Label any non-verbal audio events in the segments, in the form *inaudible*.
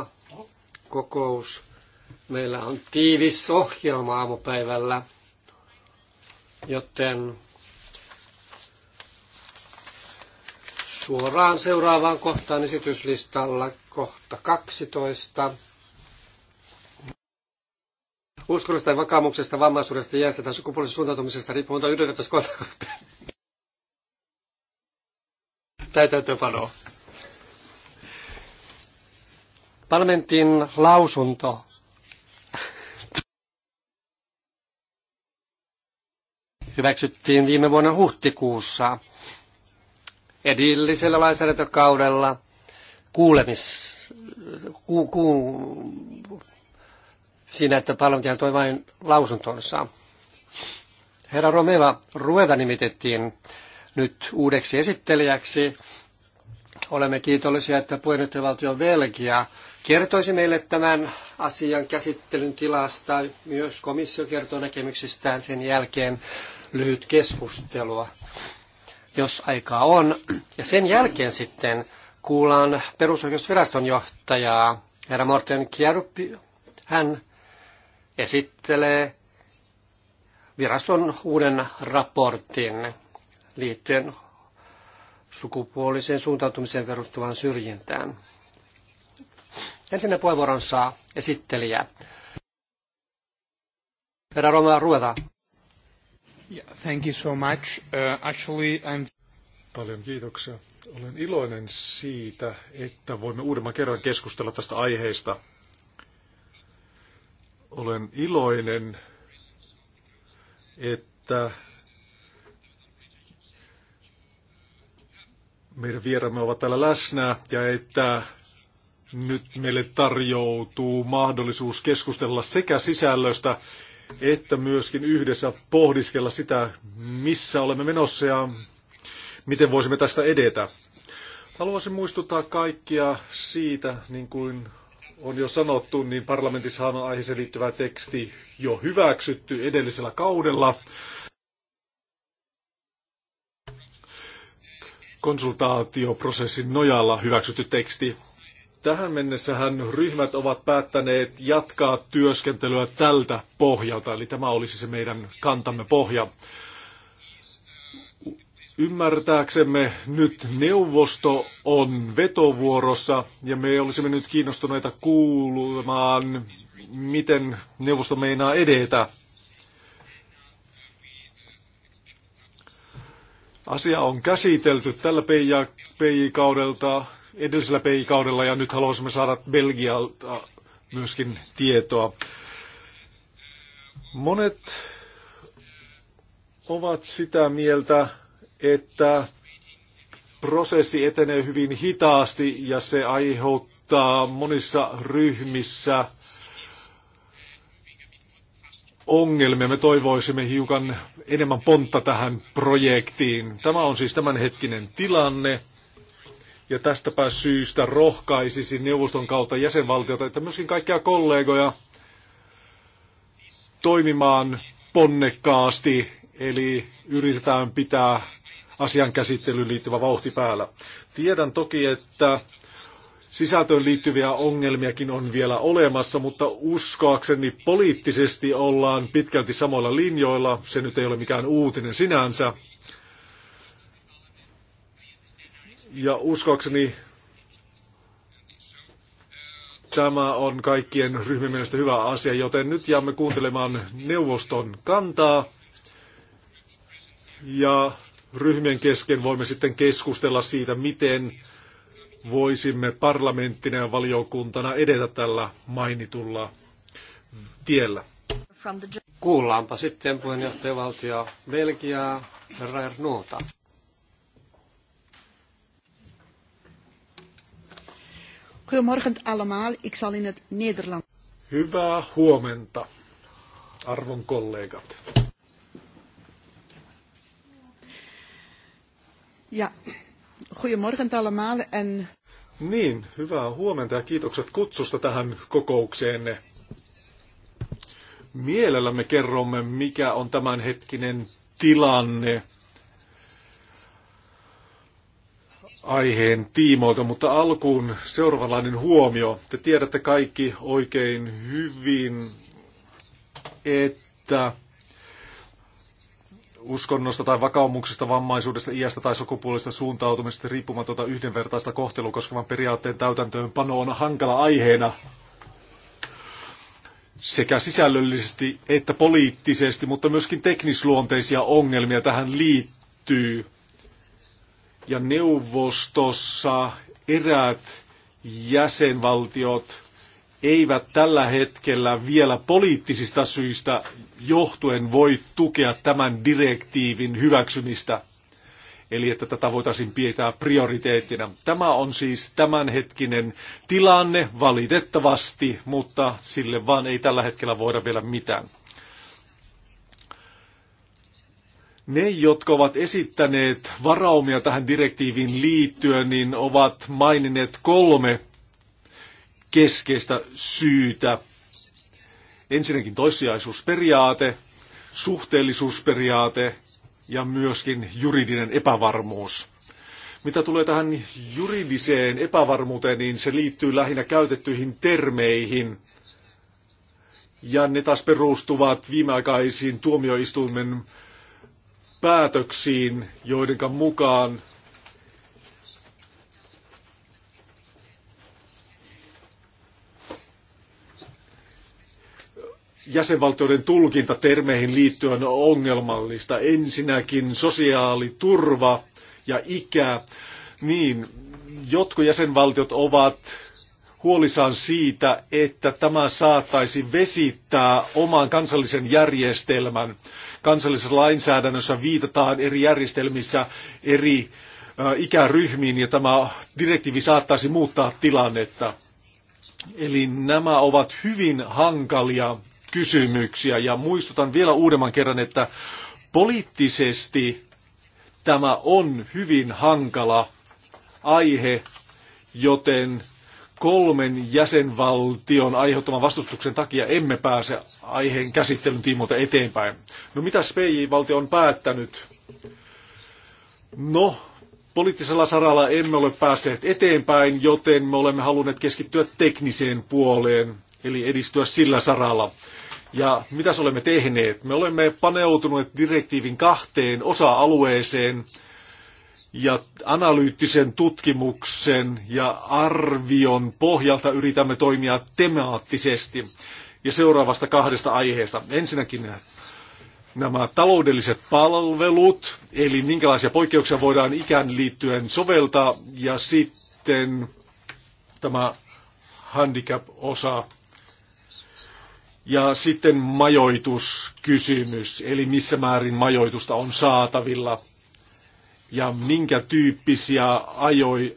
kokousta. Kokous. Meillä on tiivis ohjelma aamupäivällä, joten suoraan seuraavaan kohtaan esityslistalla kohta 12. ja vakaumuksesta, vammaisuudesta, jäästä tai sukupuolisesta suuntautumisesta riippumatta yhdenvertaiskohtaa *laughs* täytäntöpanoa. Parlamentin lausunto hyväksyttiin viime vuonna huhtikuussa edellisellä lainsäädäntökaudella kuulemis, ku, ku, siinä, että parlamentti antoi vain lausuntonsa. Herra Romeva Rueda nimitettiin nyt uudeksi esittelijäksi. Olemme kiitollisia, että puheenjohtajavaltio Belgia kertoisi meille tämän asian käsittelyn tilasta. Myös komissio kertoo näkemyksistään sen jälkeen lyhyt keskustelua, jos aikaa on. Ja sen jälkeen sitten kuullaan perusoikeusviraston johtajaa, herra Morten Kjärppi. Hän esittelee viraston uuden raportin liittyen sukupuoliseen suuntautumiseen perustuvaan syrjintään. Ensinnä puheenvuoron saa esittelijä. Herra Roma Rueda. Yeah, thank you so much. Uh, actually, I'm... Paljon kiitoksia. Olen iloinen siitä, että voimme uudemman kerran keskustella tästä aiheesta. Olen iloinen, että meidän vieramme ovat täällä läsnä ja että nyt meille tarjoutuu mahdollisuus keskustella sekä sisällöstä että myöskin yhdessä pohdiskella sitä, missä olemme menossa ja miten voisimme tästä edetä. Haluaisin muistuttaa kaikkia siitä, niin kuin on jo sanottu, niin parlamentissa on aiheeseen liittyvä teksti jo hyväksytty edellisellä kaudella. Konsultaatioprosessin nojalla hyväksytty teksti Tähän mennessähän ryhmät ovat päättäneet jatkaa työskentelyä tältä pohjalta, eli tämä olisi se meidän kantamme pohja. Ymmärtääksemme nyt neuvosto on vetovuorossa ja me olisimme nyt kiinnostuneita kuulemaan, miten neuvosto meinaa edetä. Asia on käsitelty tällä PJ-kaudelta edellisellä PI-kaudella ja nyt haluaisimme saada Belgialta myöskin tietoa. Monet ovat sitä mieltä, että prosessi etenee hyvin hitaasti ja se aiheuttaa monissa ryhmissä ongelmia. Me toivoisimme hiukan enemmän pontta tähän projektiin. Tämä on siis tämänhetkinen tilanne. Ja tästäpä syystä rohkaisisi neuvoston kautta jäsenvaltiota, että myöskin kaikkia kollegoja toimimaan ponnekkaasti, eli yritetään pitää asian käsittelyyn liittyvä vauhti päällä. Tiedän toki, että sisältöön liittyviä ongelmiakin on vielä olemassa, mutta uskoakseni poliittisesti ollaan pitkälti samoilla linjoilla. Se nyt ei ole mikään uutinen sinänsä. Ja uskoakseni tämä on kaikkien ryhmien mielestä hyvä asia, joten nyt jäämme kuuntelemaan neuvoston kantaa. Ja ryhmien kesken voimme sitten keskustella siitä, miten voisimme parlamenttina ja valiokuntana edetä tällä mainitulla tiellä. Kuullaanpa sitten puheenjohtajavaltio Belgiaa, herra Ernuuta. Goedemorgen allemaal, ik zal in het Nederlands. Hyvää huomenta, arvon kollegat. Ja, goedemorgen allemaal en... Niin, hyvää huomenta ja kiitokset kutsusta tähän kokoukseenne. Mielellämme kerromme, mikä on tämänhetkinen tilanne aiheen tiimoilta, mutta alkuun seuraavanlainen huomio. Te tiedätte kaikki oikein hyvin, että uskonnosta tai vakaumuksesta, vammaisuudesta, iästä tai sukupuolesta suuntautumisesta riippumatonta yhdenvertaista kohtelua koskevan periaatteen täytäntöönpano on hankala aiheena sekä sisällöllisesti että poliittisesti, mutta myöskin teknisluonteisia ongelmia tähän liittyy. Ja neuvostossa eräät jäsenvaltiot eivät tällä hetkellä vielä poliittisista syistä johtuen voi tukea tämän direktiivin hyväksymistä. Eli että tätä voitaisiin pitää prioriteettina. Tämä on siis tämänhetkinen tilanne valitettavasti, mutta sille vaan ei tällä hetkellä voida vielä mitään. Ne, jotka ovat esittäneet varaumia tähän direktiiviin liittyen, niin ovat maininneet kolme keskeistä syytä. Ensinnäkin toissijaisuusperiaate, suhteellisuusperiaate ja myöskin juridinen epävarmuus. Mitä tulee tähän juridiseen epävarmuuteen, niin se liittyy lähinnä käytettyihin termeihin. Ja ne taas perustuvat viimeaikaisiin tuomioistuimen päätöksiin, joiden mukaan jäsenvaltioiden tulkinta termeihin liittyen on ongelmallista. Ensinnäkin sosiaaliturva ja ikä. Niin, jotkut jäsenvaltiot ovat huolissaan siitä, että tämä saattaisi vesittää oman kansallisen järjestelmän. Kansallisessa lainsäädännössä viitataan eri järjestelmissä eri ikäryhmiin ja tämä direktiivi saattaisi muuttaa tilannetta. Eli nämä ovat hyvin hankalia kysymyksiä ja muistutan vielä uudemman kerran, että poliittisesti tämä on hyvin hankala aihe, joten kolmen jäsenvaltion aiheuttaman vastustuksen takia emme pääse aiheen käsittelyn tiimoilta eteenpäin. No mitä SPJ-valtio on päättänyt? No, poliittisella saralla emme ole päässeet eteenpäin, joten me olemme halunneet keskittyä tekniseen puoleen, eli edistyä sillä saralla. Ja mitä olemme tehneet? Me olemme paneutuneet direktiivin kahteen osa-alueeseen – ja analyyttisen tutkimuksen ja arvion pohjalta yritämme toimia temaattisesti. Ja seuraavasta kahdesta aiheesta. Ensinnäkin nämä taloudelliset palvelut, eli minkälaisia poikkeuksia voidaan ikään liittyen soveltaa, ja sitten tämä handicap-osa, ja sitten majoituskysymys, eli missä määrin majoitusta on saatavilla – ja minkä tyyppisiä ajoi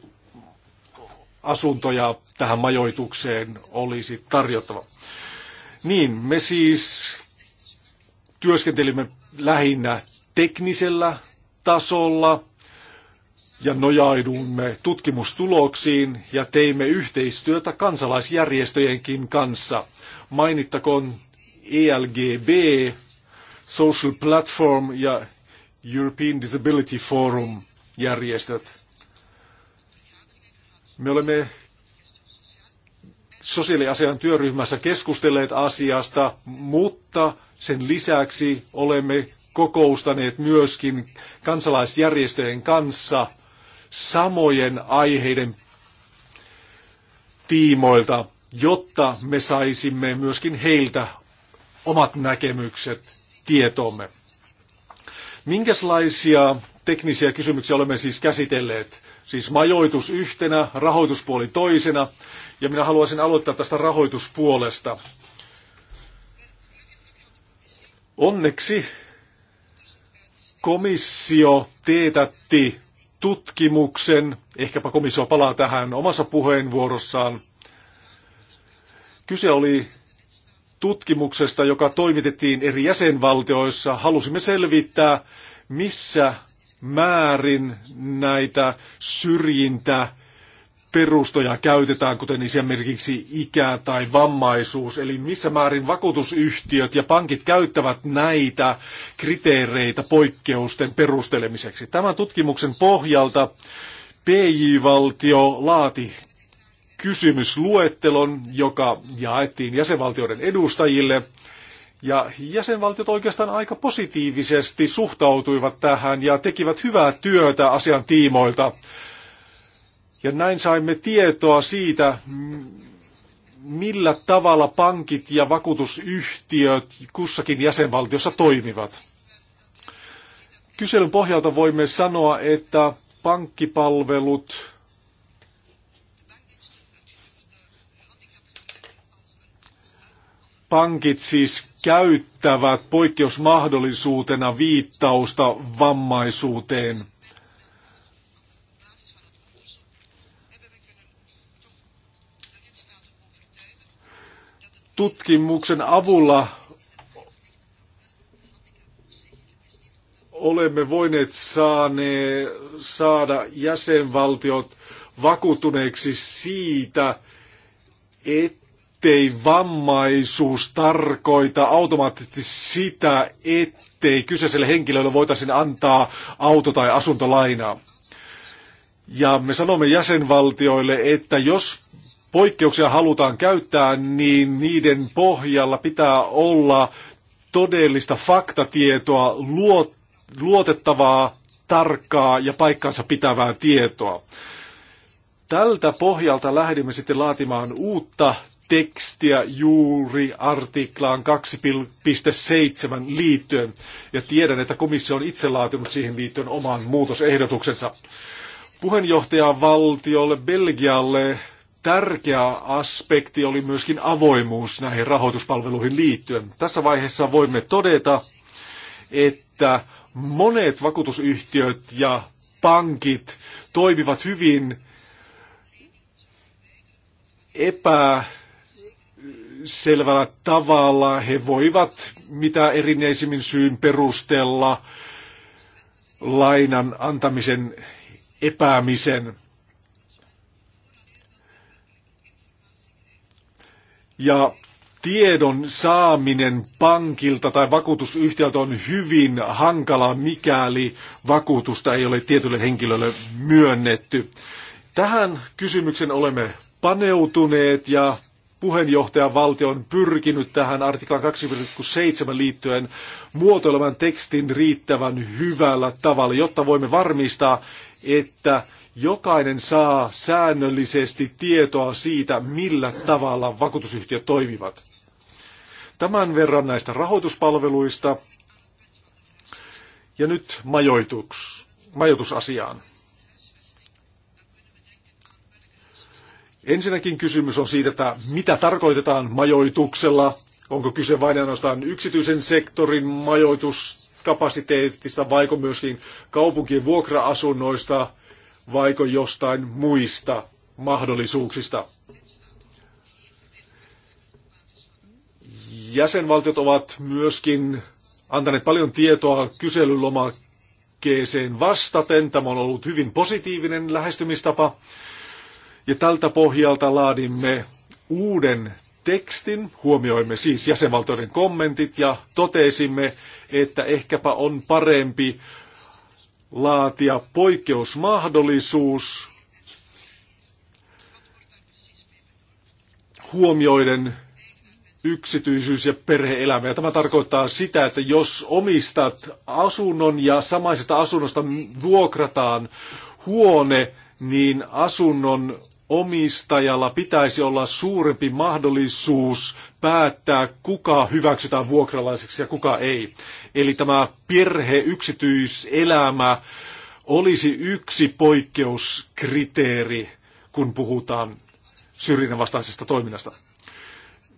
asuntoja tähän majoitukseen olisi tarjottava. Niin, me siis työskentelimme lähinnä teknisellä tasolla ja nojaidumme tutkimustuloksiin ja teimme yhteistyötä kansalaisjärjestöjenkin kanssa. Mainittakoon ELGB, Social Platform ja European Disability Forum järjestöt. Me olemme sosiaaliasian työryhmässä keskustelleet asiasta, mutta sen lisäksi olemme kokoustaneet myöskin kansalaisjärjestöjen kanssa samojen aiheiden tiimoilta, jotta me saisimme myöskin heiltä omat näkemykset tietomme. Minkälaisia teknisiä kysymyksiä olemme siis käsitelleet? Siis majoitus yhtenä, rahoituspuoli toisena, ja minä haluaisin aloittaa tästä rahoituspuolesta. Onneksi komissio teetätti tutkimuksen, ehkäpä komissio palaa tähän omassa puheenvuorossaan. Kyse oli tutkimuksesta, joka toimitettiin eri jäsenvaltioissa. Halusimme selvittää, missä määrin näitä syrjintä perustoja käytetään, kuten esimerkiksi ikä tai vammaisuus, eli missä määrin vakuutusyhtiöt ja pankit käyttävät näitä kriteereitä poikkeusten perustelemiseksi. Tämän tutkimuksen pohjalta PJ-valtio laati kysymysluettelon, joka jaettiin jäsenvaltioiden edustajille. Ja jäsenvaltiot oikeastaan aika positiivisesti suhtautuivat tähän ja tekivät hyvää työtä asian tiimoilta. Ja näin saimme tietoa siitä, millä tavalla pankit ja vakuutusyhtiöt kussakin jäsenvaltiossa toimivat. Kyselyn pohjalta voimme sanoa, että pankkipalvelut Pankit siis käyttävät poikkeusmahdollisuutena viittausta vammaisuuteen. Tutkimuksen avulla olemme voineet saane, saada jäsenvaltiot vakuutuneeksi siitä, että ettei vammaisuus tarkoita automaattisesti sitä, ettei kyseiselle henkilölle voitaisiin antaa auto- tai asuntolainaa. Ja me sanomme jäsenvaltioille, että jos poikkeuksia halutaan käyttää, niin niiden pohjalla pitää olla todellista faktatietoa, luotettavaa, tarkkaa ja paikkansa pitävää tietoa. Tältä pohjalta lähdimme sitten laatimaan uutta tekstiä juuri artiklaan 2.7 liittyen, ja tiedän, että komissio on itse laatinut siihen liittyen oman muutosehdotuksensa. valtiolle Belgialle tärkeä aspekti oli myöskin avoimuus näihin rahoituspalveluihin liittyen. Tässä vaiheessa voimme todeta, että monet vakuutusyhtiöt ja pankit toimivat hyvin epä selvällä tavalla. He voivat mitä erineisimmin syyn perustella lainan antamisen epäämisen. Ja tiedon saaminen pankilta tai vakuutusyhtiöltä on hyvin hankala, mikäli vakuutusta ei ole tietylle henkilölle myönnetty. Tähän kysymyksen olemme paneutuneet ja puheenjohtajavaltio on pyrkinyt tähän artiklan 2.7 liittyen muotoilemaan tekstin riittävän hyvällä tavalla, jotta voimme varmistaa, että jokainen saa säännöllisesti tietoa siitä, millä tavalla vakuutusyhtiöt toimivat. Tämän verran näistä rahoituspalveluista ja nyt majoituks, majoitusasiaan. Ensinnäkin kysymys on siitä, että mitä tarkoitetaan majoituksella. Onko kyse vain ainoastaan yksityisen sektorin majoituskapasiteetista, vaiko myöskin kaupunkien vuokra-asunnoista, vaiko jostain muista mahdollisuuksista. Jäsenvaltiot ovat myöskin antaneet paljon tietoa kyselylomakkeeseen vastaten. Tämä on ollut hyvin positiivinen lähestymistapa. Ja tältä pohjalta laadimme uuden tekstin, huomioimme siis jäsenvaltioiden kommentit ja totesimme, että ehkäpä on parempi laatia poikkeusmahdollisuus huomioiden yksityisyys ja perheelämä. Ja tämä tarkoittaa sitä, että jos omistat asunnon ja samaisesta asunnosta vuokrataan huone, niin asunnon omistajalla pitäisi olla suurempi mahdollisuus päättää, kuka hyväksytään vuokralaiseksi ja kuka ei. Eli tämä perhe, yksityiselämä olisi yksi poikkeuskriteeri, kun puhutaan syrjinnän vastaisesta toiminnasta.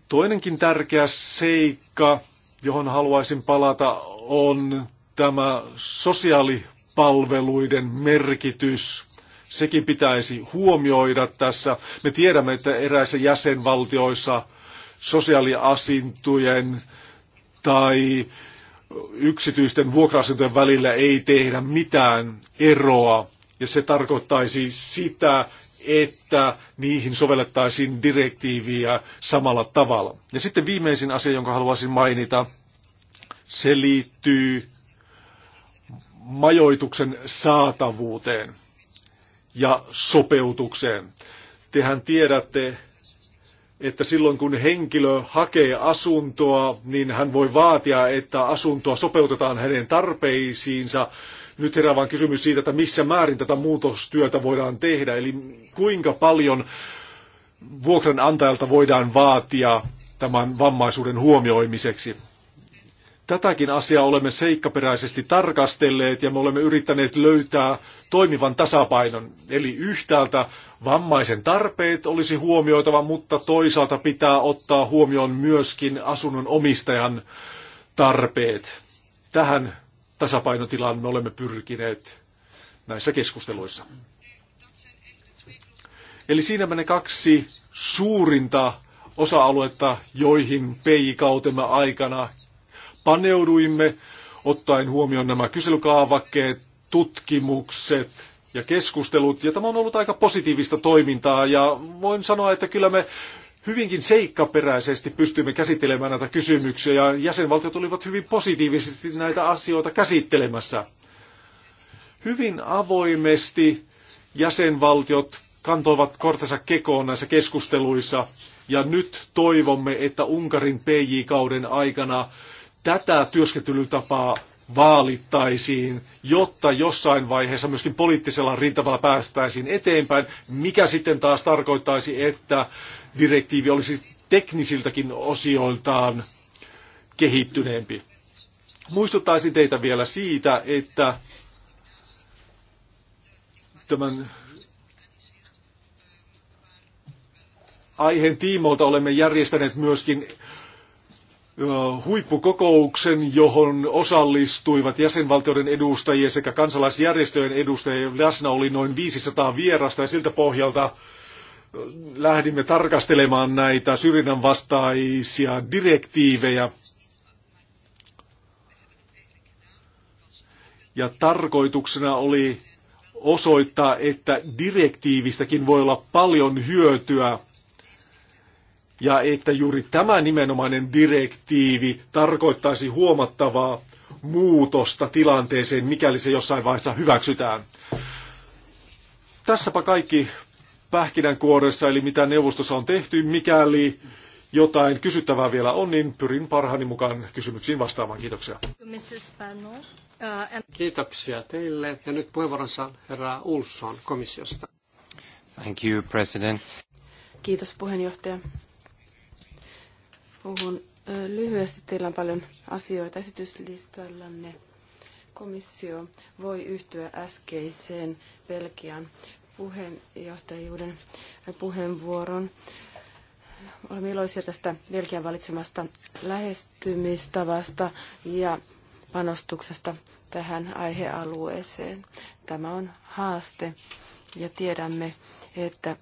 Toinenkin tärkeä seikka, johon haluaisin palata, on tämä sosiaalipalveluiden merkitys Sekin pitäisi huomioida tässä. Me tiedämme, että eräissä jäsenvaltioissa sosiaaliasintujen tai yksityisten vuokra välillä ei tehdä mitään eroa. Ja se tarkoittaisi sitä, että niihin sovellettaisiin direktiiviä samalla tavalla. Ja sitten viimeisin asia, jonka haluaisin mainita, se liittyy majoituksen saatavuuteen ja sopeutukseen. Tehän tiedätte, että silloin kun henkilö hakee asuntoa, niin hän voi vaatia, että asuntoa sopeutetaan hänen tarpeisiinsa. Nyt herää vain kysymys siitä, että missä määrin tätä muutostyötä voidaan tehdä, eli kuinka paljon vuokranantajalta voidaan vaatia tämän vammaisuuden huomioimiseksi. Tätäkin asiaa olemme seikkaperäisesti tarkastelleet ja me olemme yrittäneet löytää toimivan tasapainon. Eli yhtäältä vammaisen tarpeet olisi huomioitava, mutta toisaalta pitää ottaa huomioon myöskin asunnon omistajan tarpeet. Tähän tasapainotilaan me olemme pyrkineet näissä keskusteluissa. Eli siinä ne kaksi suurinta osa-aluetta, joihin PI-kautemme aikana paneuduimme ottaen huomioon nämä kyselykaavakkeet, tutkimukset ja keskustelut. Ja tämä on ollut aika positiivista toimintaa ja voin sanoa, että kyllä me hyvinkin seikkaperäisesti pystyimme käsittelemään näitä kysymyksiä ja jäsenvaltiot olivat hyvin positiivisesti näitä asioita käsittelemässä. Hyvin avoimesti jäsenvaltiot kantoivat kortensa kekoon näissä keskusteluissa ja nyt toivomme, että Unkarin PJ-kauden aikana tätä työskentelytapaa vaalittaisiin, jotta jossain vaiheessa myöskin poliittisella rintamalla päästäisiin eteenpäin, mikä sitten taas tarkoittaisi, että direktiivi olisi teknisiltäkin osioiltaan kehittyneempi. Muistuttaisin teitä vielä siitä, että tämän aiheen tiimoilta olemme järjestäneet myöskin huippukokouksen, johon osallistuivat jäsenvaltioiden edustajia sekä kansalaisjärjestöjen edustajia. Läsnä oli noin 500 vierasta ja siltä pohjalta lähdimme tarkastelemaan näitä syrjinnän vastaisia direktiivejä. Ja tarkoituksena oli osoittaa, että direktiivistäkin voi olla paljon hyötyä ja että juuri tämä nimenomainen direktiivi tarkoittaisi huomattavaa muutosta tilanteeseen, mikäli se jossain vaiheessa hyväksytään. Tässäpä kaikki pähkinänkuoressa, eli mitä neuvostossa on tehty, mikäli jotain kysyttävää vielä on, niin pyrin parhaani mukaan kysymyksiin vastaamaan. Kiitoksia. Uh, Kiitoksia teille. Ja nyt puheenvuoronsa herra Ulsson komissiosta. Thank you, President. Kiitos puheenjohtaja. Puhun lyhyesti. Teillä on paljon asioita esityslistallanne. Komissio voi yhtyä äskeiseen Belgian puheenjohtajuuden puheenvuoron. Olemme iloisia tästä Belgian valitsemasta lähestymistavasta ja panostuksesta tähän aihealueeseen. Tämä on haaste ja tiedämme, että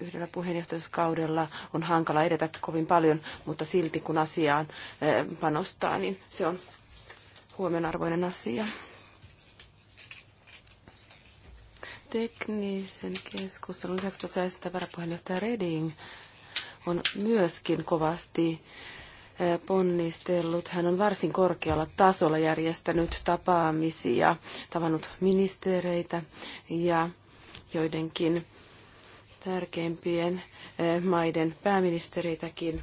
yhdellä puheenjohtajuuskaudella on hankala edetä kovin paljon, mutta silti kun asiaan eh, panostaa, niin se on huomionarvoinen asia. Teknisen keskustelun lisäksi totesi varapuheenjohtaja Reding on myöskin kovasti eh, ponnistellut. Hän on varsin korkealla tasolla järjestänyt tapaamisia, tavannut ministereitä ja joidenkin tärkeimpien eh, maiden pääministereitäkin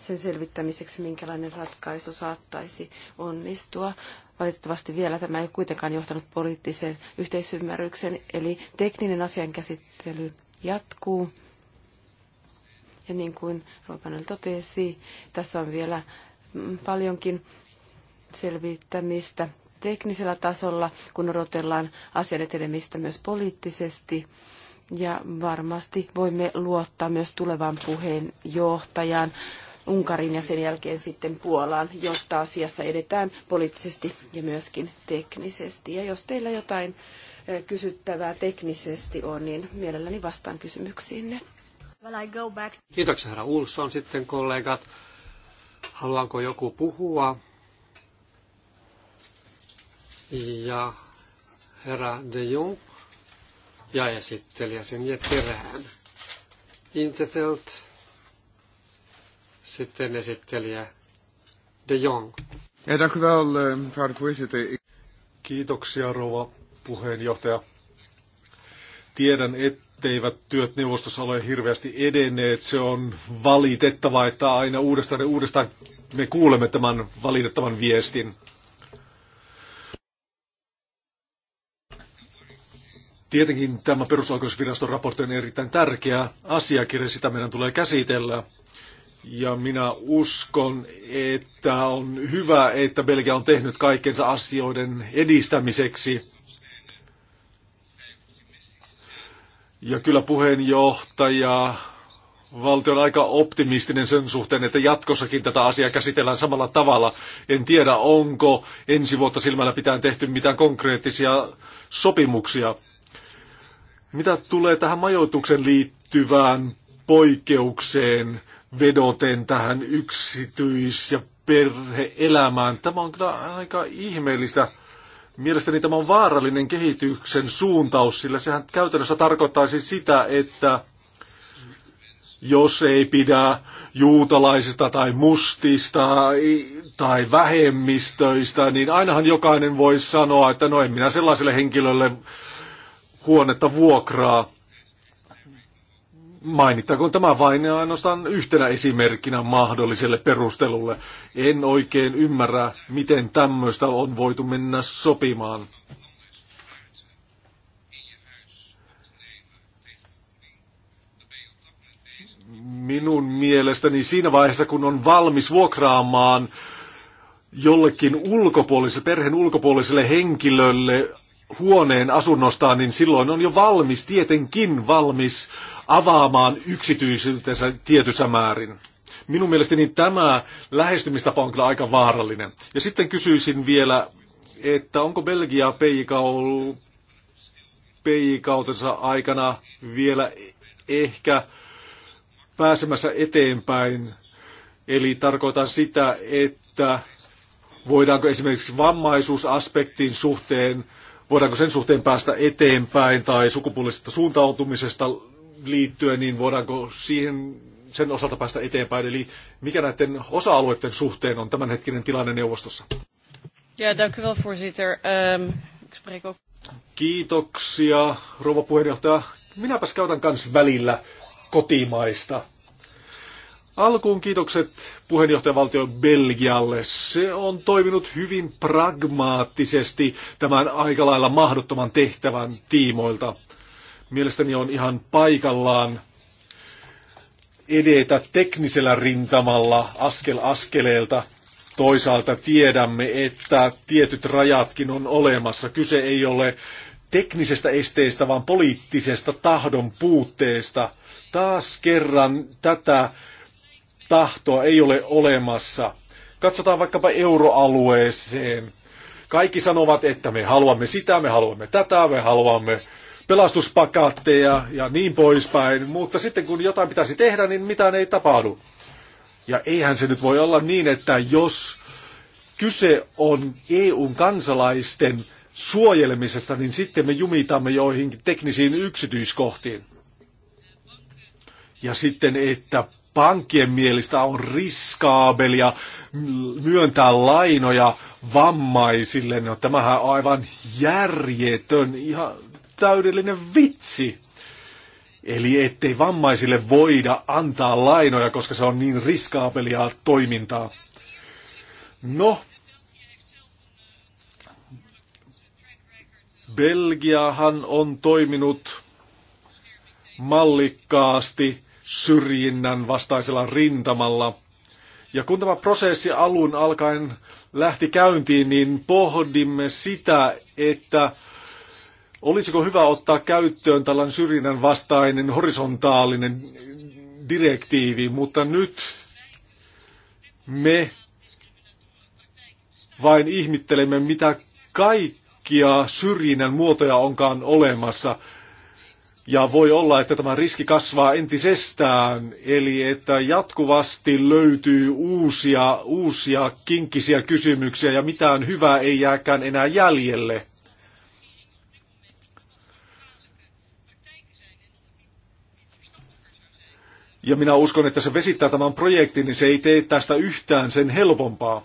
sen selvittämiseksi, minkälainen ratkaisu saattaisi onnistua. Valitettavasti vielä tämä ei kuitenkaan johtanut poliittiseen yhteisymmärrykseen, eli tekninen asian käsittely jatkuu. Ja niin kuin Ruopanel totesi, tässä on vielä mm, paljonkin selvittämistä teknisellä tasolla, kun odotellaan asian etenemistä myös poliittisesti ja varmasti voimme luottaa myös tulevan puheenjohtajan Unkarin ja sen jälkeen sitten Puolaan, jotta asiassa edetään poliittisesti ja myöskin teknisesti. Ja jos teillä jotain kysyttävää teknisesti on, niin mielelläni vastaan kysymyksiinne. Well, I go back. Kiitoksia herra Ulsson sitten kollegat. Haluanko joku puhua? Ja herra De Jong ja esittelijä sen ja perään. Interfelt, sitten esittelijä De Jong. Eh, Kiitoksia, rouva puheenjohtaja. Tiedän, etteivät työt neuvostossa ole hirveästi edenneet. Se on valitettavaa, että aina uudestaan ja uudestaan me kuulemme tämän valitettavan viestin. Tietenkin tämä perusoikeusviraston raportti on erittäin tärkeä asiakirja, sitä meidän tulee käsitellä. Ja minä uskon, että on hyvä, että Belgia on tehnyt kaikkensa asioiden edistämiseksi. Ja kyllä puheenjohtaja valtio on aika optimistinen sen suhteen, että jatkossakin tätä asiaa käsitellään samalla tavalla. En tiedä, onko ensi vuotta silmällä pitää tehty mitään konkreettisia sopimuksia. Mitä tulee tähän majoituksen liittyvään poikkeukseen vedoten tähän yksityis- ja perheelämään, tämä on kyllä aika ihmeellistä. Mielestäni tämä on vaarallinen kehityksen suuntaus, sillä sehän käytännössä tarkoittaisi sitä, että jos ei pidä juutalaisista tai mustista tai vähemmistöistä, niin ainahan jokainen voi sanoa, että no en minä sellaiselle henkilölle huonetta vuokraa. Mainittakoon tämä vain ja ainoastaan yhtenä esimerkkinä mahdolliselle perustelulle. En oikein ymmärrä, miten tämmöistä on voitu mennä sopimaan. minun mielestäni siinä vaiheessa, kun on valmis vuokraamaan jollekin ulkopuoliselle, perheen ulkopuoliselle henkilölle huoneen asunnostaan, niin silloin on jo valmis, tietenkin valmis avaamaan yksityisyytensä tietyssä määrin. Minun mielestäni tämä lähestymistapa on kyllä aika vaarallinen. Ja sitten kysyisin vielä, että onko Belgia peikautensa aikana vielä ehkä pääsemässä eteenpäin. Eli tarkoitan sitä, että voidaanko esimerkiksi vammaisuusaspektin suhteen voidaanko sen suhteen päästä eteenpäin tai sukupuolisesta suuntautumisesta liittyen, niin voidaanko siihen sen osalta päästä eteenpäin? Eli mikä näiden osa-alueiden suhteen on tämänhetkinen tilanne neuvostossa? Ja, dank u wel, voorzitter. Ehm, Kiitoksia, rouva puheenjohtaja. Minäpäs käytän kanssa välillä kotimaista Alkuun kiitokset puheenjohtajavaltio Belgialle. Se on toiminut hyvin pragmaattisesti tämän aika lailla mahdottoman tehtävän tiimoilta. Mielestäni on ihan paikallaan edetä teknisellä rintamalla askel askeleelta. Toisaalta tiedämme, että tietyt rajatkin on olemassa. Kyse ei ole teknisestä esteestä, vaan poliittisesta tahdon puutteesta. Taas kerran tätä tahtoa ei ole olemassa. Katsotaan vaikkapa euroalueeseen. Kaikki sanovat, että me haluamme sitä, me haluamme tätä, me haluamme pelastuspakatteja ja niin poispäin, mutta sitten kun jotain pitäisi tehdä, niin mitään ei tapahdu. Ja eihän se nyt voi olla niin, että jos kyse on EUn kansalaisten suojelemisesta, niin sitten me jumitamme joihinkin teknisiin yksityiskohtiin. Ja sitten, että pankkien mielestä on riskaabelia myöntää lainoja vammaisille. No tämähän on aivan järjetön, ihan täydellinen vitsi. Eli ettei vammaisille voida antaa lainoja, koska se on niin riskaabelia toimintaa. No, Belgiahan on toiminut mallikkaasti syrjinnän vastaisella rintamalla. Ja kun tämä prosessi alun alkaen lähti käyntiin, niin pohdimme sitä, että olisiko hyvä ottaa käyttöön tällainen syrjinnän vastainen horisontaalinen direktiivi, mutta nyt me vain ihmittelemme, mitä kaikkia syrjinnän muotoja onkaan olemassa. Ja voi olla, että tämä riski kasvaa entisestään, eli että jatkuvasti löytyy uusia, uusia kinkkisiä kysymyksiä ja mitään hyvää ei jääkään enää jäljelle. Ja minä uskon, että se vesittää tämän projektin, niin se ei tee tästä yhtään sen helpompaa.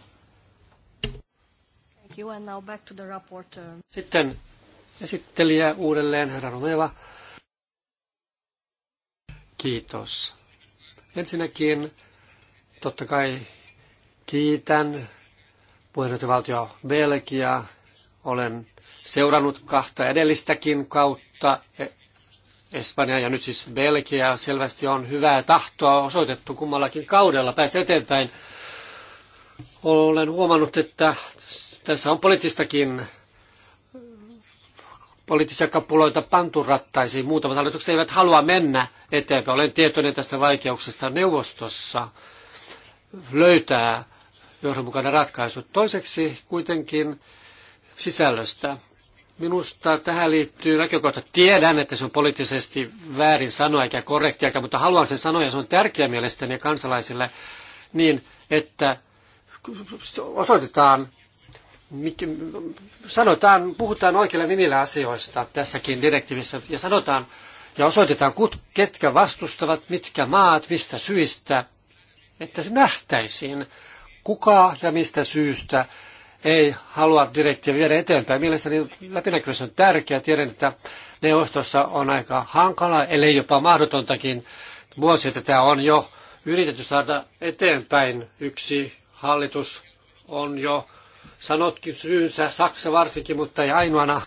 Sitten esittelijä uudelleen, herra Romeva. Kiitos. Ensinnäkin totta kai kiitän puheenjohtajavaltio Belgia. Olen seurannut kahta edellistäkin kautta. E, Espanja ja nyt siis Belgia selvästi on hyvää tahtoa osoitettu kummallakin kaudella päästä eteenpäin. Olen huomannut, että tässä on poliittistakin poliittisia kapuloita panturattaisiin. Muutamat hallitukset eivät halua mennä eteenpäin. Olen tietoinen tästä vaikeuksesta neuvostossa löytää johdonmukainen ratkaisu. Toiseksi kuitenkin sisällöstä. Minusta tähän liittyy näkökohta. Tiedän, että se on poliittisesti väärin sanoa eikä korrektia, mutta haluan sen sanoa ja se on tärkeä mielestäni kansalaisille niin, että osoitetaan sanotaan, puhutaan oikeilla nimillä asioista tässäkin direktiivissä ja sanotaan ja osoitetaan, ketkä vastustavat, mitkä maat, mistä syistä, että se nähtäisiin, kuka ja mistä syystä ei halua direktiiviä viedä eteenpäin. Mielestäni läpinäkyvyys on tärkeää. Tiedän, että neuvostossa on aika hankala, ellei jopa mahdotontakin vuosi, tämä on jo yritetty saada eteenpäin. Yksi hallitus on jo sanotkin syynsä, Saksa varsinkin, mutta ei ainoana.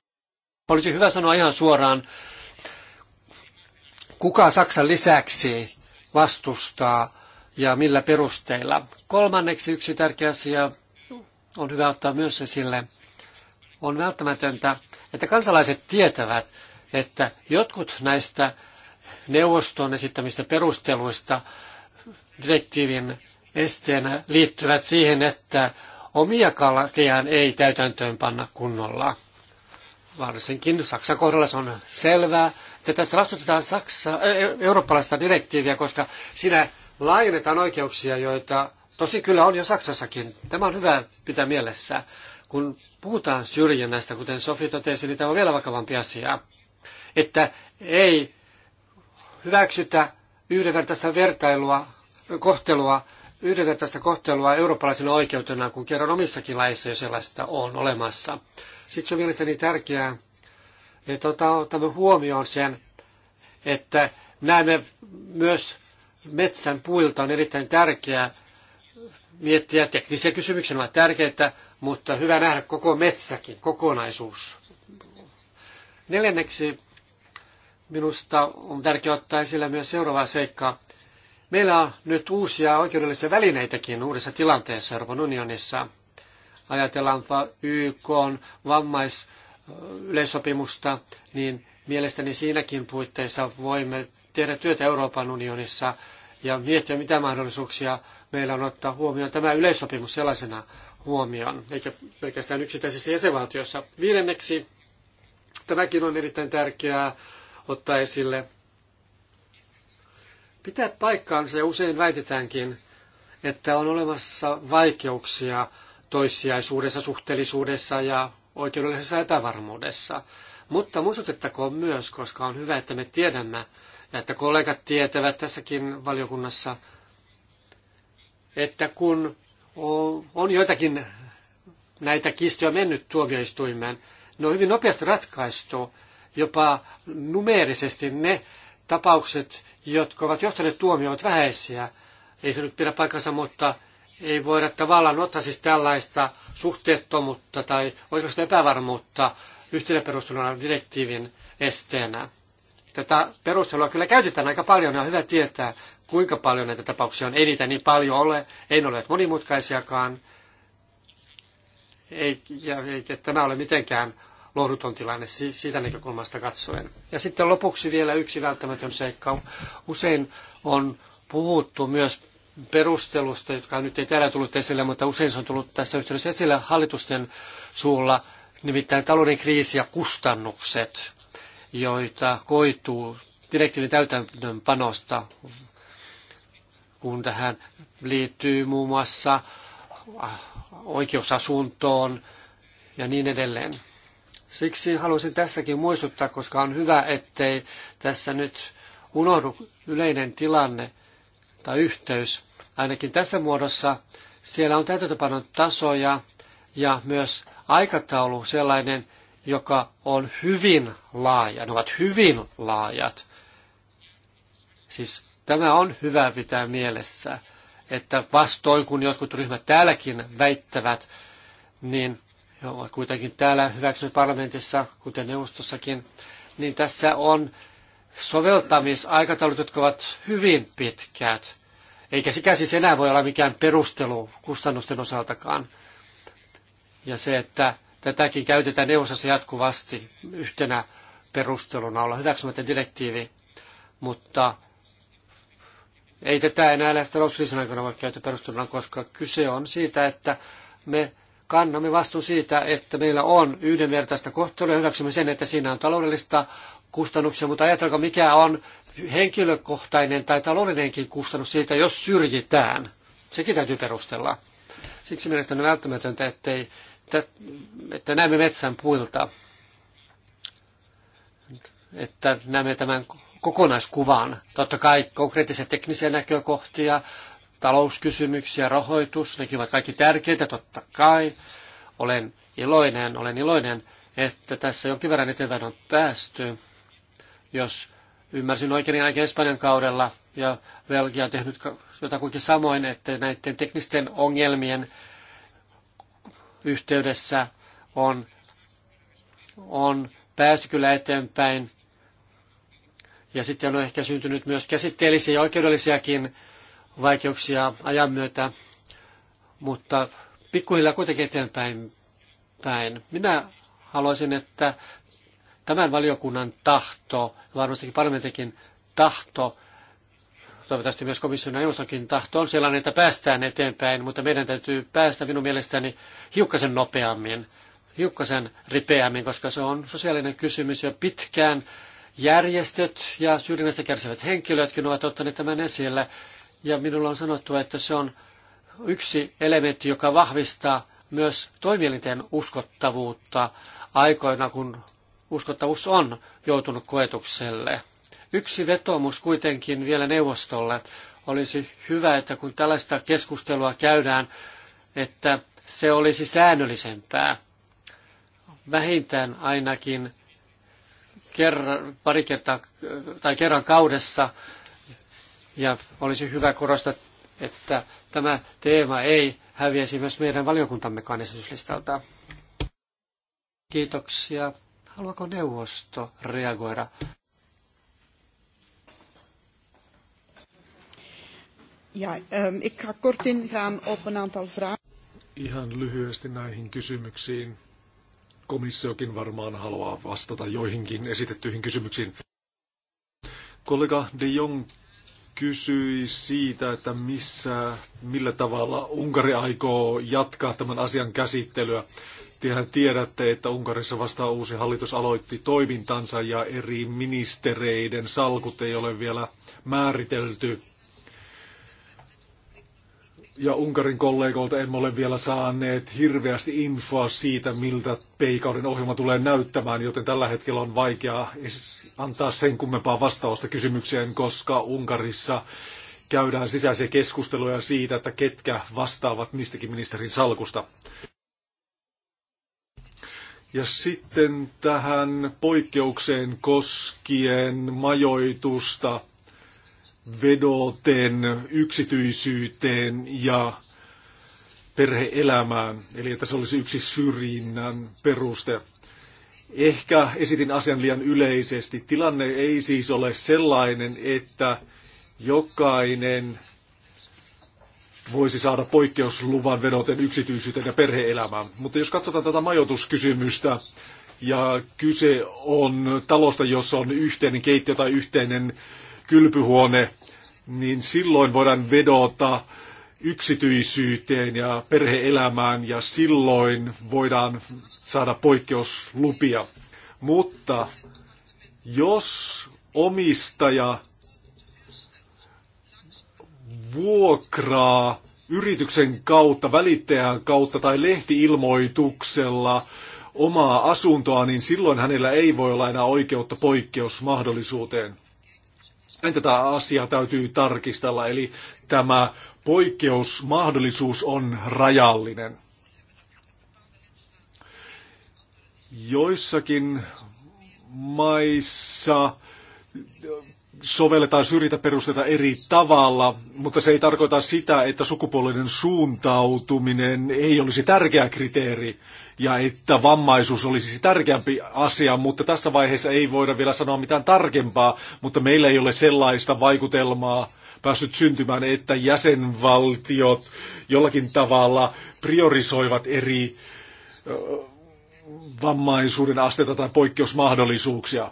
Olisi hyvä sanoa ihan suoraan, kuka Saksan lisäksi vastustaa ja millä perusteilla. Kolmanneksi yksi tärkeä asia on hyvä ottaa myös esille. On välttämätöntä, että kansalaiset tietävät, että jotkut näistä neuvoston esittämistä perusteluista direktiivin esteenä liittyvät siihen, että omia kalkejaan ei täytäntöön panna kunnolla. Varsinkin Saksan kohdalla se on selvää, että tässä vastutetaan Saksa, eurooppalaista direktiiviä, koska siinä laajennetaan oikeuksia, joita tosi kyllä on jo Saksassakin. Tämä on hyvä pitää mielessä. Kun puhutaan syrjinnästä, kuten Sofi totesi, niin tämä on vielä vakavampi asia. Että ei hyväksytä yhdenvertaista vertailua, kohtelua yhdenvertaista kohtelua eurooppalaisena oikeutena, kun kerran omissakin laissa jo sellaista on olemassa. Siksi on mielestäni tärkeää, että otamme huomioon sen, että näemme myös metsän puilta on erittäin tärkeää miettiä. Teknisiä kysymyksiä ovat tärkeitä, mutta hyvä nähdä koko metsäkin, kokonaisuus. Neljänneksi minusta on tärkeää ottaa esille myös seuraava seikka, Meillä on nyt uusia oikeudellisia välineitäkin uudessa tilanteessa Euroopan unionissa. Ajatellaanpa YK vammaisyleissopimusta, niin mielestäni siinäkin puitteissa voimme tehdä työtä Euroopan unionissa ja miettiä, mitä mahdollisuuksia meillä on ottaa huomioon tämä yleissopimus sellaisena huomioon, eikä pelkästään yksittäisissä jäsenvaltioissa. Viidenneksi, tämäkin on erittäin tärkeää ottaa esille, pitää paikkaansa ja usein väitetäänkin, että on olemassa vaikeuksia toissijaisuudessa, suhteellisuudessa ja oikeudellisessa epävarmuudessa. Mutta muistutettakoon myös, koska on hyvä, että me tiedämme ja että kollegat tietävät tässäkin valiokunnassa, että kun on joitakin näitä kiistoja mennyt tuomioistuimeen, ne on hyvin nopeasti ratkaistu, jopa numeerisesti ne tapaukset, jotka ovat johtaneet tuomioon, ovat vähäisiä. Ei se nyt pidä paikkansa, mutta ei voida tavallaan ottaa siis tällaista suhteettomuutta tai oikeastaan epävarmuutta yhtenä perusteluna direktiivin esteenä. Tätä perustelua kyllä käytetään aika paljon ja on hyvä tietää, kuinka paljon näitä tapauksia on. Ei niitä niin paljon ole, ei ne ole monimutkaisiakaan, ei, ja, eikä tämä ole mitenkään lohduton tilanne siitä näkökulmasta katsoen. Ja sitten lopuksi vielä yksi välttämätön seikka. Usein on puhuttu myös perustelusta, joka nyt ei täällä tullut esille, mutta usein se on tullut tässä yhteydessä esille hallitusten suulla, nimittäin talouden kriisi ja kustannukset, joita koituu direktiivin täytäntöönpanosta, kun tähän liittyy muun muassa äh, oikeusasuntoon ja niin edelleen. Siksi halusin tässäkin muistuttaa, koska on hyvä, ettei tässä nyt unohdu yleinen tilanne tai yhteys. Ainakin tässä muodossa siellä on täytäntöpanon tasoja ja myös aikataulu sellainen, joka on hyvin laaja. Ne ovat hyvin laajat. Siis tämä on hyvä pitää mielessä, että vastoin kun jotkut ryhmät täälläkin väittävät, niin ne ovat kuitenkin täällä hyväksynyt parlamentissa, kuten neuvostossakin, niin tässä on soveltamisaikataulut, jotka ovat hyvin pitkät. Eikä sikä siis enää voi olla mikään perustelu kustannusten osaltakaan. Ja se, että tätäkin käytetään neuvostossa jatkuvasti yhtenä perusteluna olla hyväksymättä direktiivi, mutta ei tätä enää edes talouskriisin aikana voi käyttää perusteluna, koska kyse on siitä, että me kannamme vastuun siitä, että meillä on yhdenvertaista kohtelua. Hyväksymme sen, että siinä on taloudellista kustannuksia, mutta ajatelkaa mikä on henkilökohtainen tai taloudellinenkin kustannus siitä, jos syrjitään. Sekin täytyy perustella. Siksi mielestäni on välttämätöntä, ettei, että näemme metsän puilta, että näemme tämän kokonaiskuvan. Totta kai konkreettisia teknisiä näkökohtia, talouskysymyksiä, rahoitus, nekin ovat kaikki tärkeitä totta kai. Olen iloinen, olen iloinen, että tässä jonkin verran eteenpäin on päästy. Jos ymmärsin oikein, niin ainakin Espanjan kaudella ja Belgia on tehnyt jotakuinkin samoin, että näiden teknisten ongelmien yhteydessä on, on päästy kyllä eteenpäin. Ja sitten on ehkä syntynyt myös käsitteellisiä ja oikeudellisiakin vaikeuksia ajan myötä, mutta pikkuhiljaa kuitenkin eteenpäin päin. Minä haluaisin, että tämän valiokunnan tahto, varmastikin parlamentinkin tahto, toivottavasti myös komission ja tahto on sellainen, että päästään eteenpäin, mutta meidän täytyy päästä minun mielestäni hiukkasen nopeammin, hiukkasen ripeämmin, koska se on sosiaalinen kysymys ja pitkään järjestöt ja syrjinnästä kärsivät henkilötkin ovat ottaneet tämän esille. Ja minulla on sanottu, että se on yksi elementti, joka vahvistaa myös toimielinten uskottavuutta aikoina, kun uskottavuus on joutunut koetukselle. Yksi vetomus kuitenkin vielä neuvostolle olisi hyvä, että kun tällaista keskustelua käydään, että se olisi säännöllisempää. Vähintään ainakin kerran, pari kertaa tai kerran kaudessa ja olisi hyvä korostaa, että tämä teema ei häviäisi myös meidän valiokuntamme kannesityslistalta. Kiitoksia. Haluaako neuvosto reagoida? Ja, ähm, ik ga kort ingaan op een aantal vragen. Ihan lyhyesti näihin kysymyksiin. Komissiokin varmaan haluaa vastata joihinkin esitettyihin kysymyksiin. Kollega de Jong kysyi siitä, että missä, millä tavalla Unkari aikoo jatkaa tämän asian käsittelyä. Tehän tiedätte, että Unkarissa vasta uusi hallitus aloitti toimintansa ja eri ministereiden salkut ei ole vielä määritelty ja Unkarin kollegoilta emme ole vielä saaneet hirveästi infoa siitä, miltä peikauden ohjelma tulee näyttämään, joten tällä hetkellä on vaikeaa antaa sen kummempaa vastausta kysymykseen, koska Unkarissa käydään sisäisiä keskusteluja siitä, että ketkä vastaavat mistäkin ministerin salkusta. Ja sitten tähän poikkeukseen koskien majoitusta – vedoten yksityisyyteen ja perheelämään, eli että se olisi yksi syrjinnän peruste. Ehkä esitin asian liian yleisesti. Tilanne ei siis ole sellainen, että jokainen voisi saada poikkeusluvan vedoten yksityisyyteen ja perheelämään. Mutta jos katsotaan tätä majoituskysymystä, ja kyse on talosta, jossa on yhteinen keittiö tai yhteinen kylpyhuone, niin silloin voidaan vedota yksityisyyteen ja perheelämään ja silloin voidaan saada poikkeuslupia. Mutta jos omistaja vuokraa yrityksen kautta, välittäjän kautta tai lehtiilmoituksella omaa asuntoa, niin silloin hänellä ei voi olla enää oikeutta poikkeusmahdollisuuteen tätä asiaa täytyy tarkistella, eli tämä poikkeusmahdollisuus on rajallinen. Joissakin maissa sovelletaan syrjintäperusteita eri tavalla, mutta se ei tarkoita sitä, että sukupuolinen suuntautuminen ei olisi tärkeä kriteeri ja että vammaisuus olisi tärkeämpi asia, mutta tässä vaiheessa ei voida vielä sanoa mitään tarkempaa, mutta meillä ei ole sellaista vaikutelmaa päässyt syntymään, että jäsenvaltiot jollakin tavalla priorisoivat eri vammaisuuden asteita tai poikkeusmahdollisuuksia.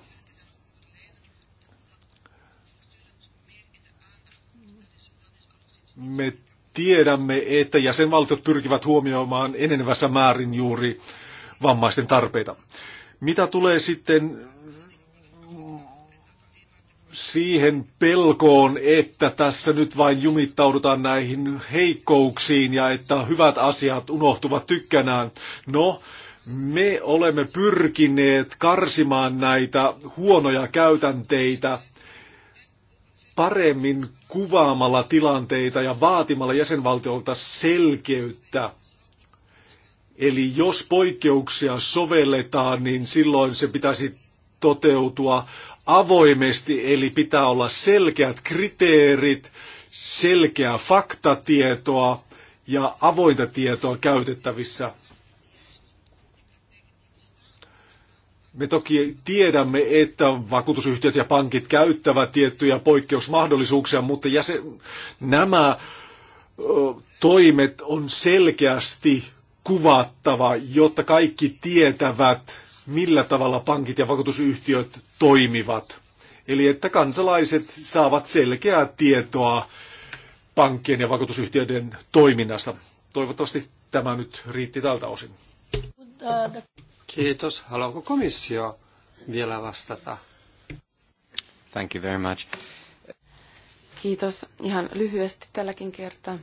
me tiedämme, että jäsenvaltiot pyrkivät huomioimaan enenevässä määrin juuri vammaisten tarpeita. Mitä tulee sitten siihen pelkoon, että tässä nyt vain jumittaudutaan näihin heikkouksiin ja että hyvät asiat unohtuvat tykkänään. No, me olemme pyrkineet karsimaan näitä huonoja käytänteitä paremmin kuvaamalla tilanteita ja vaatimalla jäsenvaltiolta selkeyttä. Eli jos poikkeuksia sovelletaan, niin silloin se pitäisi toteutua avoimesti, eli pitää olla selkeät kriteerit, selkeää faktatietoa ja avointa tietoa käytettävissä. Me toki tiedämme, että vakuutusyhtiöt ja pankit käyttävät tiettyjä poikkeusmahdollisuuksia, mutta jäsen, nämä ö, toimet on selkeästi kuvattava, jotta kaikki tietävät, millä tavalla pankit ja vakuutusyhtiöt toimivat. Eli että kansalaiset saavat selkeää tietoa pankkien ja vakuutusyhtiöiden toiminnasta. Toivottavasti tämä nyt riitti tältä osin. Kiitos. Haluaako komissio vielä vastata? Thank you very much. Kiitos. Ihan lyhyesti tälläkin kertaa.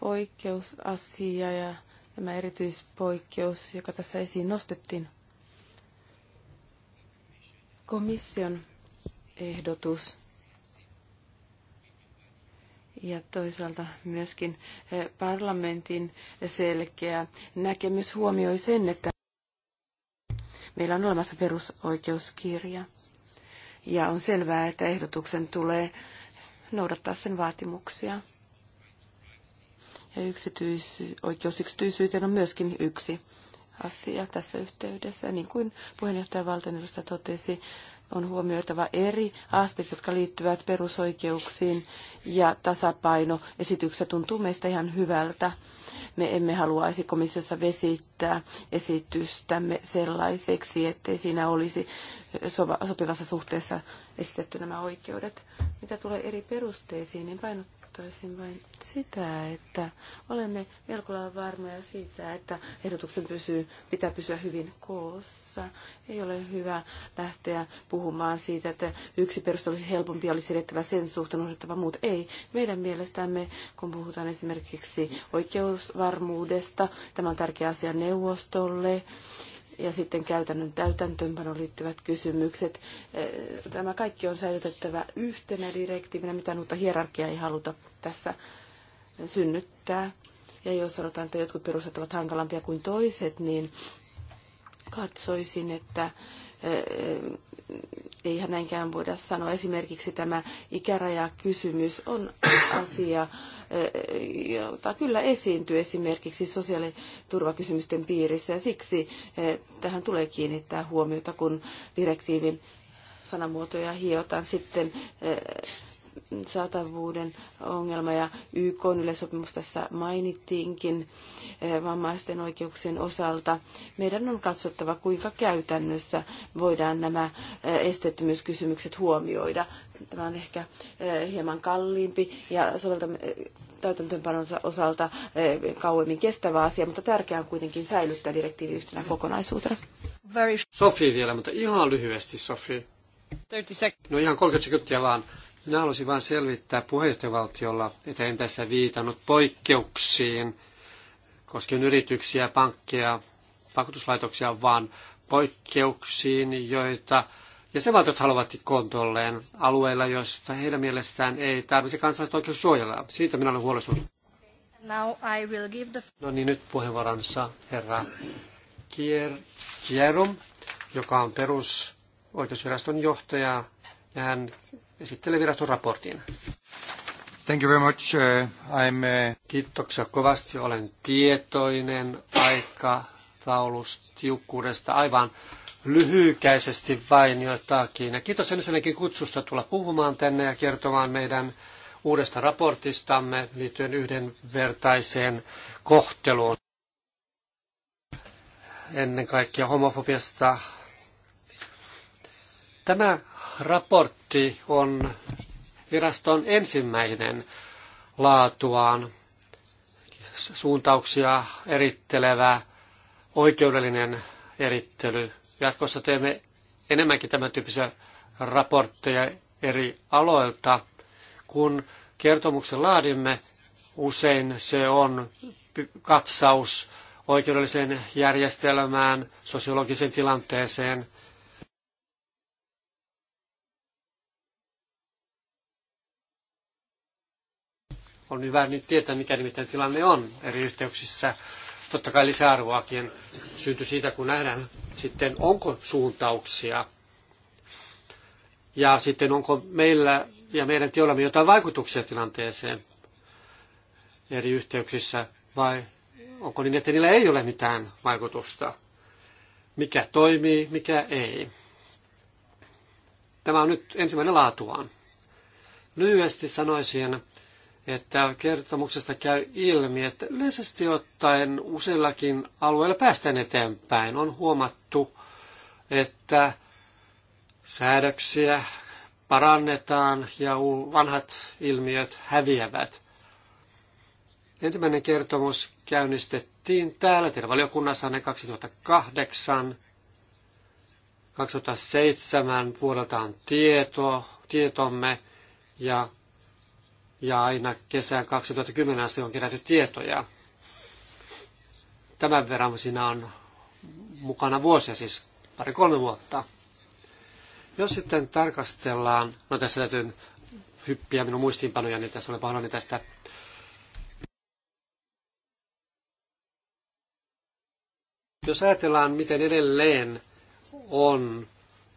Poikkeusasia ja tämä erityispoikkeus, joka tässä esiin nostettiin. Komission ehdotus ja toisaalta myöskin eh, parlamentin selkeä näkemys huomioi sen, että meillä on olemassa perusoikeuskirja. Ja on selvää, että ehdotuksen tulee noudattaa sen vaatimuksia. Ja yksityis- oikeus yksityisyyteen on myöskin yksi asia tässä yhteydessä. Niin kuin puheenjohtaja valtioneuvosto totesi, on huomioitava eri aspektit, jotka liittyvät perusoikeuksiin ja tasapaino. Esityksessä tuntuu meistä ihan hyvältä. Me emme haluaisi komissiossa vesittää esitystämme sellaiseksi, ettei siinä olisi sopivassa suhteessa esitetty nämä oikeudet. Mitä tulee eri perusteisiin, niin painottaa tarkoittaisin vain sitä, että olemme melko varmoja siitä, että ehdotuksen pysyy, pitää pysyä hyvin koossa. Ei ole hyvä lähteä puhumaan siitä, että yksi peruste olisi helpompi olisi edettävä sen suhteen, odottava muut. Ei. Meidän mielestämme, kun puhutaan esimerkiksi oikeusvarmuudesta, tämä on tärkeä asia neuvostolle, ja sitten käytännön täytäntöönpanoon liittyvät kysymykset. Eh, tämä kaikki on säilytettävä yhtenä direktiivinä, mitä uutta hierarkiaa ei haluta tässä synnyttää. Ja jos sanotaan, että jotkut perustat ovat hankalampia kuin toiset, niin katsoisin, että eh, eihän näinkään voida sanoa. Esimerkiksi tämä ikärajakysymys on asia, Eh, jota kyllä esiintyy esimerkiksi sosiaaliturvakysymysten piirissä. Ja siksi eh, tähän tulee kiinnittää huomiota, kun direktiivin sanamuotoja hiotaan sitten eh, saatavuuden ongelma ja YK yleisopimus tässä mainittiinkin vammaisten oikeuksien osalta. Meidän on katsottava, kuinka käytännössä voidaan nämä esteettömyyskysymykset huomioida Tämä on ehkä eh, hieman kalliimpi ja soveltamme eh, täytäntöönpanon osalta eh, kauemmin kestävä asia, mutta tärkeää on kuitenkin säilyttää direktiivi yhtenä kokonaisuutena. Sofi vielä, mutta ihan lyhyesti Sofi. no ihan 30 sekuntia vaan. Minä haluaisin vain selvittää puheenjohtajavaltiolla, että en tässä viitannut poikkeuksiin koskien yrityksiä, pankkeja, vakuutuslaitoksia, vaan poikkeuksiin, joita jäsenvaltiot haluavat kontolleen alueilla, joista heidän mielestään ei tarvitse kansalaiset oikeus suojella. Siitä minä olen huolestunut. Now I will give the... No niin, nyt puheenvuoronsa herra Kier, Kierum, joka on perusoikeusviraston johtaja, ja hän esittelee viraston raportin. Thank you very much. Uh, I'm, uh... Kiitoksia kovasti. Olen tietoinen aikataulusta, tiukkuudesta. Aivan lyhykäisesti vain jotakin. Ja kiitos ensinnäkin kutsusta tulla puhumaan tänne ja kertomaan meidän uudesta raportistamme liittyen yhdenvertaiseen kohteluun. Ennen kaikkea homofobiasta. Tämä raportti on viraston ensimmäinen laatuaan suuntauksia erittelevä oikeudellinen erittely Jatkossa teemme enemmänkin tämän tyyppisiä raportteja eri aloilta. Kun kertomuksen laadimme, usein se on katsaus oikeudelliseen järjestelmään, sosiologiseen tilanteeseen. On hyvä nyt tietää, mikä nimittäin tilanne on eri yhteyksissä. Totta kai lisäarvoakin syntyy siitä, kun nähdään sitten onko suuntauksia ja sitten onko meillä ja meidän työllä jotain vaikutuksia tilanteeseen eri yhteyksissä vai onko niin, että niillä ei ole mitään vaikutusta? Mikä toimii, mikä ei? Tämä on nyt ensimmäinen laatuaan. Lyhyesti sanoisin, että kertomuksesta käy ilmi, että yleisesti ottaen useillakin alueilla päästään eteenpäin. On huomattu, että säädöksiä parannetaan ja vanhat ilmiöt häviävät. Ensimmäinen kertomus käynnistettiin täällä teidän valiokunnassanne 2008. 2007 puoleltaan tieto, tietomme ja ja aina kesään 2010 asti on kerätty tietoja. Tämän verran siinä on mukana vuosia, siis pari-kolme vuotta. Jos sitten tarkastellaan, no tässä täytyy hyppiä minun muistiinpanoja, niin tässä oli pahoillani tästä Jos ajatellaan, miten edelleen on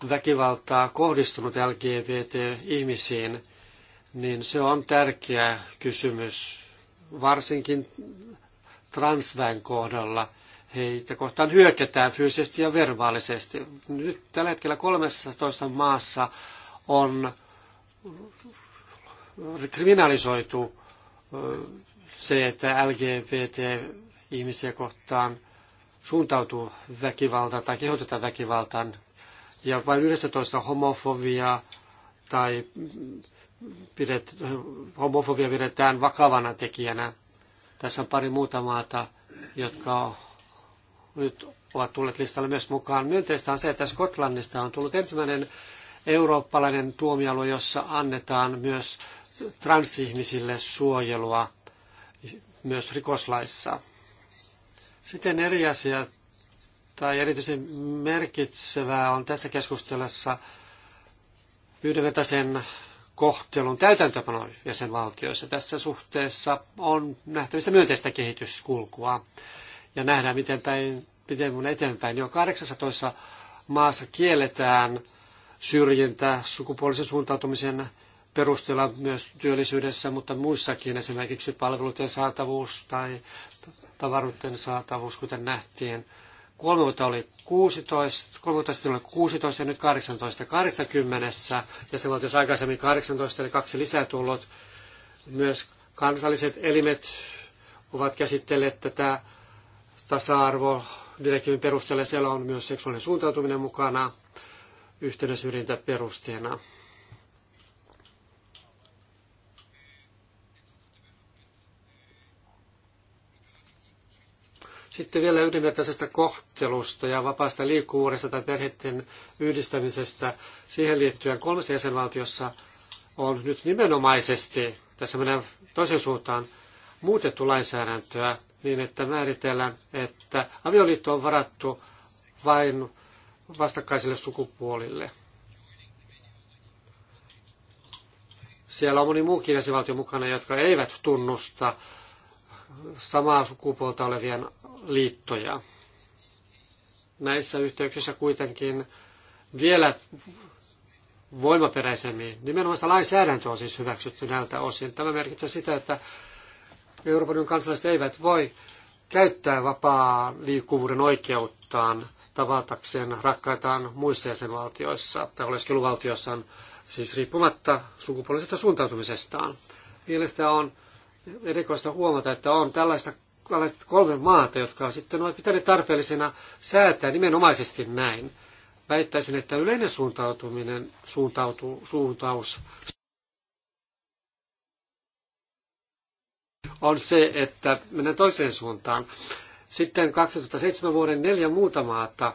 väkivaltaa kohdistunut LGBT-ihmisiin, niin se on tärkeä kysymys, varsinkin transväen kohdalla. Heitä kohtaan hyökätään fyysisesti ja verbaalisesti. Nyt tällä hetkellä 13 maassa on kriminalisoitu se, että LGBT-ihmisiä kohtaan suuntautuu väkivaltaan tai kehotetaan väkivaltaan. Ja vain 11 homofobiaa tai pidet, homofobia pidetään vakavana tekijänä. Tässä on pari muuta maata, jotka nyt ovat tulleet listalle myös mukaan. Myönteistä on se, että Skotlannista on tullut ensimmäinen eurooppalainen tuomialue, jossa annetaan myös transihmisille suojelua myös rikoslaissa. Sitten eri asia tai erityisen merkitsevää on tässä keskustelussa yhdenvertaisen kohtelun täytäntöpano jäsenvaltioissa. Tässä suhteessa on nähtävissä myönteistä kehityskulkua ja nähdään, miten, päin, miten mun eteenpäin. Jo 18 maassa kielletään syrjintä sukupuolisen suuntautumisen perusteella myös työllisyydessä, mutta muissakin esimerkiksi palveluiden saatavuus tai tavaruiden saatavuus, kuten nähtiin, Kolme vuotta oli 16, kolme vuotta sitten oli 16 ja nyt 18, 80. Ja se valtiossa aikaisemmin 18, eli kaksi lisää tullut. Myös kansalliset elimet ovat käsitelleet tätä tasa-arvo direktiivin perusteella. Siellä on myös seksuaalinen suuntautuminen mukana yhtenäisyydentä perusteena. Sitten vielä yhdenvertaisesta kohtelusta ja vapaasta liikkuvuudesta tai perheiden yhdistämisestä. Siihen liittyen kolmessa jäsenvaltiossa on nyt nimenomaisesti, tässä mennään toiseen suuntaan, muutettu lainsäädäntöä niin, että määritellään, että avioliitto on varattu vain vastakkaisille sukupuolille. Siellä on moni muukin jäsenvaltio mukana, jotka eivät tunnusta samaa sukupuolta olevien liittoja. Näissä yhteyksissä kuitenkin vielä voimaperäisemmin. Nimenomaan lainsäädäntö on siis hyväksytty näiltä osin. Tämä merkitsee sitä, että Euroopan unionin kansalaiset eivät voi käyttää vapaa liikkuvuuden oikeuttaan tavatakseen rakkaitaan muissa jäsenvaltioissa tai oleskeluvaltioissaan, siis riippumatta sukupuolisesta suuntautumisestaan. Mielestäni on erikoista huomata, että on tällaista, tällaista kolme maata, jotka sitten ovat pitäneet tarpeellisena säätää nimenomaisesti näin. Väittäisin, että yleinen suuntautuminen suuntautuu, suuntaus on se, että mennään toiseen suuntaan. Sitten 2007 vuoden neljä muuta maata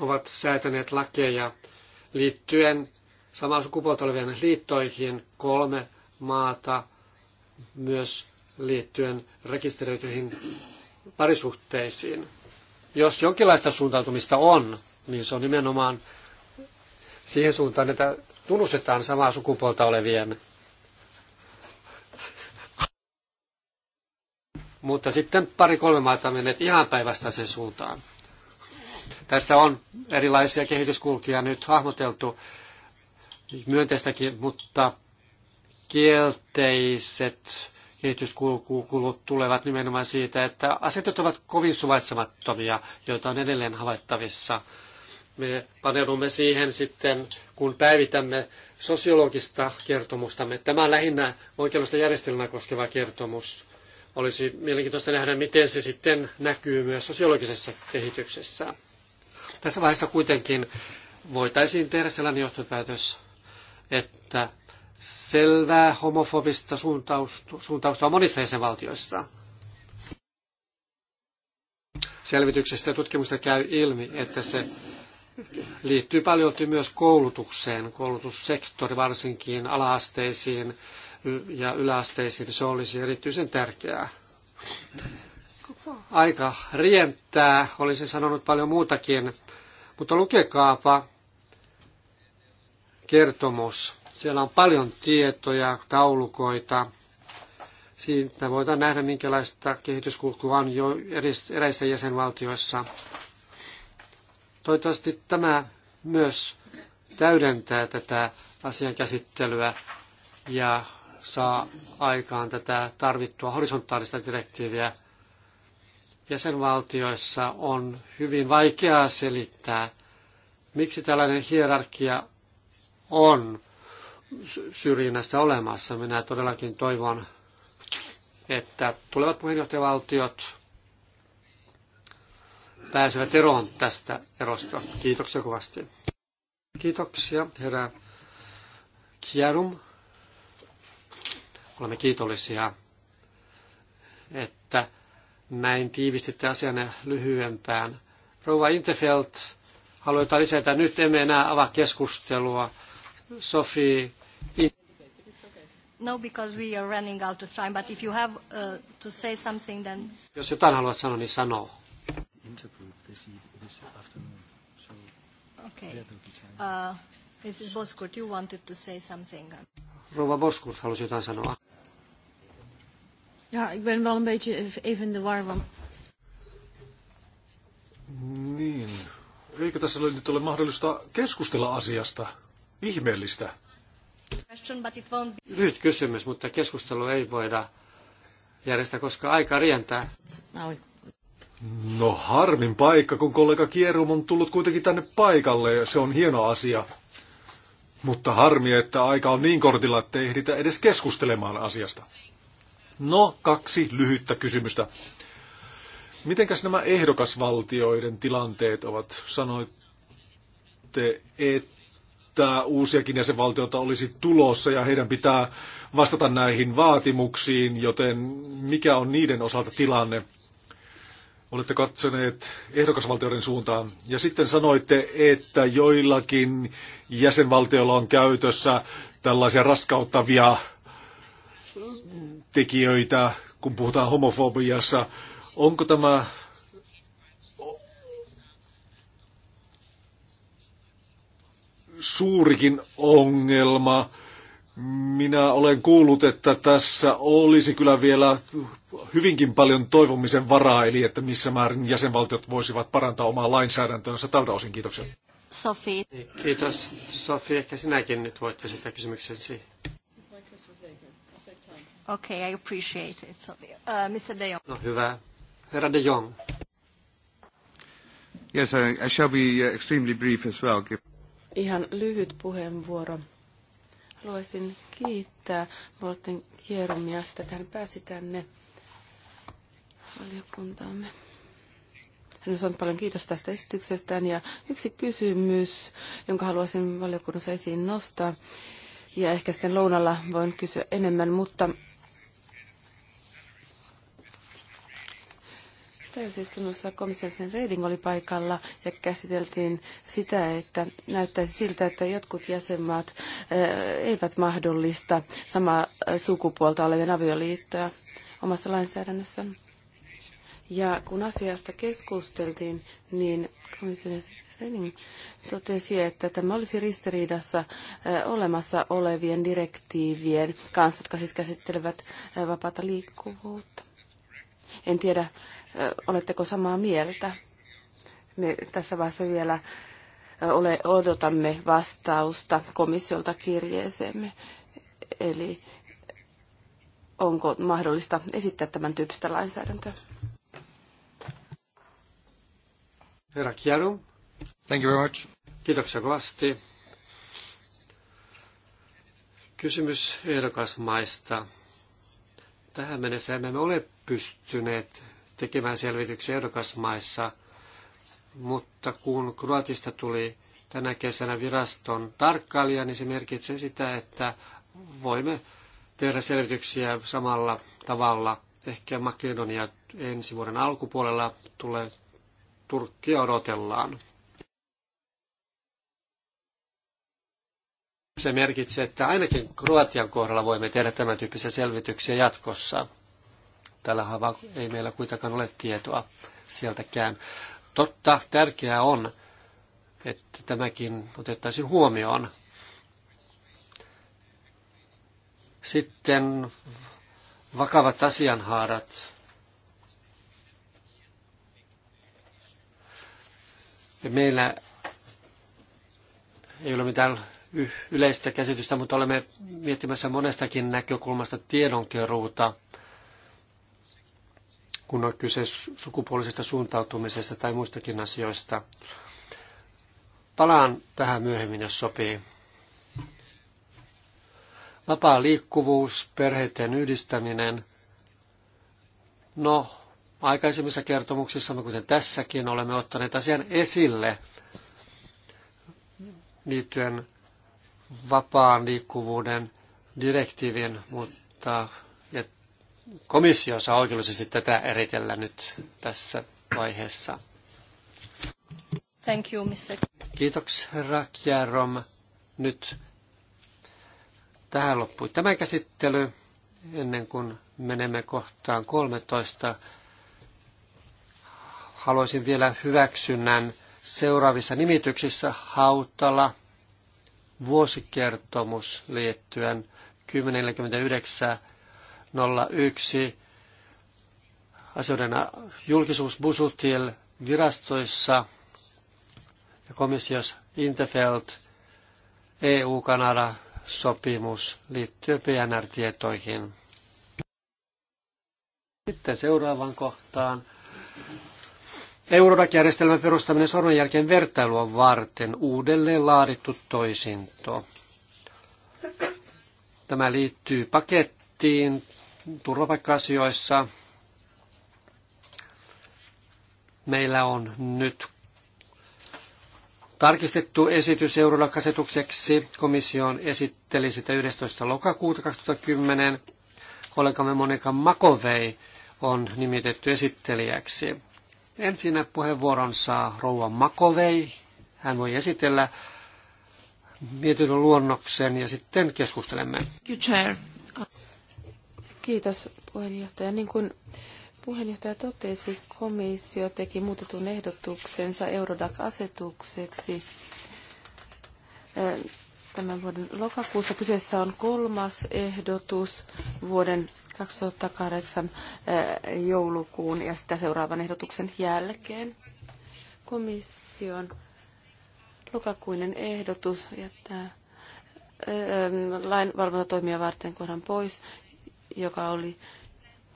ovat säätäneet lakeja liittyen samaa sukupuolta olevien liittoihin kolme maata myös liittyen rekisteröityihin parisuhteisiin. Jos jonkinlaista suuntautumista on, niin se on nimenomaan siihen suuntaan, että tunnustetaan samaa sukupuolta olevien. Mutta sitten pari-kolme maata menet ihan päivästä sen suuntaan. Tässä on erilaisia kehityskulkuja nyt hahmoteltu myönteistäkin, mutta kielteiset kehityskulut tulevat nimenomaan siitä, että asetet ovat kovin suvaitsemattomia, joita on edelleen havaittavissa. Me paneudumme siihen sitten, kun päivitämme sosiologista kertomustamme. Tämä on lähinnä oikeudellista järjestelmää koskeva kertomus. Olisi mielenkiintoista nähdä, miten se sitten näkyy myös sosiologisessa kehityksessä. Tässä vaiheessa kuitenkin voitaisiin tehdä sellainen johtopäätös, että selvää homofobista suuntausta on monissa jäsenvaltioissa. Selvityksestä ja tutkimusta käy ilmi, että se liittyy paljon myös koulutukseen, koulutussektori varsinkin alaasteisiin ja yläasteisiin. Se olisi erityisen tärkeää. Aika rientää, olisin sanonut paljon muutakin, mutta lukekaapa kertomus siellä on paljon tietoja, taulukoita. Siitä voidaan nähdä, minkälaista kehityskulkua on jo eräissä jäsenvaltioissa. Toivottavasti tämä myös täydentää tätä asian käsittelyä ja saa aikaan tätä tarvittua horisontaalista direktiiviä. Jäsenvaltioissa on hyvin vaikeaa selittää, miksi tällainen hierarkia on syrjinnässä olemassa. Minä todellakin toivon, että tulevat puheenjohtajavaltiot pääsevät eroon tästä erosta. Kiitoksia kovasti. Kiitoksia, herra Kjärum. Olemme kiitollisia, että näin tiivistitte asianne lyhyempään. Rouva Interfeld, haluaa lisätä. Nyt emme enää avaa keskustelua. Sofi No, because we are running out of time, but if you have uh, to say something, then... Jos jotain haluat sanoa, niin sano. Okay. Uh, Mrs. Boskurt, you wanted to say something. Rouva Boskurt halusi jotain sanoa. Ja, ik ben wel een beetje even in de war, van. Niin. Eikö tässä nyt ole mahdollista keskustella asiasta? Ihmeellistä. Lyhyt kysymys, mutta keskustelu ei voida järjestää, koska aika rientää. No harmin paikka, kun kollega Kierum on tullut kuitenkin tänne paikalle ja se on hieno asia. Mutta harmi, että aika on niin kortilla, että ei ehditä edes keskustelemaan asiasta. No, kaksi lyhyttä kysymystä. Mitenkäs nämä ehdokasvaltioiden tilanteet ovat? Sanoitte, että että uusiakin jäsenvaltioita olisi tulossa ja heidän pitää vastata näihin vaatimuksiin, joten mikä on niiden osalta tilanne? Olette katsoneet ehdokasvaltioiden suuntaan ja sitten sanoitte, että joillakin jäsenvaltioilla on käytössä tällaisia raskauttavia tekijöitä, kun puhutaan homofobiassa. Onko tämä suurikin ongelma. Minä olen kuullut, että tässä olisi kyllä vielä hyvinkin paljon toivomisen varaa, eli että missä määrin jäsenvaltiot voisivat parantaa omaa lainsäädäntöönsä tältä osin. Kiitoksia. Sofi. Kiitos. Sofi, ehkä sinäkin nyt voit esittää Okei, Okay, I appreciate it, Sophie. Uh, Mr. De Jong. No hyvä. Herra De Jong. Yes, I, I shall be uh, extremely brief as well. Ihan lyhyt puheenvuoro. Haluaisin kiittää Volten Kierumiasta, että hän pääsi tänne valiokuntaamme. Hän on saanut paljon kiitos tästä esityksestään ja yksi kysymys, jonka haluaisin valiokunnassa esiin nostaa, ja ehkä sitten lounalla voin kysyä enemmän, mutta täysistunnossa komission Reding oli paikalla ja käsiteltiin sitä, että näyttäisi siltä, että jotkut jäsenmaat eh, eivät mahdollista samaa sukupuolta olevien avioliittoja omassa lainsäädännössään. Ja kun asiasta keskusteltiin, niin komission Reding totesi, että tämä olisi ristiriidassa eh, olemassa olevien direktiivien kanssa, jotka siis käsittelevät eh, vapaata liikkuvuutta. En tiedä, Oletteko samaa mieltä? Me tässä vaiheessa vielä ole, odotamme vastausta komissiolta kirjeeseemme. Eli onko mahdollista esittää tämän tyyppistä lainsäädäntöä? Herra Kiaru. Thank you very much. Kiitoksia kovasti. Kysymys ehdokasmaista. Tähän mennessä emme ole pystyneet tekemään selvityksiä ehdokasmaissa, mutta kun Kroatista tuli tänä kesänä viraston tarkkailija, niin se merkitsee sitä, että voimme tehdä selvityksiä samalla tavalla. Ehkä Makedonia ensi vuoden alkupuolella tulee Turkkia odotellaan. Se merkitsee, että ainakin Kroatian kohdalla voimme tehdä tämän tyyppisiä selvityksiä jatkossa. Tällä havaa ei meillä kuitenkaan ole tietoa sieltäkään. Totta, tärkeää on, että tämäkin otettaisiin huomioon. Sitten vakavat asianhaarat. Ja meillä ei ole mitään yleistä käsitystä, mutta olemme miettimässä monestakin näkökulmasta tiedonkeruuta – kun on kyse sukupuolisesta suuntautumisesta tai muistakin asioista. Palaan tähän myöhemmin, jos sopii. Vapaa liikkuvuus, perheiden yhdistäminen. No, aikaisemmissa kertomuksissa, kuten tässäkin, olemme ottaneet asian esille liittyen vapaan liikkuvuuden direktiivin, mutta komissio saa oikeudellisesti tätä eritellä nyt tässä vaiheessa. Thank you, Mr. Kiitoksia, herra Kjärom. Nyt tähän loppui tämä käsittely ennen kuin menemme kohtaan 13. Haluaisin vielä hyväksynnän seuraavissa nimityksissä Hautala, vuosikertomus liittyen 1049 01 asioiden julkisuus Busutil virastoissa ja komissios Interfeld EU-Kanada sopimus liittyy PNR-tietoihin. Sitten seuraavaan kohtaan. Eurodac-järjestelmän perustaminen sormenjälkeen vertailua varten uudelleen laadittu toisinto. Tämä liittyy pakettiin turvapaikka-asioissa meillä on nyt tarkistettu esitys eurodakasetukseksi. Komission esitteli sitä 11. lokakuuta 2010. Kollegamme Monika Makovei on nimitetty esittelijäksi. Ensinnä puheenvuoron saa rouva Makovei. Hän voi esitellä mietinnön luonnoksen ja sitten keskustelemme. Kiitos puheenjohtaja. Niin kuin puheenjohtaja totesi, komissio teki muutetun ehdotuksensa Eurodac-asetukseksi eh, tämän vuoden lokakuussa. Kyseessä on kolmas ehdotus vuoden 2008 eh, joulukuun ja sitä seuraavan ehdotuksen jälkeen. Komission lokakuinen ehdotus jättää eh, lainvalvontatoimia varten kohdan pois joka oli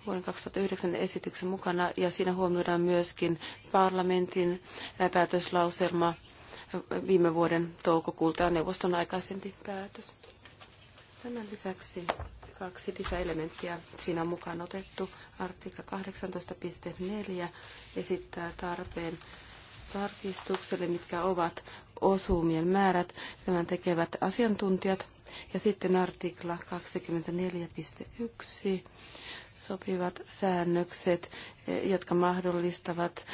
vuoden 2009 esityksen mukana, ja siinä huomioidaan myöskin parlamentin päätöslauselma viime vuoden toukokuulta ja neuvoston aikaisempi päätös. Tämän lisäksi kaksi lisäelementtiä siinä on mukaan otettu. Artikla 18.4 esittää tarpeen tarkistukselle, mitkä ovat osumien määrät. Tämän tekevät asiantuntijat. Ja sitten artikla 24.1 sopivat säännökset, eh, jotka mahdollistavat eh,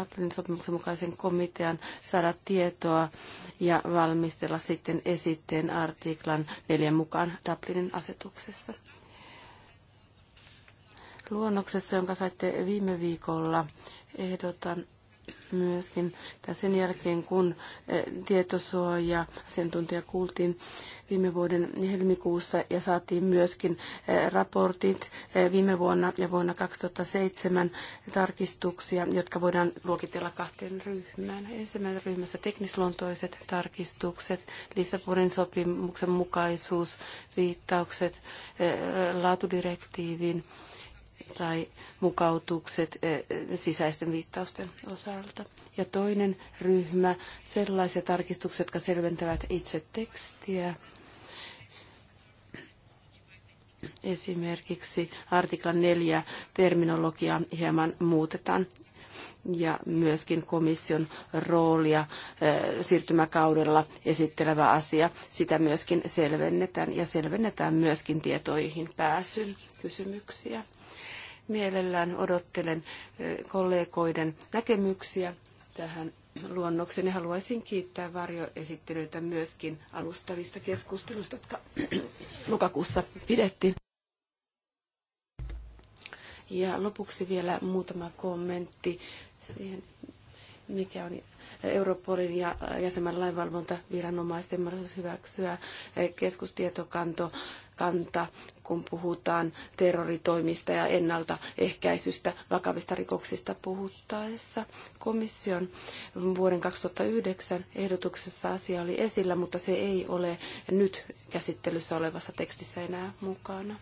Dublinin sopimuksen mukaisen komitean saada tietoa ja valmistella sitten esitteen artiklan 4 mukaan Dublinin asetuksessa. Luonnoksessa, jonka saitte viime viikolla, ehdotan myöskin tai sen jälkeen, kun eh, tietosuoja asiantuntija kuultiin viime vuoden helmikuussa ja saatiin myöskin eh, raportit eh, viime vuonna ja vuonna 2007 tarkistuksia, jotka voidaan luokitella kahteen ryhmään. ensimmäisessä ryhmässä teknisluontoiset tarkistukset, Lissabonin sopimuksen mukaisuus, viittaukset laatudirektiiviin tai mukautukset eh, sisäisten viittausten osalta. Ja toinen ryhmä, sellaisia tarkistuksia, jotka selventävät itse tekstiä. Esimerkiksi artiklan 4 terminologiaa hieman muutetaan ja myöskin komission roolia eh, siirtymäkaudella esittelevä asia. Sitä myöskin selvennetään ja selvennetään myöskin tietoihin pääsyn kysymyksiä. Mielellään odottelen kollegoiden näkemyksiä tähän luonnoksen ja haluaisin kiittää varjoesittelyitä myöskin alustavista keskusteluista, jotka *clears throat* lokakuussa pidettiin. Ja lopuksi vielä muutama kommentti siihen, mikä on Europolin ja jäsenmaiden lainvalvontaviranomaisten mahdollisuus hyväksyä keskustietokanto kanta, kun puhutaan terroritoimista ja ennaltaehkäisystä vakavista rikoksista puhuttaessa. Komission vuoden 2009 ehdotuksessa asia oli esillä, mutta se ei ole nyt käsittelyssä olevassa tekstissä enää mukana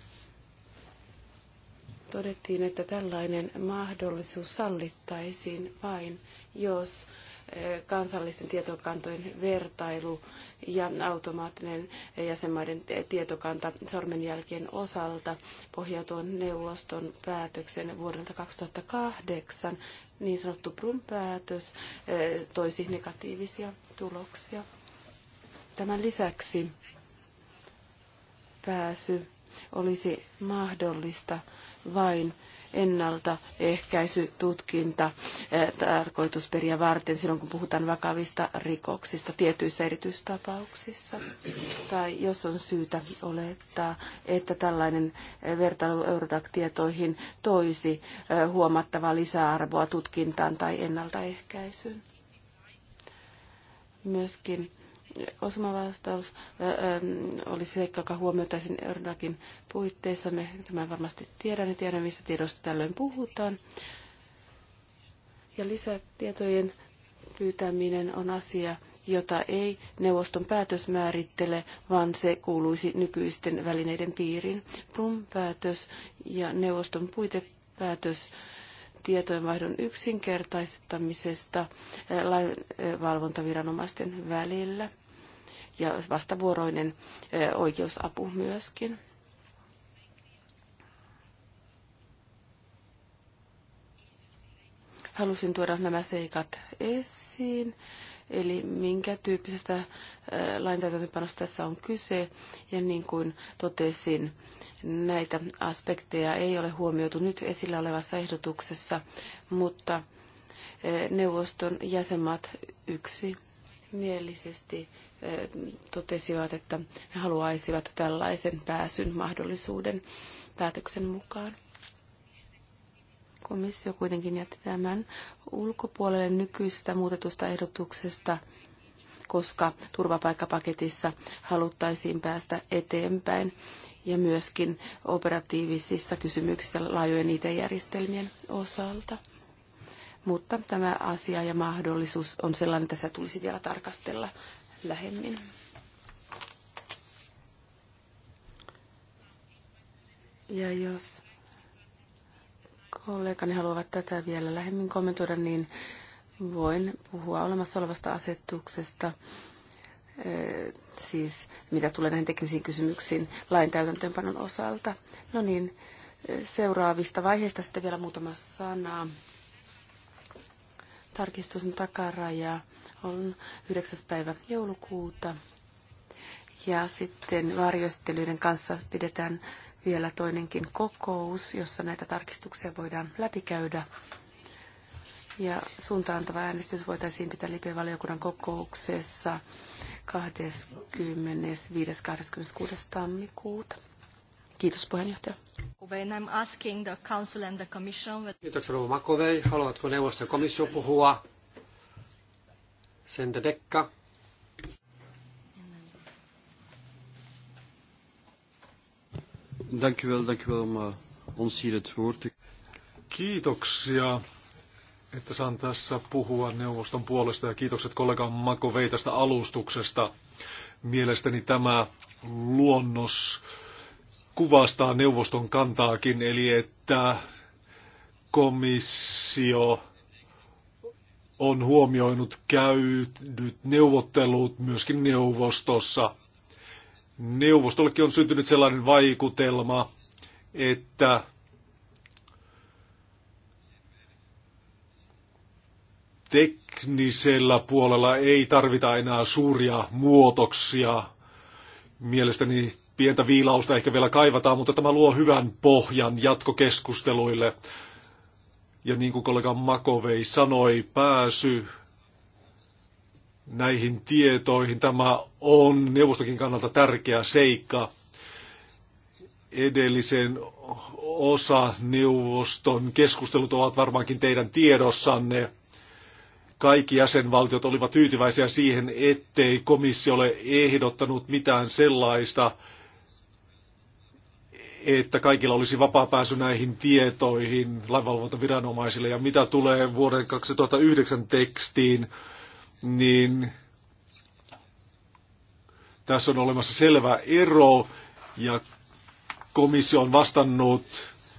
todettiin, että tällainen mahdollisuus sallittaisiin vain, jos eh, kansallisten tietokantojen vertailu ja automaattinen jäsenmaiden tietokanta sormenjälkien osalta pohjautuu neuvoston päätöksen vuodelta 2008. Niin sanottu brun päätös eh, toisi negatiivisia tuloksia. Tämän lisäksi pääsy olisi mahdollista vain ennaltaehkäisy, tutkinta eh, tarkoitusperiä varten silloin, kun puhutaan vakavista rikoksista tietyissä erityistapauksissa. Tai jos on syytä olettaa, että tällainen eh, vertailu Eurodac-tietoihin toisi eh, huomattavaa lisäarvoa tutkintaan tai ennaltaehkäisyyn. Myöskin osumavastaus oli seikka, joka huomioitaisiin Eurodakin puitteissa. Me tämä varmasti tiedän ja tiedän, mistä tiedossa tällöin puhutaan. Ja lisätietojen pyytäminen on asia, jota ei neuvoston päätös määrittele, vaan se kuuluisi nykyisten välineiden piiriin. pum päätös ja neuvoston puitepäätös tietojenvaihdon yksinkertaisettamisesta lainvalvontaviranomaisten välillä ja vastavuoroinen oikeusapu myöskin. Halusin tuoda nämä seikat esiin, eli minkä tyyppisestä laintäytäntöpanosta tässä on kyse, ja niin kuin totesin, näitä aspekteja ei ole huomioitu nyt esillä olevassa ehdotuksessa, mutta neuvoston jäsenmaat yksi yksimielisesti totesivat, että he haluaisivat tällaisen pääsyn mahdollisuuden päätöksen mukaan. Komissio kuitenkin jätti tämän ulkopuolelle nykyistä muutetusta ehdotuksesta, koska turvapaikkapaketissa haluttaisiin päästä eteenpäin ja myöskin operatiivisissa kysymyksissä laajojen IT-järjestelmien osalta mutta tämä asia ja mahdollisuus on sellainen, että se tulisi vielä tarkastella lähemmin. Ja jos kollegani haluavat tätä vielä lähemmin kommentoida, niin voin puhua olemassa olevasta asetuksesta. Eh, siis mitä tulee näihin teknisiin kysymyksiin lain täytäntöönpanon osalta. No niin, eh, seuraavista vaiheista sitten vielä muutama sana. Tarkistuksen takaraja on 9. päivä joulukuuta. Ja sitten varjoistelijoiden kanssa pidetään vielä toinenkin kokous, jossa näitä tarkistuksia voidaan läpikäydä. Ja suuntaantava äänestys voitaisiin pitää lipevaliokunnan kokouksessa 25.-26. tammikuuta. Kiitos puheenjohtaja. Kiitoksia Rova Makovei. Haluatko neuvosto ja komissio puhua? Sentä Dekka. Dank u wel, dank u wel om eh, ons hier het woord te... Kiitoksia, että saan tässä puhua neuvoston puolesta ja kiitokset kollega Makovei tästä alustuksesta. Mielestäni tämä luonnos kuvastaa neuvoston kantaakin, eli että komissio on huomioinut käydyt neuvottelut myöskin neuvostossa. Neuvostollekin on syntynyt sellainen vaikutelma, että teknisellä puolella ei tarvita enää suuria muutoksia. Mielestäni pientä viilausta ehkä vielä kaivataan, mutta tämä luo hyvän pohjan jatkokeskusteluille. Ja niin kuin kollega Makovei sanoi, pääsy näihin tietoihin, tämä on neuvostokin kannalta tärkeä seikka. Edellisen osa neuvoston keskustelut ovat varmaankin teidän tiedossanne kaikki jäsenvaltiot olivat tyytyväisiä siihen, ettei komissio ole ehdottanut mitään sellaista, että kaikilla olisi vapaa pääsy näihin tietoihin lainvalvontaviranomaisille. Ja mitä tulee vuoden 2009 tekstiin, niin tässä on olemassa selvä ero ja komissio on vastannut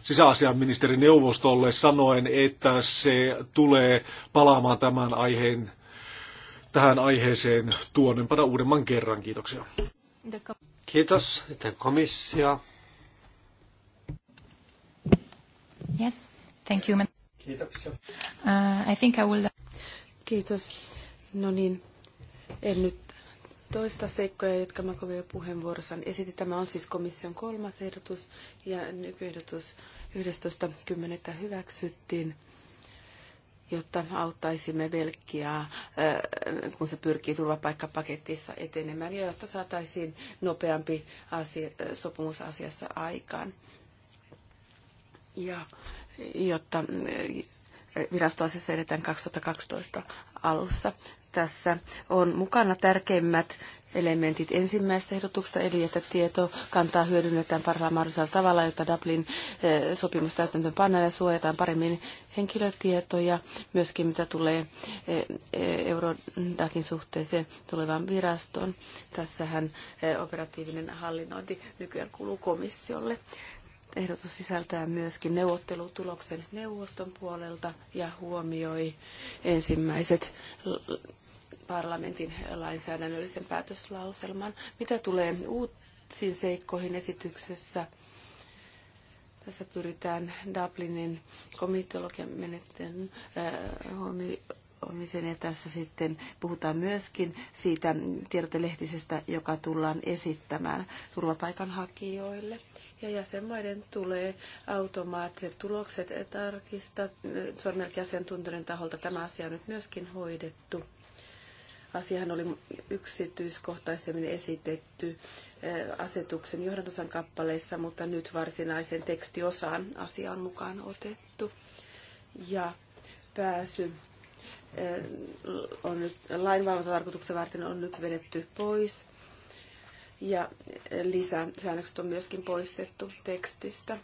sisäasiaministerin neuvostolle sanoen, että se tulee palaamaan tämän aiheen, tähän aiheeseen tuonnempana uudemman kerran. Kiitoksia. Kiitos. Sitten komissio. Yes, thank you. Kiitoksia. Uh, I think I will... Kiitos. No niin, en nyt toista seikkoja, jotka Makovio puheenvuorossaan esitti. Tämä on siis komission kolmas ehdotus ja nykyehdotus 11.10. hyväksyttiin jotta auttaisimme Belgiaa, äh, kun se pyrkii turvapaikkapaketissa etenemään, ja jotta saataisiin nopeampi asia, äh, sopimusasiassa aikaan ja jotta eh, virastoasiassa edetään 2012 alussa. Tässä on mukana tärkeimmät elementit ensimmäistä ehdotuksesta, eli että tieto kantaa hyödynnetään parhaalla mahdollisella tavalla, jotta Dublin eh, sopimus täytäntöön pannaan ja suojataan paremmin henkilötietoja, myöskin mitä tulee eh, Eurodakin suhteeseen tulevaan virastoon. Tässähän operatiivinen hallinnointi nykyään kuuluu komissiolle. Ehdotus sisältää myöskin neuvottelutuloksen neuvoston puolelta ja huomioi ensimmäiset parlamentin lainsäädännöllisen päätöslauselman. Mitä tulee uusiin seikkoihin esityksessä, tässä pyritään Dublinin komitologian menettelyn äh, huomioimiseen ja tässä sitten puhutaan myöskin siitä tiedotelehtisestä, joka tullaan esittämään turvapaikanhakijoille ja jäsenmaiden tulee automaattiset tulokset tarkistaa sormenjälkiasiantuntijoiden taholta. Tämä asia on nyt myöskin hoidettu. Asiahan oli yksityiskohtaisemmin esitetty eh, asetuksen johdantosan kappaleissa, mutta nyt varsinaisen tekstiosaan asia on mukaan otettu. Ja pääsy eh, on nyt, lainvalvontatarkoituksen varten on nyt vedetty pois ja lisäsäännökset on myöskin poistettu tekstistä.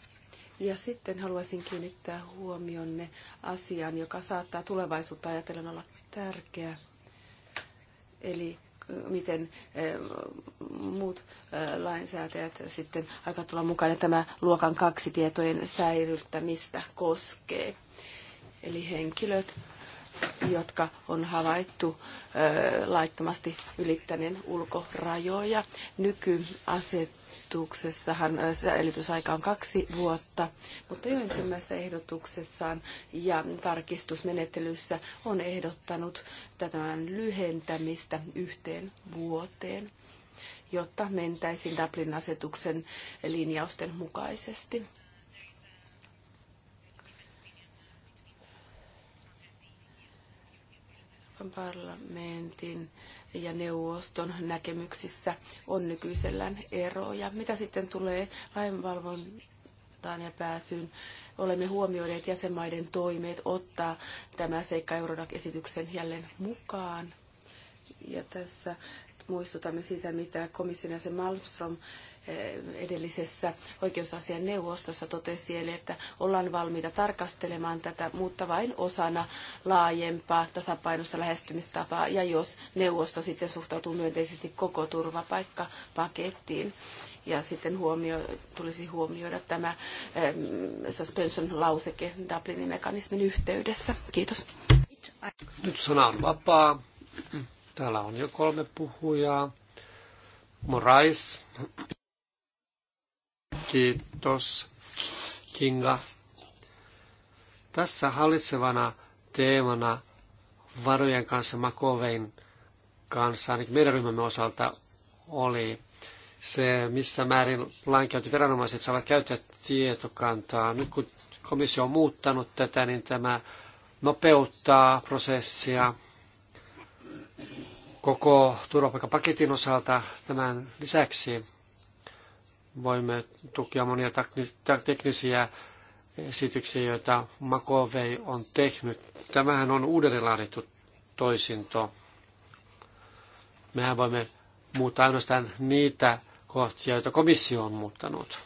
Ja sitten haluaisin kiinnittää huomionne asiaan, joka saattaa tulevaisuutta ajatellen olla tärkeä. Eli miten muut lainsäätäjät sitten aika tulla mukana tämä luokan kaksi tietojen säilyttämistä koskee. Eli henkilöt jotka on havaittu laittomasti ylittäneen ulkorajoja. Nykyasetuksessahan säilytysaika on kaksi vuotta, mutta jo ensimmäisessä ehdotuksessaan ja tarkistusmenettelyssä on ehdottanut tätä lyhentämistä yhteen vuoteen jotta mentäisiin Dublin-asetuksen linjausten mukaisesti. parlamentin ja neuvoston näkemyksissä on nykyisellään eroja. Mitä sitten tulee lainvalvontaan ja pääsyyn? Olemme huomioineet jäsenmaiden toimeet ottaa tämä seikka Eurodac-esityksen jälleen mukaan. Ja tässä muistutamme siitä, mitä komission jäsen Malmström edellisessä oikeusasian neuvostossa totesi, eli että ollaan valmiita tarkastelemaan tätä, mutta vain osana laajempaa tasapainosta lähestymistapaa, ja jos neuvosto sitten suhtautuu myönteisesti koko turvapaikkapakettiin ja sitten huomio, tulisi huomioida tämä ähm, suspension-lauseke Dublinin mekanismin yhteydessä. Kiitos. Nyt sana on vapaa. Täällä on jo kolme puhujaa. Morais, Kiitos, Kinga. Tässä hallitsevana teemana varojen kanssa Makovein kanssa, ainakin meidän ryhmämme osalta, oli se, missä määrin lainkäyttöviranomaiset saavat käyttää tietokantaa. Nyt kun komissio on muuttanut tätä, niin tämä nopeuttaa prosessia koko turvapaikkapaketin osalta tämän lisäksi Voimme tukea monia teknisiä esityksiä, joita Makovei on tehnyt. Tämähän on uudelleen laadittu toisinto. Mehän voimme muuttaa ainoastaan niitä kohtia, joita komissio on muuttanut.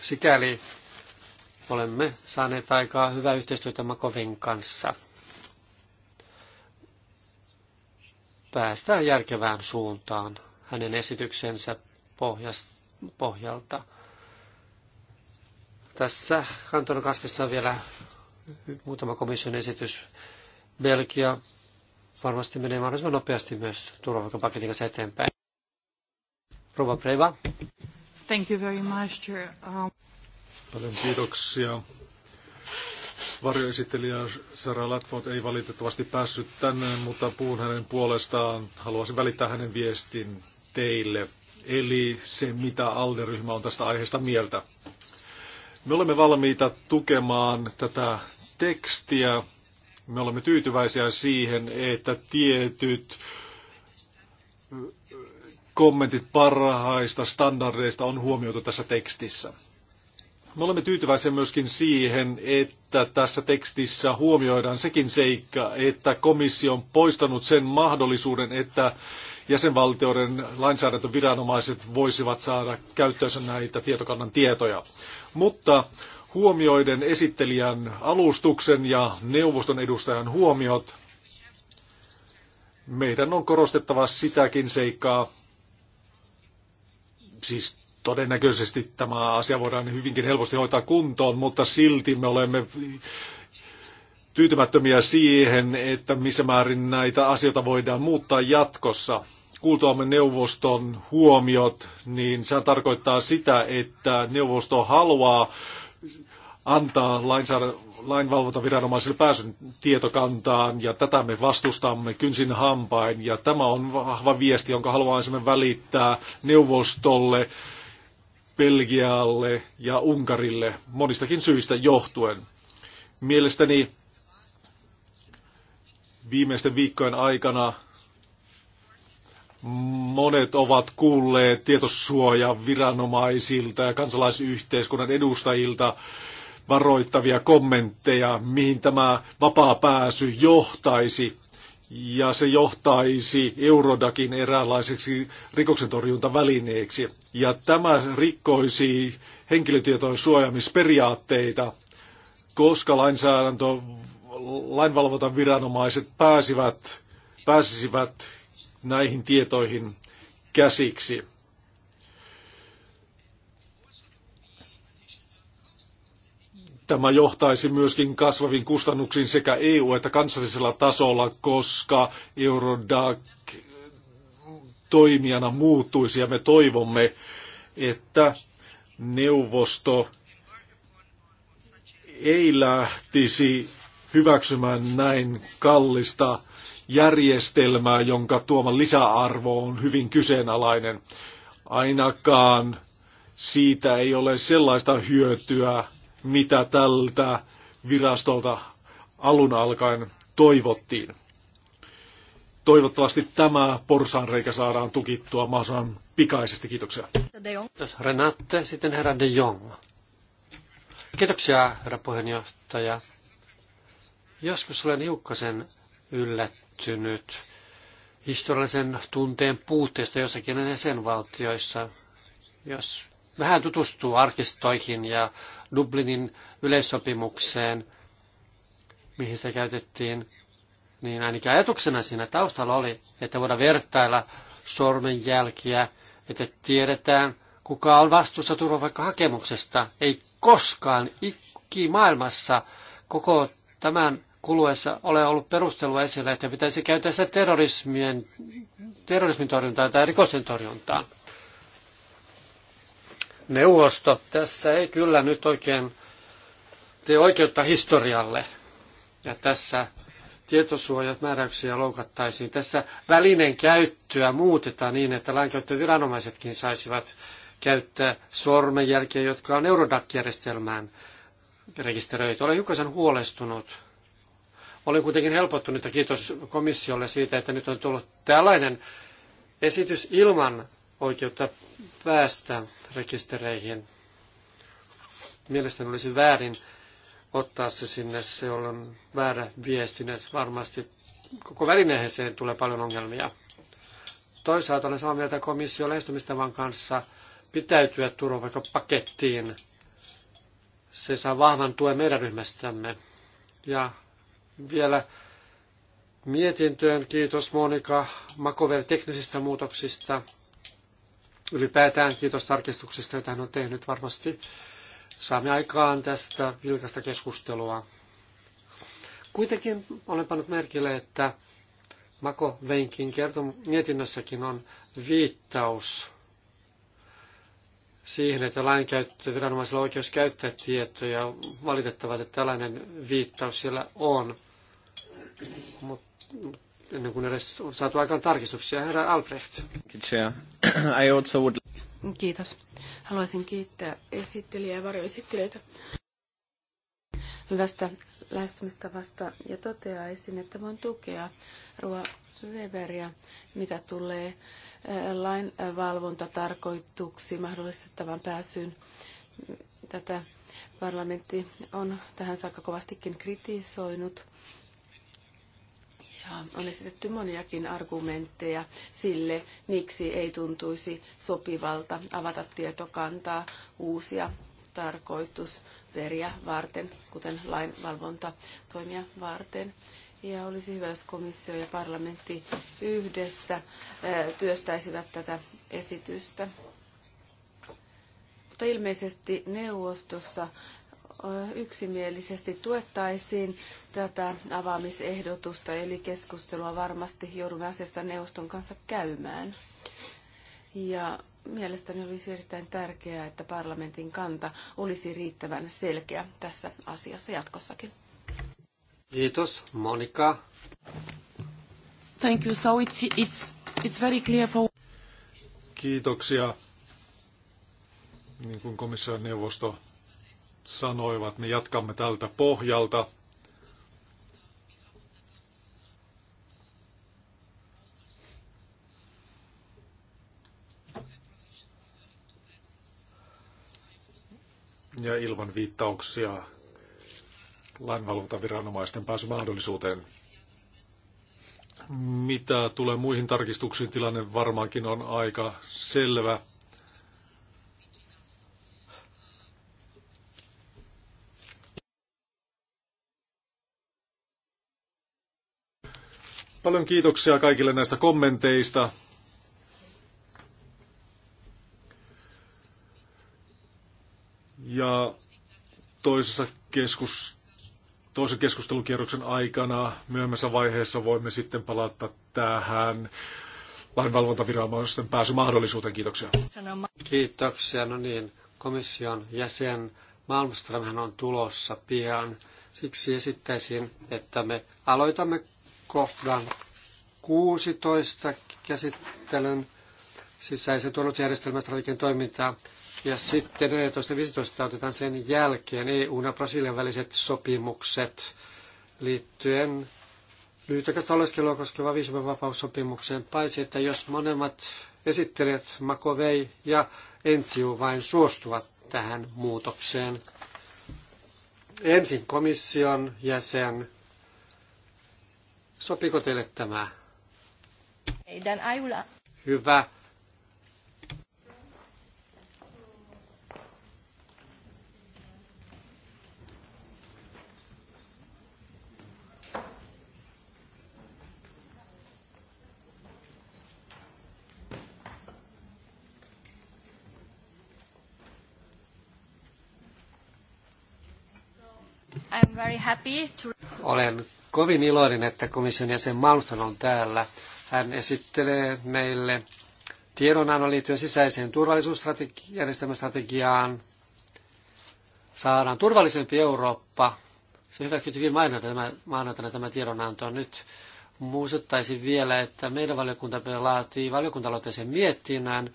Sikäli olemme saaneet aikaa hyvää yhteistyötä Makovin kanssa. Päästään järkevään suuntaan hänen esityksensä pohjasta pohjalta. Tässä kantona kasvissa on vielä muutama komission esitys. Belgia varmasti menee mahdollisimman nopeasti myös turvapaikkapaketin kanssa eteenpäin. Rova Preva. Thank you very much, Chair. Um... Paljon kiitoksia. Varjoesittelijä Sarah Latford ei valitettavasti päässyt tänne, mutta puhun hänen puolestaan. Haluaisin välittää hänen viestin teille eli se, mitä ALDE-ryhmä on tästä aiheesta mieltä. Me olemme valmiita tukemaan tätä tekstiä. Me olemme tyytyväisiä siihen, että tietyt kommentit parhaista standardeista on huomioitu tässä tekstissä. Me olemme tyytyväisiä myöskin siihen, että tässä tekstissä huomioidaan sekin seikka, että komissio on poistanut sen mahdollisuuden, että jäsenvaltioiden lainsäädäntöviranomaiset voisivat saada käyttöönsä näitä tietokannan tietoja. Mutta huomioiden esittelijän alustuksen ja neuvoston edustajan huomiot, meidän on korostettava sitäkin seikkaa, siis todennäköisesti tämä asia voidaan hyvinkin helposti hoitaa kuntoon, mutta silti me olemme tyytymättömiä siihen, että missä määrin näitä asioita voidaan muuttaa jatkossa kuultuamme neuvoston huomiot, niin se tarkoittaa sitä, että neuvosto haluaa antaa lainvalvontaviranomaisille pääsyn tietokantaan, ja tätä me vastustamme kynsin hampain, ja tämä on vahva viesti, jonka haluaisimme välittää neuvostolle, Belgialle ja Unkarille monistakin syistä johtuen. Mielestäni viimeisten viikkojen aikana – Monet ovat kuulleet tietosuoja viranomaisilta ja kansalaisyhteiskunnan edustajilta varoittavia kommentteja, mihin tämä vapaa pääsy johtaisi. Ja se johtaisi Eurodakin eräänlaiseksi rikoksentorjuntavälineeksi. Ja tämä rikkoisi henkilötietojen suojaamisperiaatteita, koska lainsäädäntö, lainvalvontaviranomaiset viranomaiset pääsivät, pääsisivät näihin tietoihin käsiksi. Tämä johtaisi myöskin kasvaviin kustannuksiin sekä EU- että kansallisella tasolla, koska Eurodac toimijana muuttuisi ja me toivomme, että neuvosto ei lähtisi hyväksymään näin kallista järjestelmää, jonka tuoma lisäarvo on hyvin kyseenalainen. Ainakaan siitä ei ole sellaista hyötyä, mitä tältä virastolta alun alkaen toivottiin. Toivottavasti tämä porsaanreikä saadaan tukittua mahdollisimman pikaisesti. Kiitoksia. Kiitos Renate, sitten herra de Jong. Kiitoksia herra puheenjohtaja. Joskus olen hiukkasen yllättynyt syntynyt historiallisen tunteen puutteesta jossakin jäsenvaltioissa. Jos vähän tutustuu arkistoihin ja Dublinin yleissopimukseen, mihin sitä käytettiin, niin ainakin ajatuksena siinä taustalla oli, että voidaan vertailla sormenjälkiä, että tiedetään, kuka on vastuussa turvapaikkahakemuksesta. Ei koskaan ikki maailmassa koko tämän kuluessa ole ollut perustelua esillä, että pitäisi käyttää sitä terrorismien, terrorismin torjuntaan tai rikosten torjuntaan. Neuvosto tässä ei kyllä nyt oikein tee oikeutta historialle. Ja tässä tietosuojat määräyksiä loukattaisiin. Tässä välinen käyttöä muutetaan niin, että lainkäyttöviranomaisetkin saisivat käyttää sormenjälkiä, jotka on Eurodac-järjestelmään rekisteröity. Olen hiukan huolestunut olen kuitenkin helpottunut ja kiitos komissiolle siitä, että nyt on tullut tällainen esitys ilman oikeutta päästä rekistereihin. Mielestäni olisi väärin ottaa se sinne, se on väärä viesti, että varmasti koko välineeseen tulee paljon ongelmia. Toisaalta olen samaa mieltä komission lähestymistavan kanssa pitäytyä turvapaikkapakettiin. Se saa vahvan tuen meidän ryhmästämme. Ja vielä mietintöön. Kiitos Monika Makover teknisistä muutoksista. Ylipäätään kiitos tarkistuksista, joita hän on tehnyt. Varmasti saamme aikaan tästä vilkasta keskustelua. Kuitenkin olen pannut merkille, että Mako Venkin kertom- mietinnössäkin on viittaus siihen, että lainkäyttö on oikeus käyttää tietoja. Valitettavasti, että tällainen viittaus siellä on mutta ennen kuin edes on saatu aikaan tarkistuksia. Herra Albrecht. *clears throat* Kiitos. Haluaisin kiittää esittelijää ja varjoesittelijöitä hyvästä lähestymistavasta ja toteaisin, että voin tukea Rua Weberia, mitä tulee eh, lainvalvontatarkoituksiin mahdollistettavan pääsyyn. Tätä parlamentti on tähän saakka kovastikin kritisoinut on esitetty moniakin argumentteja sille, miksi ei tuntuisi sopivalta avata tietokantaa uusia tarkoitusperiä varten, kuten lainvalvontatoimia varten. Ja olisi hyvä, jos komissio ja parlamentti yhdessä työstäisivät tätä esitystä. Mutta ilmeisesti neuvostossa yksimielisesti tuettaisiin tätä avaamisehdotusta, eli keskustelua varmasti joudumme asiasta neuvoston kanssa käymään. Ja mielestäni olisi erittäin tärkeää, että parlamentin kanta olisi riittävän selkeä tässä asiassa jatkossakin. Kiitos, Monika. Thank you. So it's, it's, it's very clear for... Kiitoksia. Niin kuin komission neuvosto sanoivat, niin jatkamme tältä pohjalta. Ja ilman viittauksia lainvalvontaviranomaisten pääsymahdollisuuteen. Mitä tulee muihin tarkistuksiin, tilanne varmaankin on aika selvä. Paljon kiitoksia kaikille näistä kommenteista. Ja toisessa keskus, toisen keskustelukierroksen aikana myöhemmässä vaiheessa voimme sitten palata tähän lainvalvontaviranomaisten pääsymahdollisuuteen. Kiitoksia. Kiitoksia. No niin, komission jäsen Malmströmhän on tulossa pian. Siksi esittäisin, että me aloitamme kohdan 16 käsittelyn sisäisen turvallisuusjärjestelmän strategian toimintaa. Ja sitten 14.15 otetaan sen jälkeen EU- ja Brasilian väliset sopimukset liittyen lyhytaikaista oleskelua koskeva viisumivapaussopimukseen, paitsi että jos monemmat esittelijät Makovei ja Entsiu vain suostuvat tähän muutokseen. Ensin komission jäsen Sopiiko teille tämä? Hyvä. I'm very happy to... Olen kovin iloinen, että komission jäsen Malmström on täällä. Hän esittelee meille tiedonannon liittyen sisäiseen turvallisuusjärjestelmästrategiaan. Saadaan turvallisempi Eurooppa. Se hyväksyttiin hyvin maanantaina, maanantaina tämä tiedonanto nyt. Muistuttaisin vielä, että meidän valiokunta laatii valiokuntaloitteisen miettinnän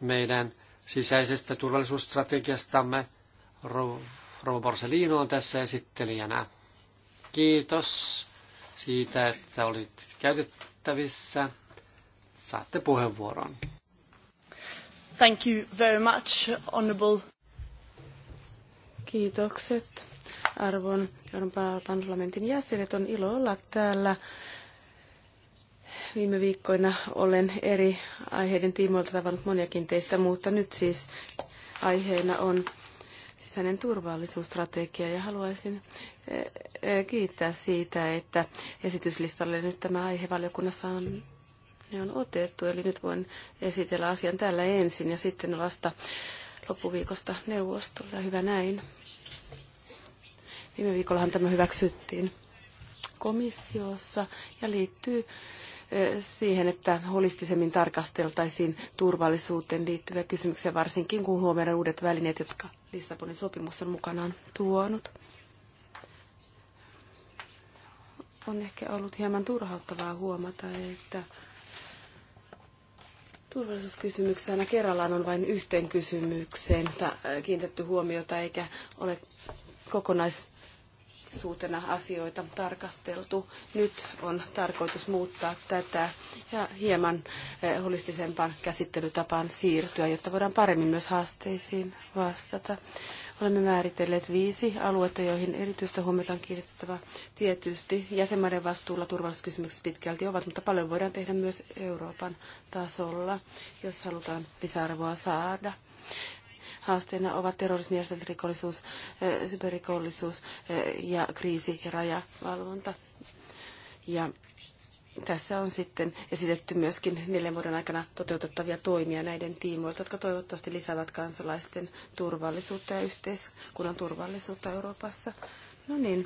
meidän sisäisestä turvallisuusstrategiastamme. Rova Borsellino on tässä esittelijänä. Kiitos siitä, että olit käytettävissä. Saatte puheenvuoron. Thank you very much, honorable. Kiitokset arvon Euroopan parlamentin jäsenet. On ilo olla täällä. Viime viikkoina olen eri aiheiden tiimoilta tavannut moniakin teistä, mutta nyt siis aiheena on sisäinen turvallisuusstrategia ja haluaisin eh, eh, kiittää siitä, että esityslistalle nyt tämä aihe valiokunnassa on, ne on otettu. Eli nyt voin esitellä asian täällä ensin ja sitten vasta loppuviikosta neuvostolle. Hyvä näin. Viime viikollahan tämä hyväksyttiin komissiossa ja liittyy siihen, että holistisemmin tarkasteltaisiin turvallisuuteen liittyviä kysymyksiä, varsinkin kun huomioidaan uudet välineet, jotka Lissabonin sopimus on mukanaan tuonut. On ehkä ollut hieman turhauttavaa huomata, että turvallisuuskysymyksiä aina kerrallaan on vain yhteen kysymykseen kiinnitetty huomiota, eikä ole kokonais kokonaisuutena asioita tarkasteltu. Nyt on tarkoitus muuttaa tätä ja hieman eh, holistisempaan käsittelytapaan siirtyä, jotta voidaan paremmin myös haasteisiin vastata. Olemme määritelleet viisi aluetta, joihin erityistä huomiota on kiinnitettävä. Tietysti jäsenmaiden vastuulla turvallisuuskysymykset pitkälti ovat, mutta paljon voidaan tehdä myös Euroopan tasolla, jos halutaan lisäarvoa saada. Haasteena ovat terrorismi, järjestelmät rikollisuus, syberikollisuus eh, eh, ja kriisi- ja rajavalvonta. Ja tässä on sitten esitetty myöskin neljän vuoden aikana toteutettavia toimia näiden tiimoilta, jotka toivottavasti lisäävät kansalaisten turvallisuutta ja yhteiskunnan turvallisuutta Euroopassa. No niin,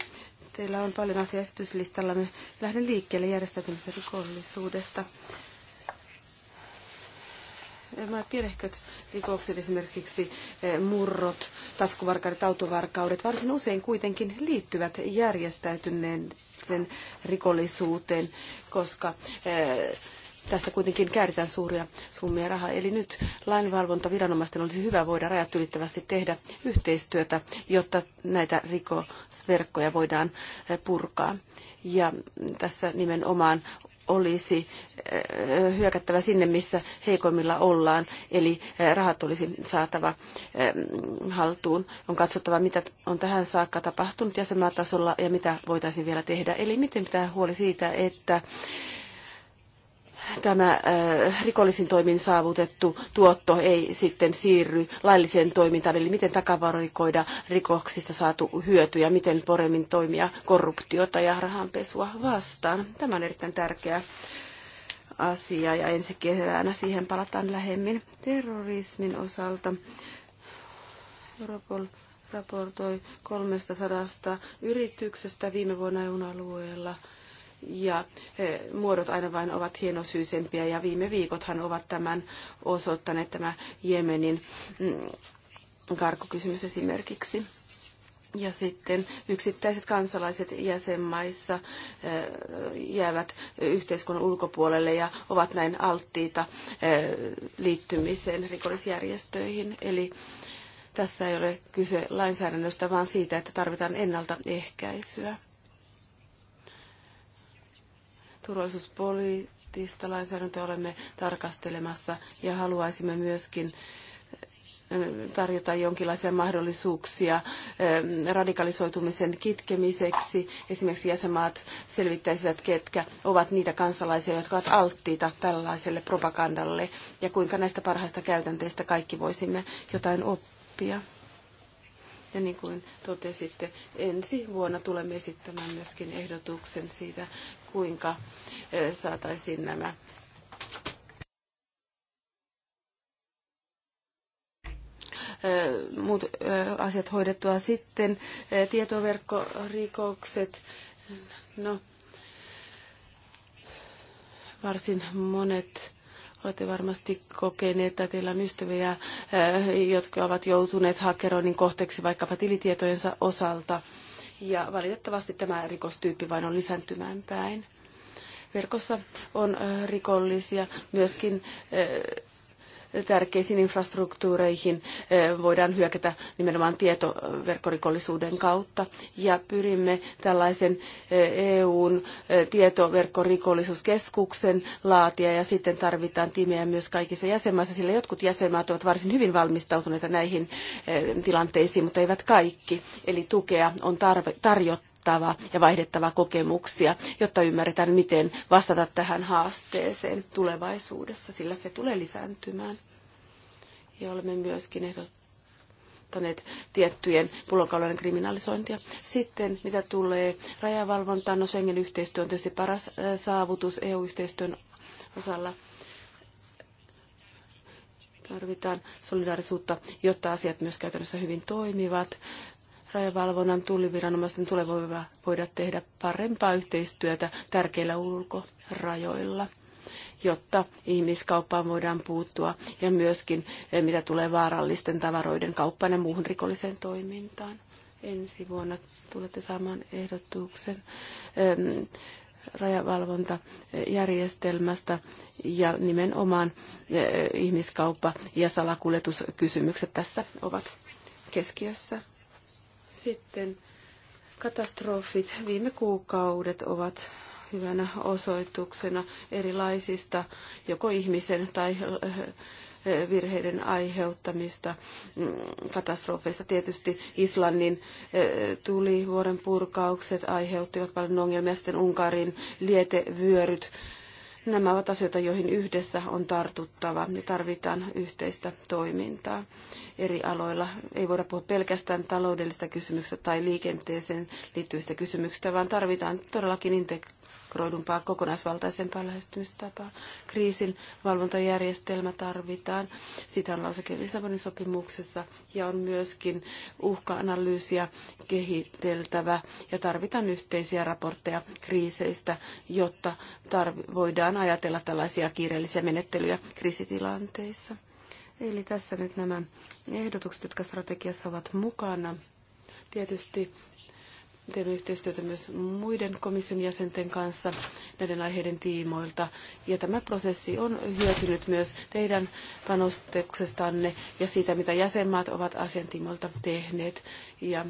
teillä on paljon asiaa Me Lähden liikkeelle järjestäytymisestä rikollisuudesta nämä eh, pienehköt rikokset, esimerkiksi eh, murrot, taskuvarkaudet, autovarkaudet, varsin usein kuitenkin liittyvät järjestäytyneen sen rikollisuuteen, koska eh, tästä kuitenkin kääritään suuria summia rahaa. Eli nyt lainvalvontaviranomaisten olisi hyvä voida rajat ylittävästi tehdä yhteistyötä, jotta näitä rikosverkkoja voidaan purkaa. Ja tässä nimenomaan olisi eh, hyökättävä sinne, missä heikoimmilla ollaan, eli eh, rahat olisi saatava eh, haltuun. On katsottava, mitä on tähän saakka tapahtunut jäsenmaatasolla ja mitä voitaisiin vielä tehdä. Eli miten pitää huoli siitä, että tämä äh, rikollisin toimin saavutettu tuotto ei sitten siirry lailliseen toimintaan, eli miten takavarikoida rikoksista saatu hyöty ja miten paremmin toimia korruptiota ja rahanpesua vastaan. Tämä on erittäin tärkeä asia ja ensi keväänä siihen palataan lähemmin terrorismin osalta. Europol raportoi 300 yrityksestä viime vuonna EUn alueella ja eh, muodot aina vain ovat hienosyisempiä ja viime viikothan ovat tämän osoittaneet tämä Jemenin mm, karkokysymys esimerkiksi. Ja sitten yksittäiset kansalaiset jäsenmaissa eh, jäävät yhteiskunnan ulkopuolelle ja ovat näin alttiita eh, liittymiseen rikollisjärjestöihin. Eli tässä ei ole kyse lainsäädännöstä, vaan siitä, että tarvitaan ennaltaehkäisyä turvallisuuspoliittista lainsäädäntöä olemme tarkastelemassa ja haluaisimme myöskin eh, tarjota jonkinlaisia mahdollisuuksia eh, radikalisoitumisen kitkemiseksi. Esimerkiksi jäsenmaat selvittäisivät, ketkä ovat niitä kansalaisia, jotka ovat alttiita tällaiselle propagandalle ja kuinka näistä parhaista käytänteistä kaikki voisimme jotain oppia. Ja niin kuin totesitte, ensi vuonna tulemme esittämään myöskin ehdotuksen siitä, kuinka saataisiin nämä muut asiat hoidettua sitten. Tietoverkkorikokset, no varsin monet olette varmasti kokeneet, että teillä on ystäviä, jotka ovat joutuneet hakeroinnin kohteeksi vaikkapa tilitietojensa osalta ja valitettavasti tämä rikostyyppi vain on lisääntymään päin. Verkossa on rikollisia myöskin tärkeisiin infrastruktuureihin voidaan hyökätä nimenomaan tietoverkkorikollisuuden kautta. Ja pyrimme tällaisen EUn tietoverkkorikollisuuskeskuksen laatia ja sitten tarvitaan timeä myös kaikissa jäsenmaissa, sillä jotkut jäsenmaat ovat varsin hyvin valmistautuneita näihin tilanteisiin, mutta eivät kaikki. Eli tukea on tarjottava. tarjottu verrattava ja vaihdettava kokemuksia, jotta ymmärretään, miten vastata tähän haasteeseen tulevaisuudessa, sillä se tulee lisääntymään. Ja olemme myöskin ehdottaneet tiettyjen pullonkaulojen kriminalisointia. Sitten mitä tulee rajavalvontaan, no Schengen yhteistyö on tietysti paras äh, saavutus EU-yhteistyön osalla tarvitaan solidaarisuutta, jotta asiat myös käytännössä hyvin toimivat rajavalvonnan tulliviranomaisten tulee voida tehdä parempaa yhteistyötä tärkeillä ulkorajoilla jotta ihmiskauppaan voidaan puuttua ja myöskin eh, mitä tulee vaarallisten tavaroiden kauppaan ja muuhun rikolliseen toimintaan. Ensi vuonna tulette saamaan ehdotuksen rajavalvontajärjestelmästä ja nimenomaan eh, ihmiskauppa- ja salakuljetuskysymykset tässä ovat keskiössä. Sitten katastrofit. Viime kuukaudet ovat hyvänä osoituksena erilaisista joko ihmisen tai eh, virheiden aiheuttamista mm, katastrofeista. Tietysti Islannin eh, tulivuoren purkaukset aiheuttivat paljon ongelmia, sitten Unkarin lietevyöryt. Nämä ovat asioita, joihin yhdessä on tartuttava ja tarvitaan yhteistä toimintaa eri aloilla. Ei voida puhua pelkästään taloudellista kysymyksistä tai liikenteeseen liittyvistä kysymyksistä, vaan tarvitaan todellakin integroidumpaa, kokonaisvaltaisempaa lähestymistapaa. Kriisin valvontajärjestelmä tarvitaan. Sitä on lausakin Lissabonin sopimuksessa ja on myöskin uhka-analyysiä kehiteltävä ja tarvitaan yhteisiä raportteja kriiseistä, jotta voidaan ajatella tällaisia kiireellisiä menettelyjä kriisitilanteissa. Eli tässä nyt nämä ehdotukset, jotka strategiassa ovat mukana. Tietysti teemme yhteistyötä myös muiden komission jäsenten kanssa näiden aiheiden tiimoilta. Ja tämä prosessi on hyötynyt myös teidän panostuksestanne ja siitä, mitä jäsenmaat ovat asian tiimoilta tehneet. Ja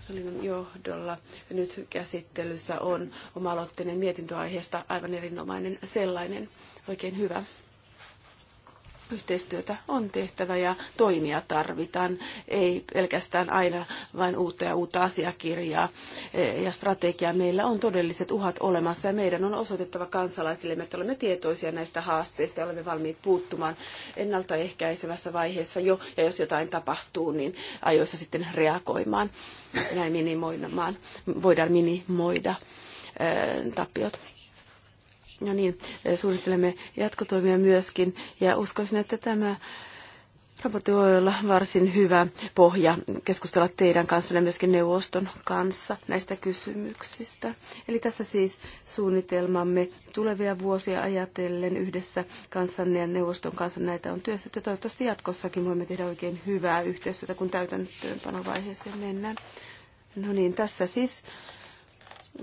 Solinin johdolla nyt käsittelyssä on oma-aloitteinen mietintöaiheesta aivan erinomainen sellainen. Oikein hyvä yhteistyötä on tehtävä ja toimia tarvitaan, ei pelkästään aina vain uutta ja uutta asiakirjaa e, ja strategiaa. Meillä on todelliset uhat olemassa ja meidän on osoitettava kansalaisille, että olemme tietoisia näistä haasteista ja olemme valmiit puuttumaan ennaltaehkäisevässä vaiheessa jo, ja jos jotain tapahtuu, niin ajoissa sitten reagoimaan, näin minimoimaan, voidaan minimoida e, tappiot. No niin, eh, suunnittelemme jatkotoimia myöskin ja uskoisin, että tämä raportti voi olla varsin hyvä pohja keskustella teidän kanssanne myöskin neuvoston kanssa näistä kysymyksistä. Eli tässä siis suunnitelmamme tulevia vuosia ajatellen yhdessä kanssanne ja neuvoston kanssa näitä on Ja Toivottavasti jatkossakin voimme tehdä oikein hyvää yhteistyötä, kun täytäntöönpanovaiheeseen mennään. No niin, tässä siis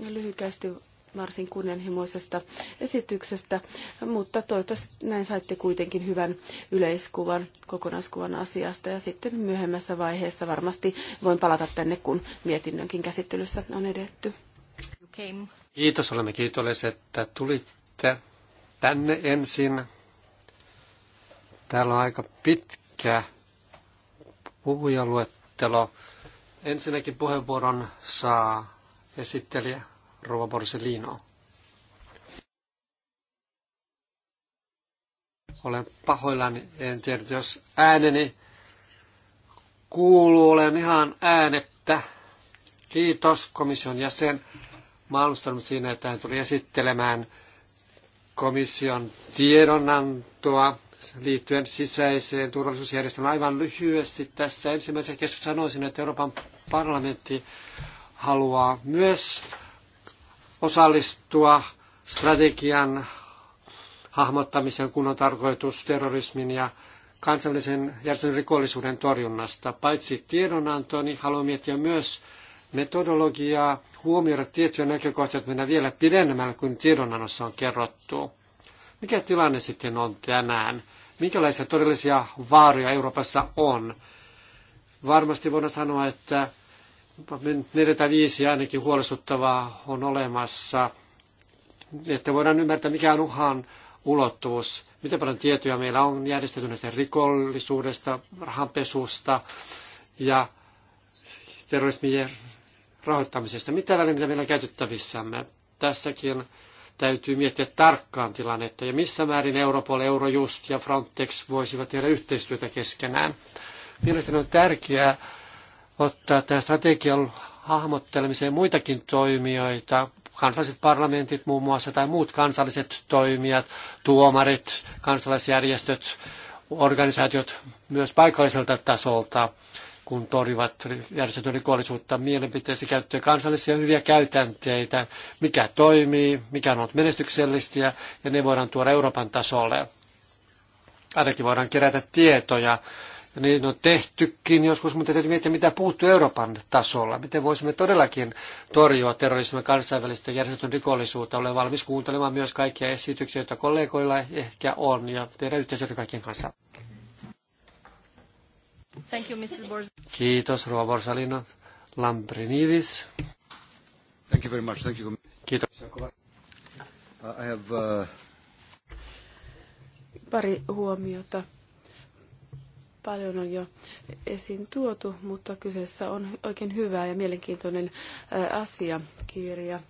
lyhykästi varsin kunnianhimoisesta esityksestä, mutta toivottavasti näin saitte kuitenkin hyvän yleiskuvan, kokonaiskuvan asiasta ja sitten myöhemmässä vaiheessa varmasti voin palata tänne, kun mietinnönkin käsittelyssä on edetty. Kiitos, olemme kiitolliset, että tulitte tänne ensin. Täällä on aika pitkä puhujaluettelo. Ensinnäkin puheenvuoron saa esittelijä rouva Borsellino. Olen pahoillani, en tiedä jos ääneni kuuluu, olen ihan äänettä. Kiitos komission jäsen Malmström siinä, että hän tuli esittelemään komission tiedonantoa liittyen sisäiseen turvallisuusjärjestelmään. Aivan lyhyesti tässä ensimmäisessä keskustelussa sanoisin, että Euroopan parlamentti haluaa myös osallistua strategian hahmottamiseen, kun on tarkoitus terrorismin ja kansallisen järjestön rikollisuuden torjunnasta. Paitsi tiedonantoa, niin haluan miettiä myös metodologiaa, huomioida tiettyjä näkökohtia, että mennään vielä pidemmälle kuin tiedonannossa on kerrottu. Mikä tilanne sitten on tänään? Minkälaisia todellisia vaaroja Euroopassa on? Varmasti voidaan sanoa, että 4 ainakin huolestuttavaa on olemassa, että voidaan ymmärtää, mikä on uhan ulottuvuus, miten paljon tietoja meillä on järjestäytyneestä rikollisuudesta, rahanpesusta ja terrorismin rahoittamisesta. Mitä välineitä meillä on käytettävissämme? Tässäkin täytyy miettiä tarkkaan tilannetta ja missä määrin Europol, Eurojust ja Frontex voisivat tehdä yhteistyötä keskenään. Mielestäni on tärkeää, ottaa tämä strategian hahmottelemiseen muitakin toimijoita, kansalliset parlamentit muun muassa tai muut kansalliset toimijat, tuomarit, kansalaisjärjestöt, organisaatiot myös paikalliselta tasolta, kun torjuvat järjestetyn rikollisuutta. Mielipiteessä käyttöön kansallisia hyviä käytänteitä, mikä toimii, mikä on ollut menestyksellistä ja ne voidaan tuoda Euroopan tasolle. Ainakin voidaan kerätä tietoja niin on no tehtykin joskus, mutta täytyy miettiä, mitä puuttuu Euroopan tasolla. Miten voisimme todellakin torjua terrorismia kansainvälistä järjestetyn rikollisuutta. Olen valmis kuuntelemaan myös kaikkia esityksiä, joita kollegoilla ehkä on, ja tehdä yhteistyötä kaikkien kanssa. Thank you, Mrs. Borz- Kiitos, Rova Borsalino. Lambrinidis. Thank you very much. Thank you. Kiitos. Uh, I have, uh... Pari huomiota Paljon on jo esiin tuotu, mutta kyseessä on oikein hyvä ja mielenkiintoinen asiakirja.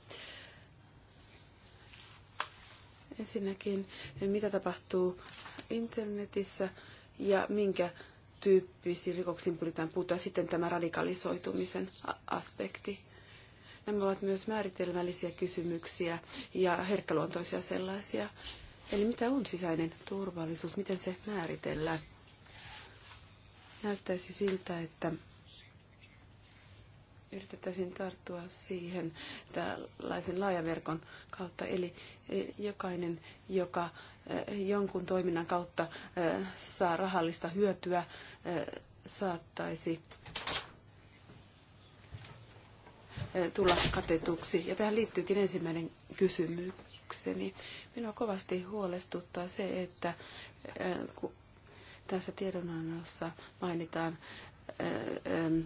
Ensinnäkin, mitä tapahtuu internetissä ja minkä tyyppisiin rikoksiin pyritään puuttua. Sitten tämä radikalisoitumisen aspekti. Nämä ovat myös määritelmällisiä kysymyksiä ja herkkäluontoisia sellaisia. Eli mitä on sisäinen turvallisuus, miten se määritellään? Näyttäisi siltä, että yritettäisiin tarttua siihen tällaisen laajaverkon kautta. Eli e, jokainen, joka e, jonkun toiminnan kautta e, saa rahallista hyötyä, saattaisi tulla katetuksi. Ja tähän liittyykin ensimmäinen kysymykseni. Minua kovasti huolestuttaa se, että tässä tiedonannossa mainitaan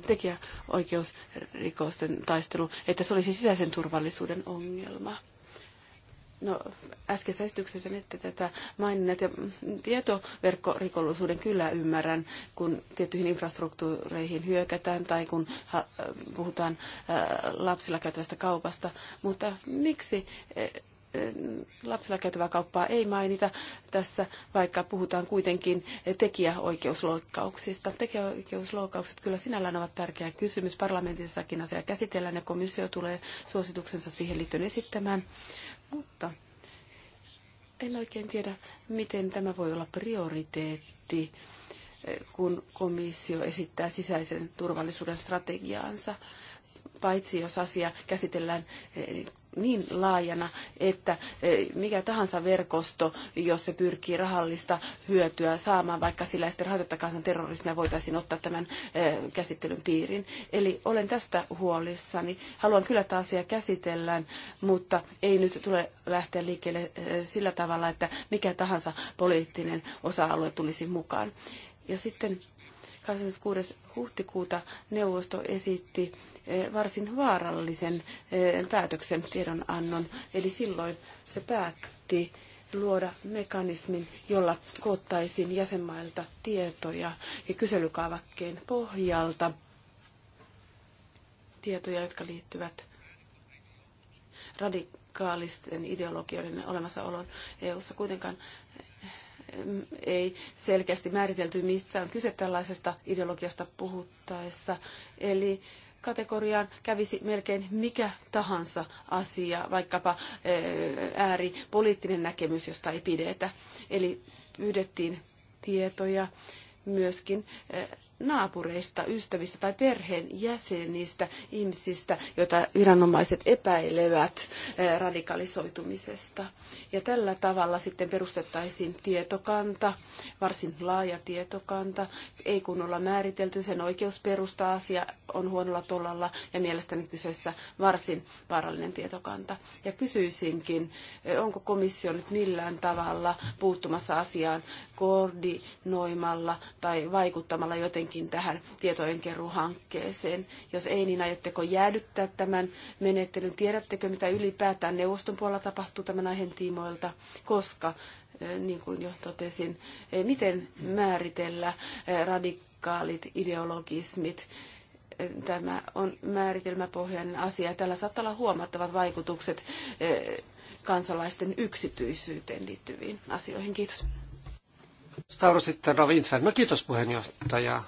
tekijäoikeusrikosten taistelu, että se olisi sisäisen turvallisuuden ongelma. No, äskeisessä esityksessä nyt tätä maininnat ja tietoverkkorikollisuuden kyllä ymmärrän, kun tiettyihin infrastruktuureihin hyökätään tai kun puhutaan lapsilla käytävästä kaupasta, mutta miksi lapsilla käytävää kauppaa ei mainita tässä, vaikka puhutaan kuitenkin tekijäoikeusloukkauksista. Tekijäoikeusloukkaukset kyllä sinällään ovat tärkeä kysymys. Parlamentissakin asia käsitellään ja komissio tulee suosituksensa siihen liittyen esittämään. Mutta en oikein tiedä, miten tämä voi olla prioriteetti, kun komissio esittää sisäisen turvallisuuden strategiaansa paitsi jos asia käsitellään eh, niin laajana, että eh, mikä tahansa verkosto, jos se pyrkii rahallista hyötyä saamaan, vaikka sillä ei sitten rahoitetakaan terrorismia, voitaisiin ottaa tämän eh, käsittelyn piirin, Eli olen tästä huolissani. Haluan kyllä, että asia käsitellään, mutta ei nyt tule lähteä liikkeelle sillä tavalla, että mikä tahansa poliittinen osa-alue tulisi mukaan. Ja sitten 26. huhtikuuta neuvosto esitti Eh, varsin vaarallisen eh, päätöksen tiedonannon. Eli silloin se päätti luoda mekanismin, jolla koottaisiin jäsenmailta tietoja ja kyselykaavakkeen pohjalta tietoja, jotka liittyvät radikaalisten ideologioiden olemassaolon EU-ssa. Kuitenkaan eh, ei selkeästi määritelty, mistä on kyse tällaisesta ideologiasta puhuttaessa. Eli kategoriaan kävisi melkein mikä tahansa asia, vaikkapa eh, ääri poliittinen näkemys, josta ei pidetä. Eli pyydettiin tietoja myöskin eh, naapureista, ystävistä tai perheen jäsenistä, ihmisistä, joita viranomaiset epäilevät eh, radikalisoitumisesta. Ja tällä tavalla sitten perustettaisiin tietokanta, varsin laaja tietokanta, ei kunnolla määritelty, sen oikeusperusta asia on huonolla tolalla ja mielestäni kyseessä varsin vaarallinen tietokanta. Ja kysyisinkin, eh, onko komissio nyt millään tavalla puuttumassa asiaan koordinoimalla tai vaikuttamalla jotenkin kuitenkin tähän tietojenkeruuhankkeeseen? Jos ei, niin aiotteko jäädyttää tämän menettelyn? Tiedättekö, mitä ylipäätään neuvoston puolella tapahtuu tämän aiheen tiimoilta? Koska, eh, niin kuin jo totesin, eh, miten määritellä eh, radikaalit ideologismit? Tämä on määritelmäpohjainen asia. Tällä saattaa olla huomattavat vaikutukset kansalaisten yksityisyyteen liittyviin asioihin. Kiitos. Tauro sitten Ravintfeld. No kiitos puheenjohtaja.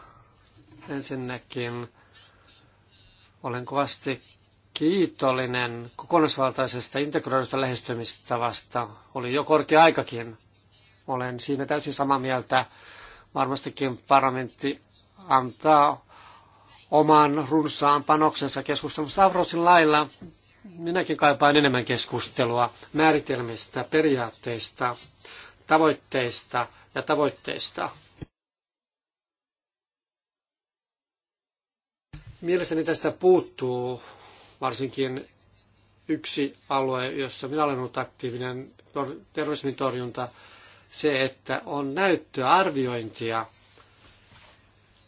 Ensinnäkin olen kovasti kiitollinen kokonaisvaltaisesta integroidusta lähestymistavasta. Oli jo korkea aikakin. Olen siinä täysin samaa mieltä. Varmastikin parlamentti antaa oman runsaan panoksensa keskustelussa Avrosin lailla. Minäkin kaipaan enemmän keskustelua määritelmistä, periaatteista, tavoitteista ja tavoitteista. Mielestäni tästä puuttuu varsinkin yksi alue, jossa minä olen ollut aktiivinen, terrorismin torjunta, se, että on näyttöä, arviointia.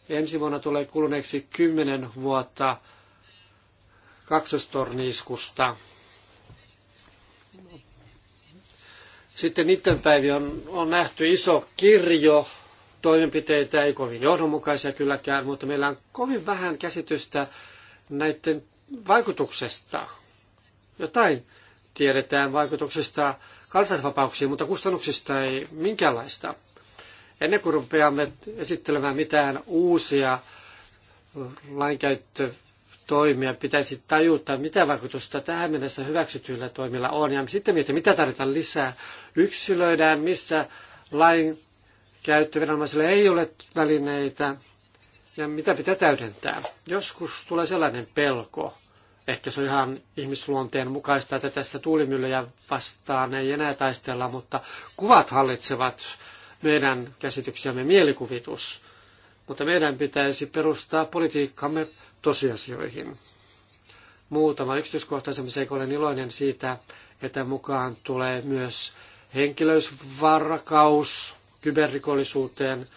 Ensi vuonna tulee kuluneeksi kymmenen vuotta kaksostorniiskusta. Sitten niiden päivien on, on nähty iso kirjo toimenpiteitä, ei kovin johdonmukaisia kylläkään, mutta meillä on kovin vähän käsitystä näiden vaikutuksesta. Jotain tiedetään vaikutuksesta kansanvapauksiin, mutta kustannuksista ei minkäänlaista. Ennen kuin rupeamme esittelemään mitään uusia lainkäyttötoimia, pitäisi tajuta, mitä vaikutusta tähän mennessä hyväksytyillä toimilla on. Ja sitten miettiä, mitä tarvitaan lisää. Yksilöidään, missä lain käyttöviranomaisilla ei ole välineitä ja mitä pitää täydentää. Joskus tulee sellainen pelko, ehkä se on ihan ihmisluonteen mukaista, että tässä tuulimyllyjä vastaan ei enää taistella, mutta kuvat hallitsevat meidän käsityksiämme mielikuvitus. Mutta meidän pitäisi perustaa politiikkamme tosiasioihin. Muutama yksityiskohtaisemmin seikka olen iloinen siitä, että mukaan tulee myös henkilöysvarkaus, kyberrikollisuuteen.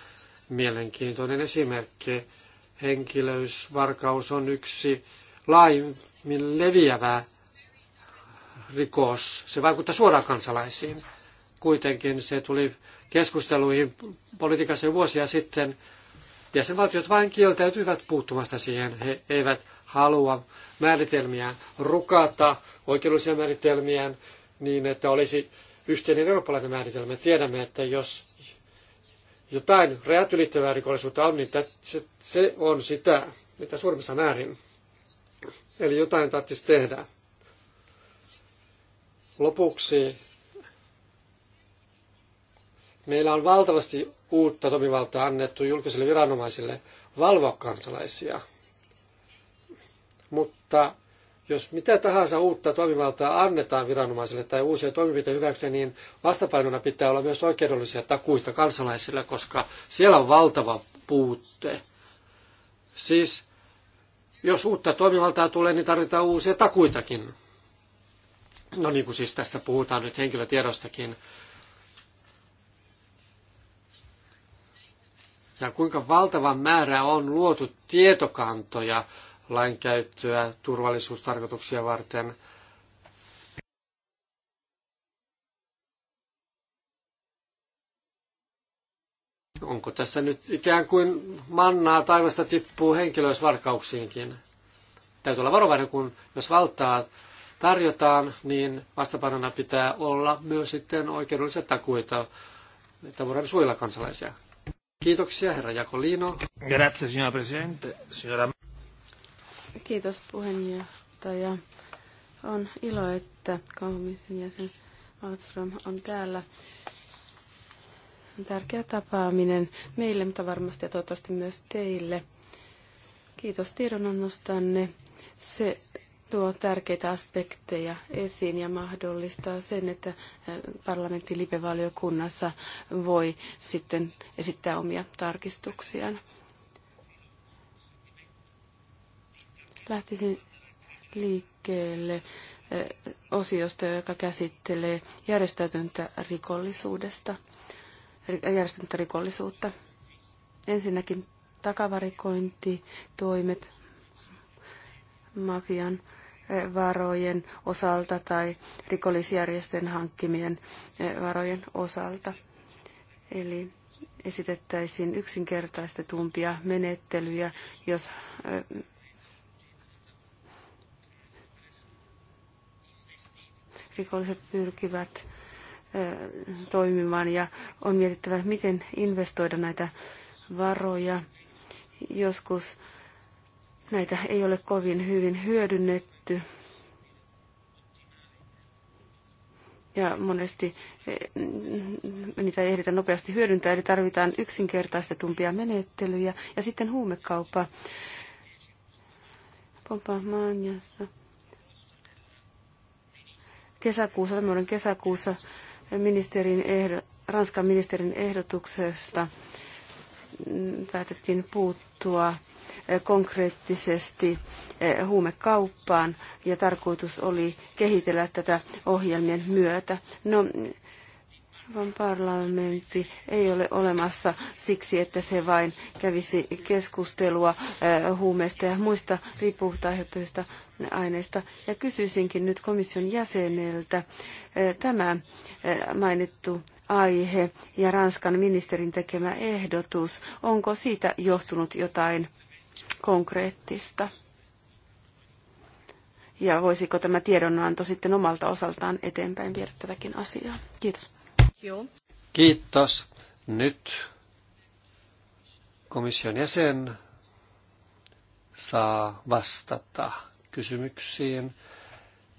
Mielenkiintoinen esimerkki. Henkilöysvarkaus on yksi laajimmin leviävä rikos. Se vaikuttaa suoraan kansalaisiin. Kuitenkin se tuli keskusteluihin politiikassa jo vuosia sitten. Jäsenvaltiot vain kieltäytyivät puuttumasta siihen. He eivät halua määritelmiä rukata, oikeudellisia määritelmiä, niin että olisi yhteinen eurooppalainen määritelmä. Tiedämme, että jos jotain rajat ylittävää rikollisuutta on, niin se, se on sitä, mitä suurimmassa määrin. Eli jotain tarvitsisi tehdä. Lopuksi meillä on valtavasti uutta toimivaltaa annettu julkisille viranomaisille valvoa kansalaisia. Mutta jos mitä tahansa uutta toimivaltaa annetaan viranomaisille tai uusia toimenpiteitä hyväksytään, niin vastapainona pitää olla myös oikeudellisia takuita kansalaisille, koska siellä on valtava puute. Siis jos uutta toimivaltaa tulee, niin tarvitaan uusia takuitakin. No niin kuin siis tässä puhutaan nyt henkilötiedostakin. Ja kuinka valtava määrä on luotu tietokantoja lainkäyttöä turvallisuustarkoituksia varten. Onko tässä nyt ikään kuin mannaa taivasta tippuu henkilöisvarkauksiinkin? Täytyy olla varovainen, kun jos valtaa tarjotaan, niin vastapanona pitää olla myös sitten oikeudellisia takuita, että voidaan suojella kansalaisia. Kiitoksia, herra Jakolino. Grazie, signora Presidente. Signora... Kiitos puheenjohtaja. On ilo, että kaupungin jäsen Malmström on täällä. On tärkeä tapaaminen meille, mutta varmasti ja toivottavasti myös teille. Kiitos tiedonannostanne. Se tuo tärkeitä aspekteja esiin ja mahdollistaa sen, että parlamentti live voi sitten esittää omia tarkistuksiaan. lähtisin liikkeelle eh, osiosta, joka käsittelee järjestäytyntä rikollisuudesta, järjestäytyntä rikollisuutta. Ensinnäkin takavarikointi, toimet mafian eh, varojen osalta tai rikollisjärjestön hankkimien eh, varojen osalta. Eli esitettäisiin yksinkertaistetumpia menettelyjä, jos rikolliset pyrkivät toimimaan ja on mietittävä, miten investoida näitä varoja. Joskus näitä ei ole kovin hyvin hyödynnetty. Ja monesti niitä ei ehditä nopeasti hyödyntää, eli tarvitaan yksinkertaistetumpia menettelyjä. Ja sitten huumekauppa. Pompa maanjassa kesäkuussa, tämän kesäkuussa ministerin ehdo, Ranskan ministerin ehdotuksesta päätettiin puuttua eh, konkreettisesti eh, huumekauppaan ja tarkoitus oli kehitellä tätä ohjelmien myötä. No, Euroopan parlamentti ei ole olemassa siksi, että se vain kävisi keskustelua eh, huumeista ja muista riippuvuutta aiheuttavista aineista. Ja kysyisinkin nyt komission jäseneltä eh, tämä eh, mainittu aihe ja Ranskan ministerin tekemä ehdotus. Onko siitä johtunut jotain konkreettista? ja voisiko tämä tiedonanto sitten omalta osaltaan eteenpäin viedä tätäkin asiaa. Kiitos. Kiitos. Nyt komission jäsen saa vastata kysymyksiin.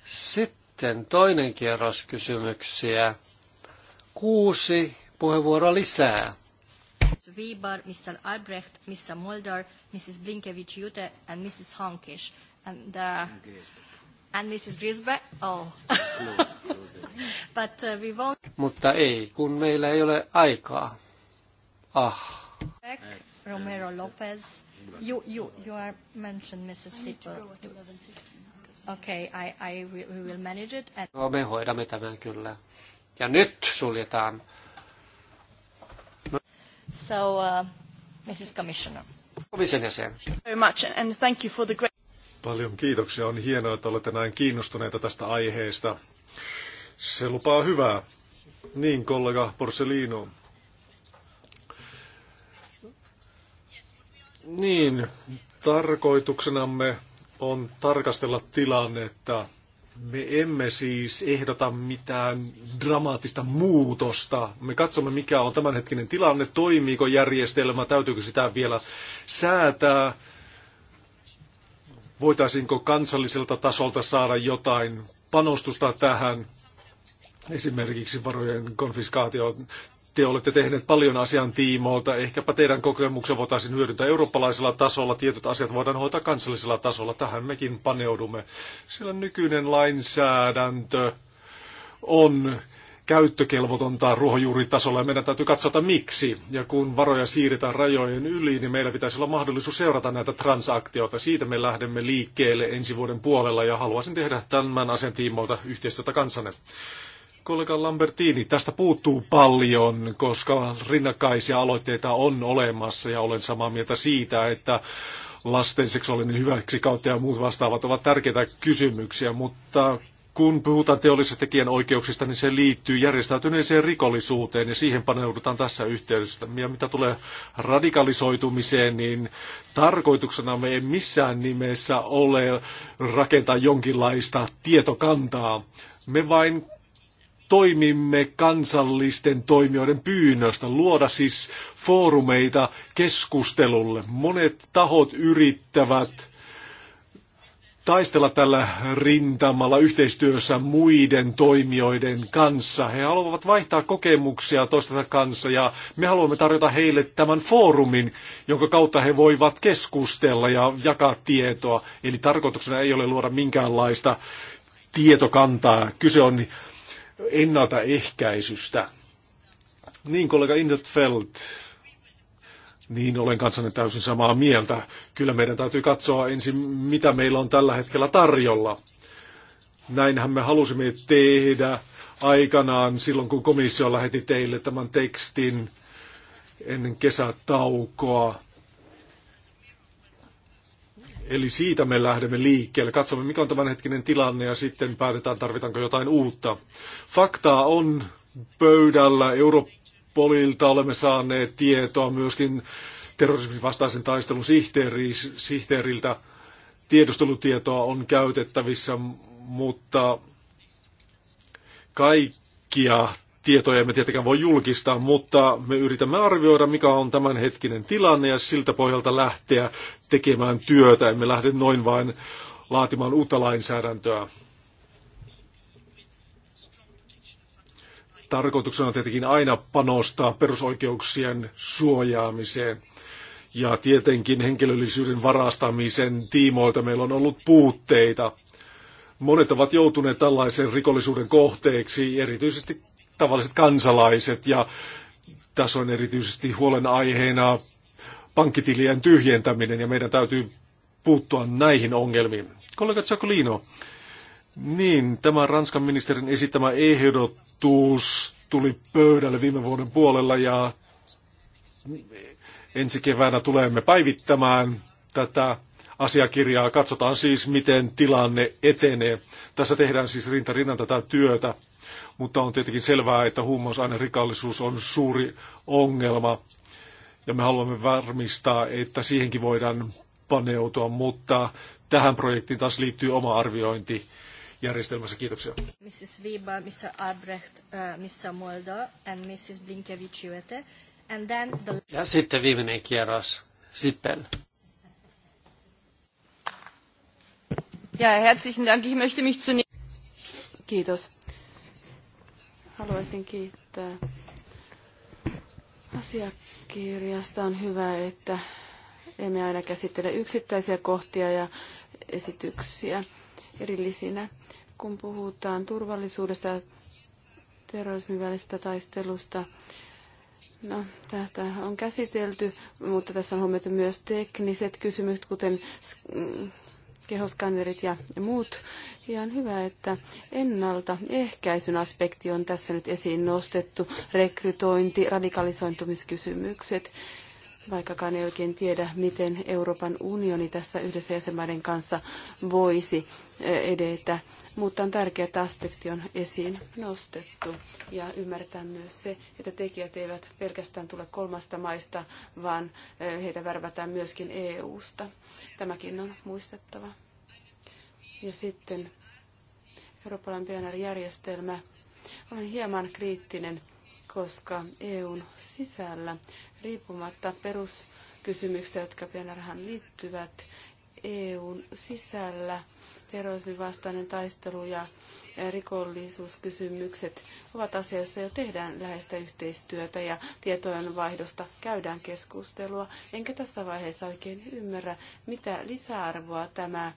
Sitten toinen kierros kysymyksiä. Kuusi puheenvuoroa lisää. Weber, Mr. Albrecht, Mr. Mulder, Mrs. Blinkevich-Jute and Mrs. Hankish. And, uh, and Mrs. Grisbeck. Oh. But uh, we won't... Mutta ei, kun meillä ei ole aikaa. Ah. Romero Lopez. You, you, you are mentioned Mrs. Sippel. Okay, I, I, we will manage it. And... No, me hoidamme tämän kyllä. Ja nyt suljetaan. No. So, uh, Mrs. Commissioner. Komission jäsen. Very much and thank you for the great... Paljon kiitoksia. On hienoa, että olette näin kiinnostuneita tästä aiheesta. Se lupaa hyvää. Niin, kollega Porcelino. Niin, tarkoituksenamme on tarkastella että Me emme siis ehdota mitään dramaattista muutosta. Me katsomme, mikä on tämänhetkinen tilanne, toimiiko järjestelmä, täytyykö sitä vielä säätää, voitaisiinko kansalliselta tasolta saada jotain panostusta tähän esimerkiksi varojen konfiskaatio. Te olette tehneet paljon asian tiimoilta. Ehkäpä teidän kokemuksen voitaisiin hyödyntää eurooppalaisella tasolla. Tietyt asiat voidaan hoitaa kansallisella tasolla. Tähän mekin paneudumme. Sillä nykyinen lainsäädäntö on käyttökelvotonta ruohonjuuritasolla ja meidän täytyy katsota miksi. Ja kun varoja siirretään rajojen yli, niin meillä pitäisi olla mahdollisuus seurata näitä transaktioita. Siitä me lähdemme liikkeelle ensi vuoden puolella ja haluaisin tehdä tämän asian tiimoilta yhteistyötä kansanne kollega Lambertini, tästä puuttuu paljon, koska rinnakkaisia aloitteita on olemassa ja olen samaa mieltä siitä, että lasten seksuaalinen hyväksikäyttö ja muut vastaavat ovat tärkeitä kysymyksiä, mutta kun puhutaan teollisista oikeuksista, niin se liittyy järjestäytyneeseen rikollisuuteen ja siihen paneudutaan tässä yhteydessä. Ja mitä tulee radikalisoitumiseen, niin tarkoituksena me ei missään nimessä ole rakentaa jonkinlaista tietokantaa. Me vain toimimme kansallisten toimijoiden pyynnöstä, luoda siis foorumeita keskustelulle. Monet tahot yrittävät taistella tällä rintamalla yhteistyössä muiden toimijoiden kanssa. He haluavat vaihtaa kokemuksia toistensa kanssa ja me haluamme tarjota heille tämän foorumin, jonka kautta he voivat keskustella ja jakaa tietoa. Eli tarkoituksena ei ole luoda minkäänlaista tietokantaa. Kyse on ennaltaehkäisystä. Niin kollega Indotfeld, niin olen kanssanne täysin samaa mieltä. Kyllä meidän täytyy katsoa ensin, mitä meillä on tällä hetkellä tarjolla. Näinhän me halusimme tehdä aikanaan silloin, kun komissio lähetti teille tämän tekstin ennen kesätaukoa. Eli siitä me lähdemme liikkeelle. Katsomme, mikä on tämänhetkinen tilanne ja sitten päätetään, tarvitaanko jotain uutta. Faktaa on pöydällä. Europolilta olemme saaneet tietoa myöskin terrorismin vastaisen taistelun sihteeri, sihteeriltä. Tiedustelutietoa on käytettävissä, mutta kaikkia tietoja emme tietenkään voi julkistaa, mutta me yritämme arvioida, mikä on tämänhetkinen tilanne ja siltä pohjalta lähteä tekemään työtä. Emme lähde noin vain laatimaan uutta lainsäädäntöä. Tarkoituksena on tietenkin aina panostaa perusoikeuksien suojaamiseen. Ja tietenkin henkilöllisyyden varastamisen tiimoilta meillä on ollut puutteita. Monet ovat joutuneet tällaisen rikollisuuden kohteeksi, erityisesti tavalliset kansalaiset ja tässä on erityisesti huolenaiheena pankkitilien tyhjentäminen ja meidän täytyy puuttua näihin ongelmiin. Kollega Giacolino, niin tämä Ranskan ministerin esittämä ehdotus tuli pöydälle viime vuoden puolella ja ensi keväänä tulemme päivittämään tätä asiakirjaa. Katsotaan siis, miten tilanne etenee. Tässä tehdään siis rinnan tätä työtä mutta on tietenkin selvää, että huumausainerikollisuus on suuri ongelma ja me haluamme varmistaa, että siihenkin voidaan paneutua, mutta tähän projektiin taas liittyy oma arviointi järjestelmässä. Kiitoksia. Mrs. Weber, Mr. Albrecht, uh, äh, Mr. and Mrs. And then the... Ja sitten viimeinen kierros, Sippel. Ja, herzlichen Dank. Ich möchte mich zunächst... Kiitos. Haluaisin kiittää asiakirjasta. On hyvä, että emme aina käsittele yksittäisiä kohtia ja esityksiä erillisinä. Kun puhutaan turvallisuudesta ja terrorismin välisestä taistelusta, No, tätä on käsitelty, mutta tässä on huomioitu myös tekniset kysymykset, kuten kehoskannerit ja muut. ihan hyvä, että ennaltaehkäisyn aspekti on tässä nyt esiin nostettu, rekrytointi, radikalisointumiskysymykset vaikkakaan ei oikein tiedä, miten Euroopan unioni tässä yhdessä jäsenmaiden kanssa voisi eh, edetä. Mutta on tärkeää, että aspekti on esiin nostettu ja ymmärtää myös se, että tekijät eivät pelkästään tule kolmasta maista, vaan eh, heitä värvätään myöskin EU-sta. Tämäkin on muistettava. Ja sitten eurooppalainen järjestelmä Olen hieman kriittinen, koska EUn sisällä riippumatta peruskysymyksistä, jotka PNRhän liittyvät EUn sisällä. Terrorismin vastainen taistelu ja rikollisuuskysymykset ovat asioissa, joissa jo tehdään läheistä yhteistyötä ja vaihdosta käydään keskustelua. Enkä tässä vaiheessa oikein ymmärrä, mitä lisäarvoa tämä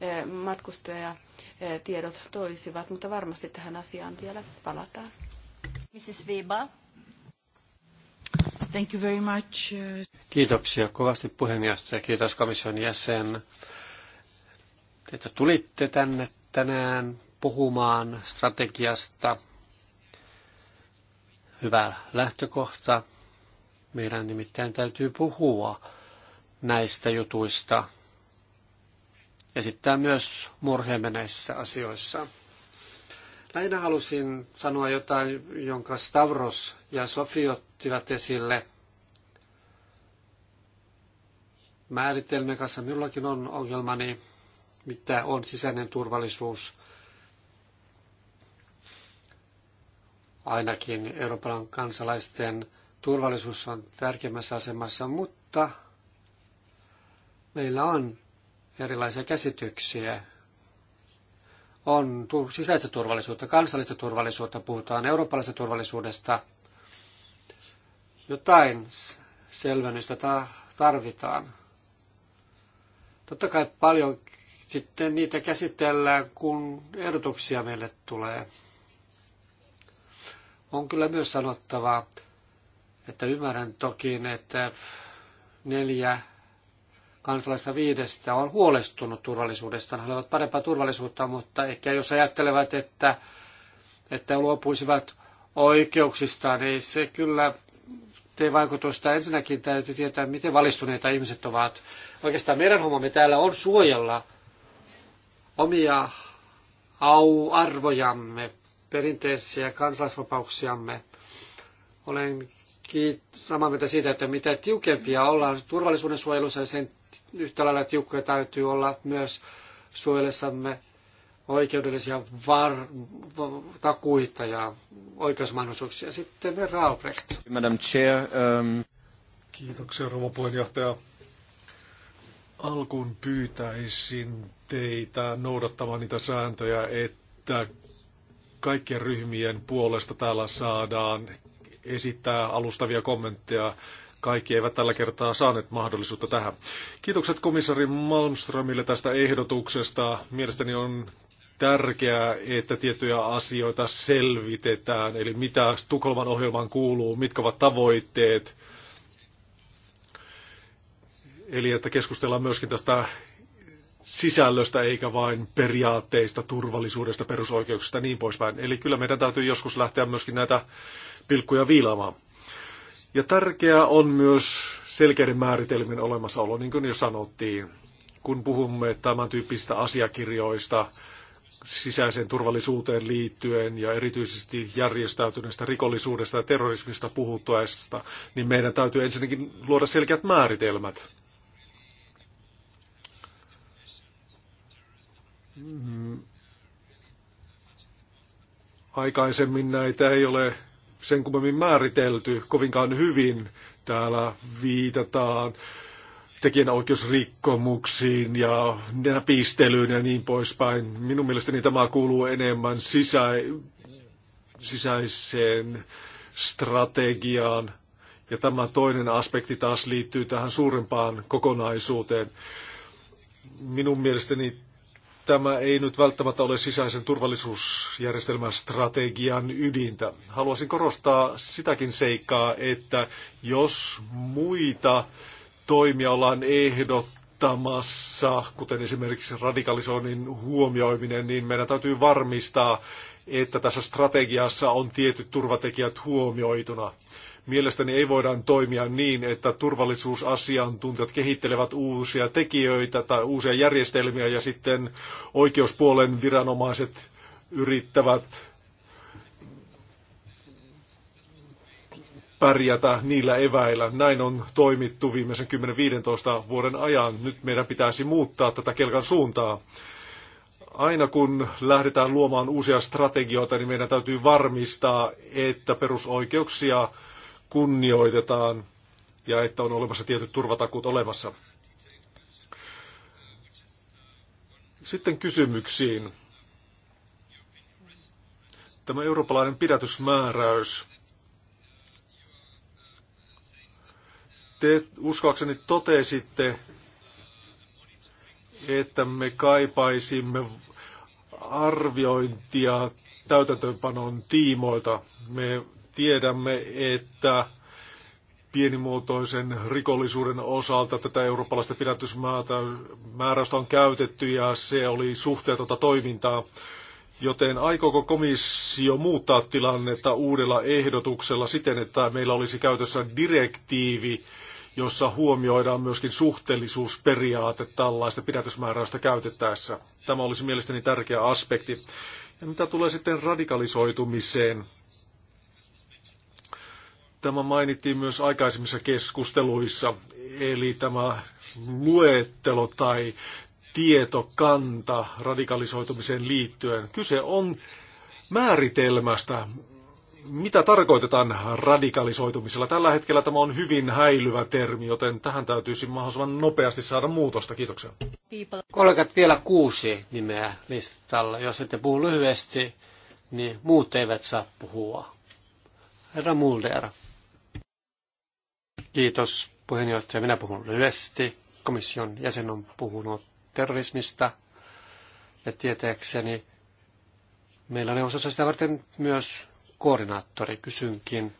e, matkustajatiedot e, toisivat, mutta varmasti tähän asiaan vielä palataan. Mrs. Weber. Thank you very much. Uh, Kiitoksia kovasti puheenjohtaja. Kiitos komission jäsen, että tulitte tänne tänään puhumaan strategiasta. Hyvä lähtökohta. Meidän nimittäin täytyy puhua näistä jutuista. Esittää myös murheemme näissä asioissa. Lähinnä halusin sanoa jotain, jonka Stavros ja Sofiot ottivat esille. Määritelmien kanssa minullakin on ongelmani, mitä on sisäinen turvallisuus. Ainakin Euroopan kansalaisten turvallisuus on tärkeimmässä asemassa, mutta meillä on erilaisia käsityksiä on sisäistä turvallisuutta, kansallista turvallisuutta, puhutaan eurooppalaisesta turvallisuudesta, jotain selvennystä tarvitaan. Totta kai paljon sitten niitä käsitellään, kun ehdotuksia meille tulee. On kyllä myös sanottava, että ymmärrän toki, että neljä kansalaista viidestä on huolestunut turvallisuudesta. He haluavat parempaa turvallisuutta, mutta ehkä jos ajattelevat, että, että luopuisivat oikeuksistaan, niin se kyllä vaikutusta. Ensinnäkin täytyy tietää, miten valistuneita ihmiset ovat. Oikeastaan meidän hommamme täällä on suojella omia au arvojamme, perinteisiä kansalaisvapauksiamme. Olen samaa mieltä siitä, että mitä tiukempia ollaan turvallisuuden suojelussa, niin sen yhtä lailla tiukkoja täytyy olla myös suojelessamme oikeudellisia var- takuita ja oikeusmahdollisuuksia. Sitten Vera Albrecht. Madam Chair, um... Kiitoksia rouva puheenjohtaja. Alkuun pyytäisin teitä noudattamaan niitä sääntöjä, että kaikkien ryhmien puolesta täällä saadaan esittää alustavia kommentteja. Kaikki eivät tällä kertaa saaneet mahdollisuutta tähän. Kiitokset komissari Malmströmille tästä ehdotuksesta. Mielestäni on tärkeää, että tiettyjä asioita selvitetään, eli mitä Tukholman ohjelmaan kuuluu, mitkä ovat tavoitteet. Eli että keskustellaan myöskin tästä sisällöstä eikä vain periaatteista, turvallisuudesta, perusoikeuksista ja niin poispäin. Eli kyllä meidän täytyy joskus lähteä myöskin näitä pilkkuja viilaamaan. Ja tärkeää on myös selkeiden määritelmien olemassaolo, niin kuin jo sanottiin. Kun puhumme tämän tyyppisistä asiakirjoista, sisäiseen turvallisuuteen liittyen ja erityisesti järjestäytyneestä rikollisuudesta ja terrorismista puhuttuessa, niin meidän täytyy ensinnäkin luoda selkeät määritelmät. Aikaisemmin näitä ei ole sen kummemmin määritelty kovinkaan hyvin. Täällä viitataan tekijänoikeusrikkomuksiin ja pistelyyn ja niin poispäin. Minun mielestäni tämä kuuluu enemmän sisä, sisäiseen strategiaan. Ja tämä toinen aspekti taas liittyy tähän suurempaan kokonaisuuteen. Minun mielestäni tämä ei nyt välttämättä ole sisäisen turvallisuusjärjestelmän strategian ydintä. Haluaisin korostaa sitäkin seikkaa, että jos muita toimia ollaan ehdottamassa, kuten esimerkiksi radikalisoinnin huomioiminen, niin meidän täytyy varmistaa, että tässä strategiassa on tietyt turvatekijät huomioituna. Mielestäni ei voida toimia niin, että turvallisuusasiantuntijat kehittelevät uusia tekijöitä tai uusia järjestelmiä ja sitten oikeuspuolen viranomaiset yrittävät pärjätä niillä eväillä. Näin on toimittu viimeisen 10-15 vuoden ajan. Nyt meidän pitäisi muuttaa tätä kelkan suuntaa. Aina kun lähdetään luomaan uusia strategioita, niin meidän täytyy varmistaa, että perusoikeuksia kunnioitetaan ja että on olemassa tietyt turvatakuut olemassa. Sitten kysymyksiin. Tämä eurooppalainen pidätysmääräys – Te uskoakseni totesitte, että me kaipaisimme arviointia täytäntöönpanon tiimoilta. Me tiedämme, että pienimuotoisen rikollisuuden osalta tätä eurooppalaista pidätysmääräystä on käytetty ja se oli suhteetonta toimintaa. Joten aikooko komissio muuttaa tilannetta uudella ehdotuksella siten, että meillä olisi käytössä direktiivi, jossa huomioidaan myöskin suhteellisuusperiaate tällaista pidätysmääräystä käytettäessä. Tämä olisi mielestäni tärkeä aspekti. Ja mitä tulee sitten radikalisoitumiseen? Tämä mainittiin myös aikaisemmissa keskusteluissa, eli tämä luettelo tai tietokanta radikalisoitumiseen liittyen. Kyse on määritelmästä, mitä tarkoitetaan radikalisoitumisella? Tällä hetkellä tämä on hyvin häilyvä termi, joten tähän täytyisi mahdollisimman nopeasti saada muutosta. Kiitoksia. Kollegat, vielä kuusi nimeä listalla. Jos ette puhu lyhyesti, niin muut eivät saa puhua. Herra Mulder. Kiitos puheenjohtaja. Minä puhun lyhyesti. Komission jäsen on puhunut terrorismista ja tietääkseni meillä on neuvostossa sitä varten myös koordinaattori, kysynkin,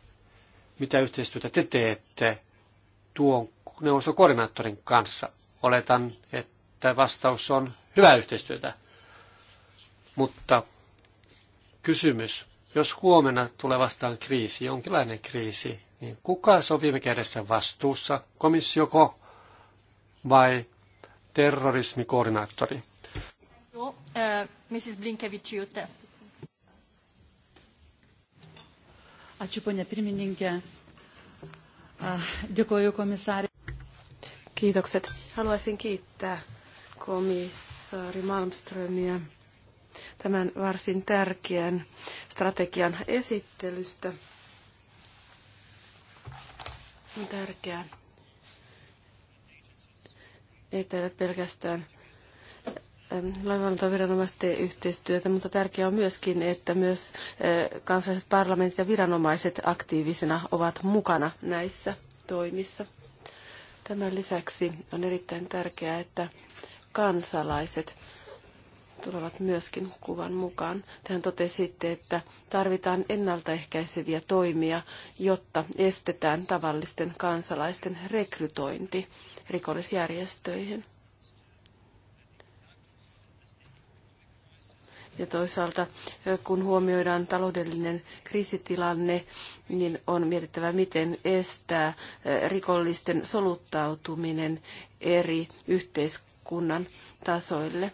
mitä yhteistyötä te teette tuon neuvoston koordinaattorin kanssa? Oletan, että vastaus on hyvää yhteistyötä. Mutta kysymys, jos huomenna tulee vastaan kriisi, jonkinlainen kriisi, niin kuka on viime kädessä vastuussa, komissioko vai terrorismikoordinaattori? Joo, äh, Mrs. Blinkevichiute. Ačiū, ponė pirmininkė. Dėkuoju komissaari. Kiitokset. Haluaisin kiittää komissaari Malmströmiä tämän varsin tärkeän strategian esittelystä. On tärkeää, etteivät pelkästään laivanvalvontaviranomaisten yhteistyötä, mutta tärkeää on myöskin, että myös kansalliset parlamentit ja viranomaiset aktiivisena ovat mukana näissä toimissa. Tämän lisäksi on erittäin tärkeää, että kansalaiset tulevat myöskin kuvan mukaan. Tähän totesitte, että tarvitaan ennaltaehkäiseviä toimia, jotta estetään tavallisten kansalaisten rekrytointi rikollisjärjestöihin. Ja toisaalta, kun huomioidaan taloudellinen kriisitilanne, niin on mietittävä, miten estää rikollisten soluttautuminen eri yhteiskunnan tasoille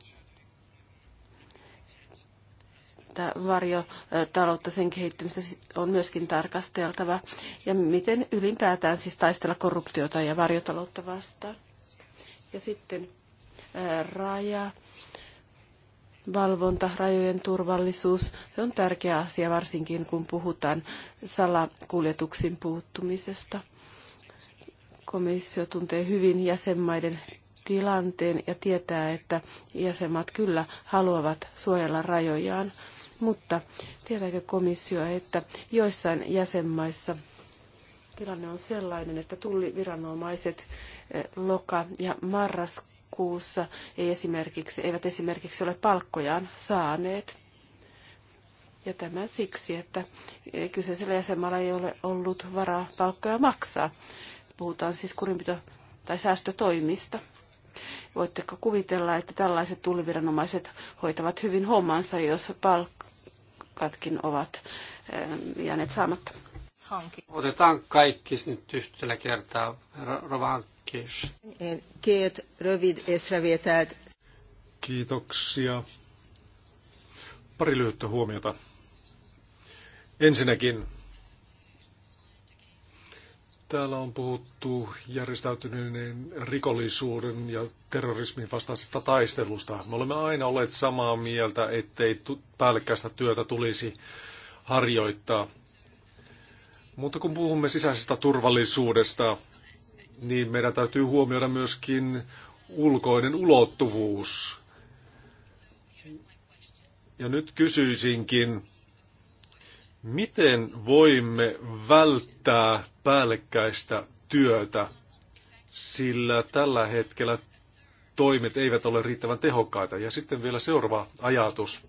tätä varjotaloutta, sen kehittymistä on myöskin tarkasteltava. Ja miten ylipäätään siis taistella korruptiota ja varjotaloutta vastaan. Ja sitten raja valvonta, rajojen turvallisuus, se on tärkeä asia varsinkin kun puhutaan salakuljetuksiin puuttumisesta. Komissio tuntee hyvin jäsenmaiden tilanteen ja tietää, että jäsenmaat kyllä haluavat suojella rajojaan. Mutta tietääkö komissio, että joissain jäsenmaissa tilanne on sellainen, että tulliviranomaiset eh, loka- ja marraskuussa kuussa ei esimerkiksi, eivät esimerkiksi ole palkkojaan saaneet. Ja tämä siksi, että kyseisellä jäsenmaalla ei ole ollut varaa palkkoja maksaa. Puhutaan siis kurinpito- tai säästötoimista. Voitteko kuvitella, että tällaiset tulliviranomaiset hoitavat hyvin hommansa, jos palkkatkin ovat eh, jääneet saamatta? hanki. Otetaan kaikki nyt yhdellä kertaa. Rova Hankkius. Két rövid észrevételt. Kiitoksia. Pari lyhyttä huomiota. Ensinnäkin Täällä on puhuttu järjestäytyneen rikollisuuden ja terrorismin vastaisesta taistelusta. Me olemme aina olleet samaa mieltä, ettei päällekkäistä työtä tulisi harjoittaa. Mutta kun puhumme sisäisestä turvallisuudesta, niin meidän täytyy huomioida myöskin ulkoinen ulottuvuus. Ja nyt kysyisinkin, miten voimme välttää päällekkäistä työtä, sillä tällä hetkellä toimet eivät ole riittävän tehokkaita. Ja sitten vielä seuraava ajatus.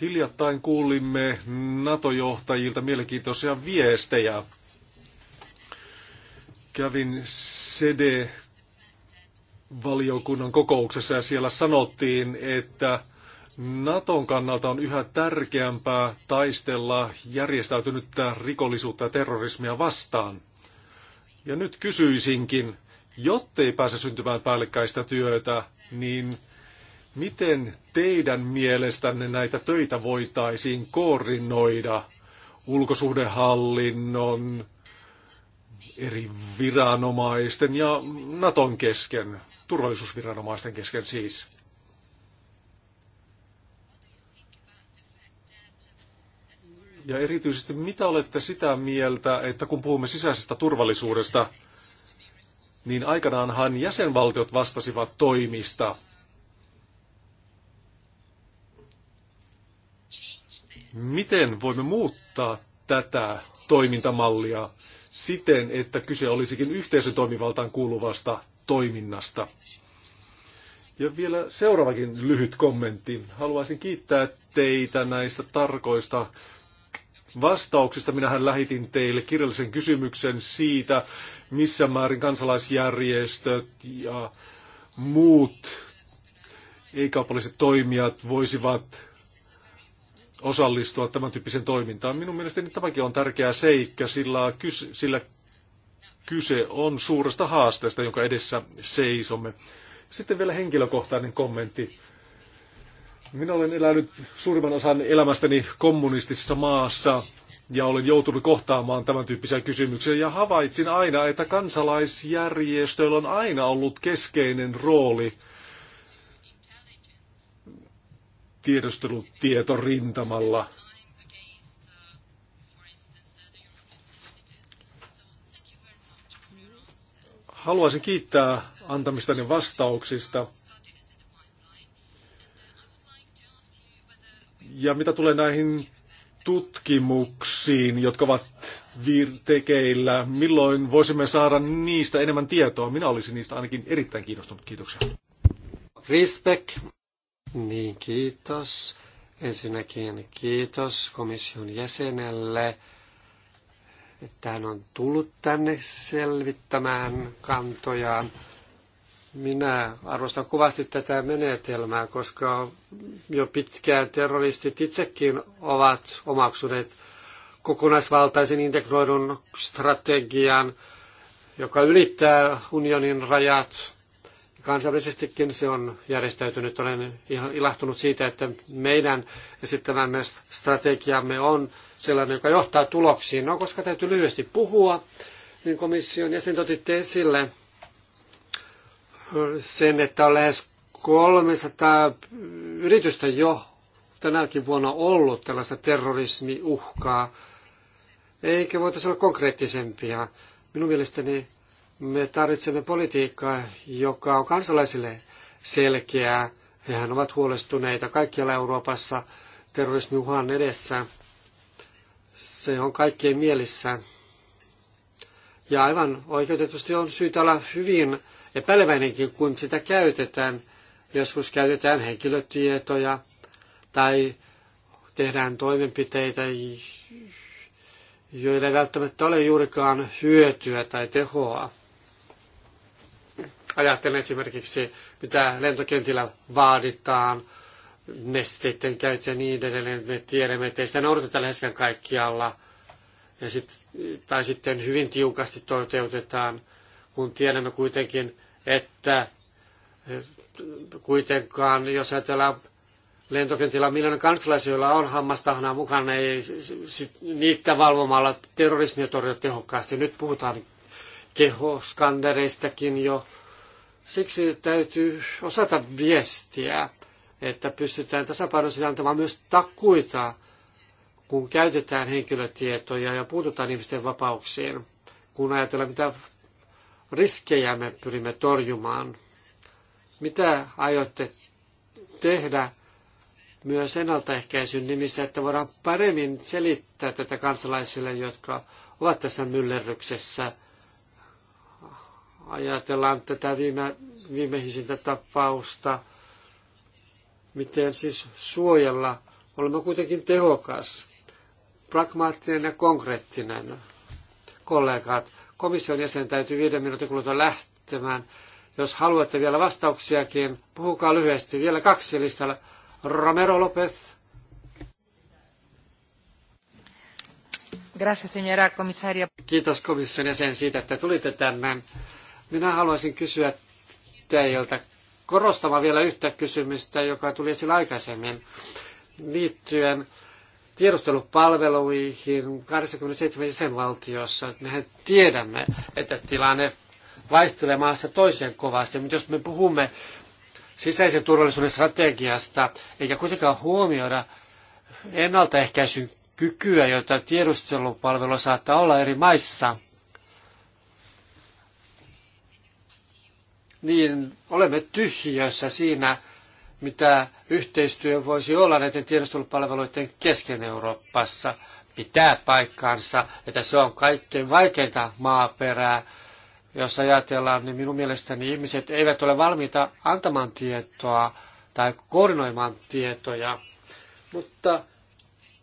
Hiljattain kuulimme NATO-johtajilta mielenkiintoisia viestejä. Kävin cd valiokunnan kokouksessa ja siellä sanottiin, että Naton kannalta on yhä tärkeämpää taistella järjestäytynyttä rikollisuutta ja terrorismia vastaan. Ja nyt kysyisinkin, jottei pääse syntymään päällekkäistä työtä, niin Miten teidän mielestänne näitä töitä voitaisiin koordinoida ulkosuhdehallinnon, eri viranomaisten ja Naton kesken, turvallisuusviranomaisten kesken siis? Ja erityisesti mitä olette sitä mieltä, että kun puhumme sisäisestä turvallisuudesta, niin aikanaanhan jäsenvaltiot vastasivat toimista – miten voimme muuttaa tätä toimintamallia siten, että kyse olisikin yhteisön toimivaltaan kuuluvasta toiminnasta. Ja vielä seuraavakin lyhyt kommentti. Haluaisin kiittää teitä näistä tarkoista vastauksista. Minähän lähetin teille kirjallisen kysymyksen siitä, missä määrin kansalaisjärjestöt ja muut ei-kaupalliset toimijat voisivat osallistua tämän tyyppiseen toimintaan. Minun mielestäni tämäkin on tärkeä seikka, sillä, kyse, sillä kyse on suuresta haasteesta, jonka edessä seisomme. Sitten vielä henkilökohtainen kommentti. Minä olen elänyt suurimman osan elämästäni kommunistisessa maassa ja olen joutunut kohtaamaan tämän tyyppisiä kysymyksiä ja havaitsin aina, että kansalaisjärjestöillä on aina ollut keskeinen rooli tiedustelutietorintamalla. Haluaisin kiittää antamistani vastauksista. Ja mitä tulee näihin tutkimuksiin, jotka ovat tekeillä, milloin voisimme saada niistä enemmän tietoa? Minä olisin niistä ainakin erittäin kiinnostunut. Kiitoksia. Respect. Niin, kiitos. Ensinnäkin kiitos komission jäsenelle, että hän on tullut tänne selvittämään kantojaan. Minä arvostan kovasti tätä menetelmää, koska jo pitkään terroristit itsekin ovat omaksuneet kokonaisvaltaisen integroidun strategian, joka ylittää unionin rajat Kansainvälisestikin se on järjestäytynyt. Olen ihan ilahtunut siitä, että meidän esittämämme strategiamme on sellainen, joka johtaa tuloksiin. No, koska täytyy lyhyesti puhua, niin komission jäsen otitte esille sen, että on lähes 300 yritystä jo tänäkin vuonna ollut tällaista terrorismiuhkaa. Eikä voitaisiin olla konkreettisempia. Minun mielestäni me tarvitsemme politiikkaa, joka on kansalaisille selkeää. Hehän ovat huolestuneita kaikkialla Euroopassa terrorismiuhan edessä. Se on kaikkien mielissä. Ja aivan oikeutetusti on syytä olla hyvin epäileväinenkin, kun sitä käytetään. Joskus käytetään henkilötietoja tai tehdään toimenpiteitä, joille ei välttämättä ole juurikaan hyötyä tai tehoa. Ajattelen esimerkiksi, mitä lentokentillä vaaditaan, nesteiden käyttö ja niin edelleen. Me tiedämme, että ei sitä noudateta läheskään kaikkialla. Ja sit, tai sitten hyvin tiukasti toteutetaan, kun tiedämme kuitenkin, että eh, kuitenkaan, jos ajatellaan lentokentillä millainen miljoonan kansalaisia, joilla on hammastahnaa mukana, ei sit, niitä valvomalla terrorismia torjua tehokkaasti. Nyt puhutaan kehoskandereistakin jo. Siksi täytyy osata viestiä, että pystytään tasapainoisesti antamaan myös takuita, kun käytetään henkilötietoja ja puututaan ihmisten vapauksiin, kun ajatellaan, mitä riskejä me pyrimme torjumaan. Mitä aiotte tehdä myös ennaltaehkäisyn nimissä, että voidaan paremmin selittää tätä kansalaisille, jotka ovat tässä myllerryksessä – ajatellaan tätä viime, viimeisintä tapausta, miten siis suojella, olemme kuitenkin tehokas, pragmaattinen ja konkreettinen. Kollegat, komission jäsen täytyy viiden minuutin kuluttua lähtemään. Jos haluatte vielä vastauksiakin, puhukaa lyhyesti. Vielä kaksi listalla. Romero Lopez. Kiitos komission jäsen siitä, että tulitte tänne. Minä haluaisin kysyä teiltä korostamaan vielä yhtä kysymystä, joka tuli esille aikaisemmin liittyen tiedustelupalveluihin 27 jäsenvaltiossa. Mehän tiedämme, että tilanne vaihtelee maassa toiseen kovasti, mutta jos me puhumme sisäisen turvallisuuden strategiasta, eikä kuitenkaan huomioida ennaltaehkäisyn kykyä, jota tiedustelupalvelu saattaa olla eri maissa, niin olemme tyhjiössä siinä, mitä yhteistyö voisi olla näiden tiedustelupalveluiden kesken Euroopassa. Pitää paikkaansa, että se on kaikkein vaikeinta maaperää. Jos ajatellaan, niin minun mielestäni ihmiset eivät ole valmiita antamaan tietoa tai koordinoimaan tietoja. Mutta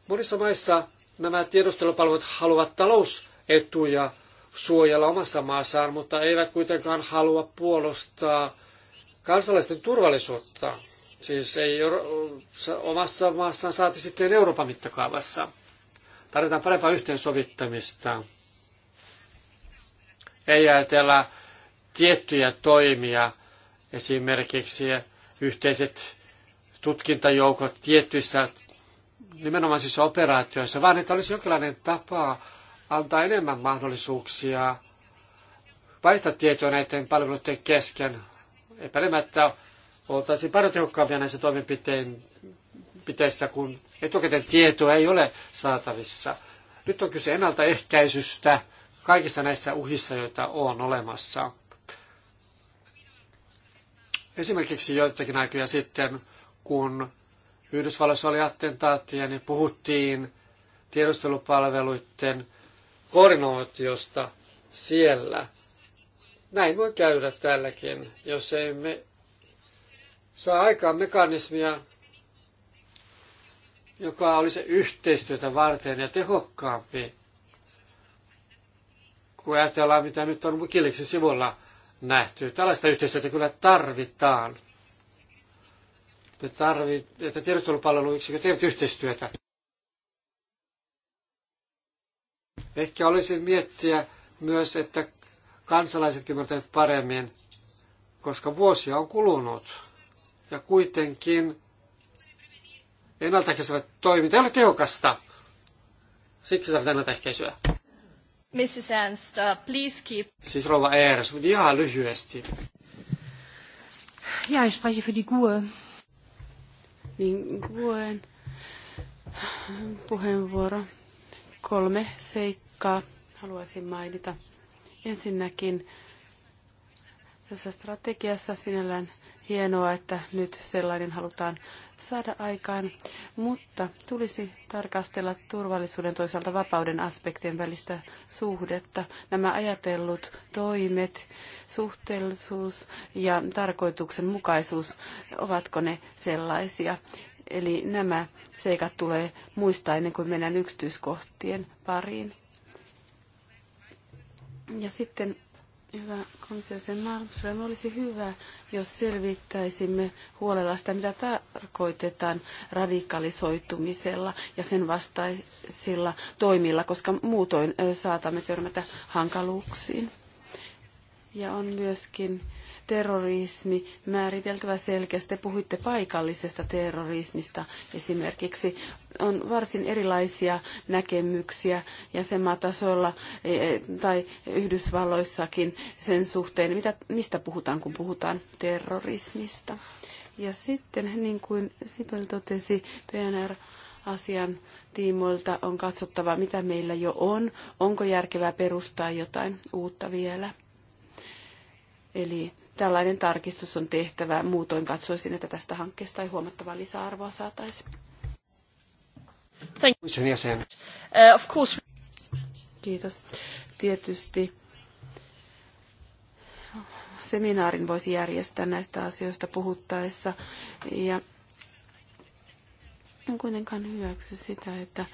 monissa maissa nämä tiedustelupalvelut haluavat talousetuja suojella omassa maassaan, mutta eivät kuitenkaan halua puolustaa kansalaisten turvallisuutta. Siis ei omassa maassaan saati sitten Euroopan mittakaavassa. Tarvitaan parempaa yhteensovittamista. Ei ajatella tiettyjä toimia, esimerkiksi yhteiset tutkintajoukot tietyissä siis operaatioissa, vaan että olisi jonkinlainen tapa antaa enemmän mahdollisuuksia vaihtaa tietoa näiden palveluiden kesken. Epäilemättä oltaisiin paljon tehokkaampia näissä toimenpiteissä, kun etukäteen tietoa ei ole saatavissa. Nyt on kyse ennaltaehkäisystä kaikissa näissä uhissa, joita on olemassa. Esimerkiksi joitakin aikoja sitten, kun Yhdysvalloissa oli attentaattia, niin puhuttiin tiedustelupalveluiden koordinaatiosta siellä. Näin voi käydä täälläkin, jos emme saa aikaan mekanismia, joka olisi yhteistyötä varten ja tehokkaampi. Kun ajatellaan, mitä nyt on Wikileaksin sivulla nähty. Tällaista yhteistyötä kyllä tarvitaan. Me tarvit, että tiedustelupalveluyksiköt eivät yhteistyötä. Ehkä olisi miettiä myös, että kansalaisetkin ymmärtävät paremmin, koska vuosia on kulunut. Ja kuitenkin ennaltaehkäisevä toiminta ei ole tehokasta. Siksi tarvitaan ennaltaehkäisyä. Mrs. Ernst, uh, please keep... Siis rouva Eers, mutta ihan lyhyesti. Ja, ich spreche für die GUE. Niin, GUEn puheenvuoro. Kolme seikkaa seikkaa haluaisin mainita. Ensinnäkin tässä strategiassa sinällään hienoa, että nyt sellainen halutaan saada aikaan, mutta tulisi tarkastella turvallisuuden toisaalta vapauden aspektien välistä suhdetta. Nämä ajatellut toimet, suhteellisuus ja tarkoituksenmukaisuus, ovatko ne sellaisia? Eli nämä seikat tulee muistaa ennen kuin mennään yksityiskohtien pariin. Ja sitten, hyvä komissiosen Malmström, olisi hyvä, jos selvittäisimme huolella sitä, mitä tarkoitetaan radikalisoitumisella ja sen vastaisilla toimilla, koska muutoin saatamme törmätä hankaluuksiin. Ja on myöskin terrorismi määriteltävä selkeästi. Te puhuitte paikallisesta terrorismista esimerkiksi. On varsin erilaisia näkemyksiä jäsenmaatasolla e, e, tai Yhdysvalloissakin sen suhteen, mitä, mistä puhutaan, kun puhutaan terrorismista. Ja sitten, niin kuin Sipel totesi, PNR asian tiimoilta on katsottava, mitä meillä jo on, onko järkevää perustaa jotain uutta vielä. Eli tällainen tarkistus on tehtävä. Muutoin katsoisin, että tästä hankkeesta ei huomattavaa lisäarvoa saataisi. Thank you. Uh, of course. Kiitos. Tietysti seminaarin voisi järjestää näistä asioista puhuttaessa. Ja en kuitenkaan hyväksy sitä, että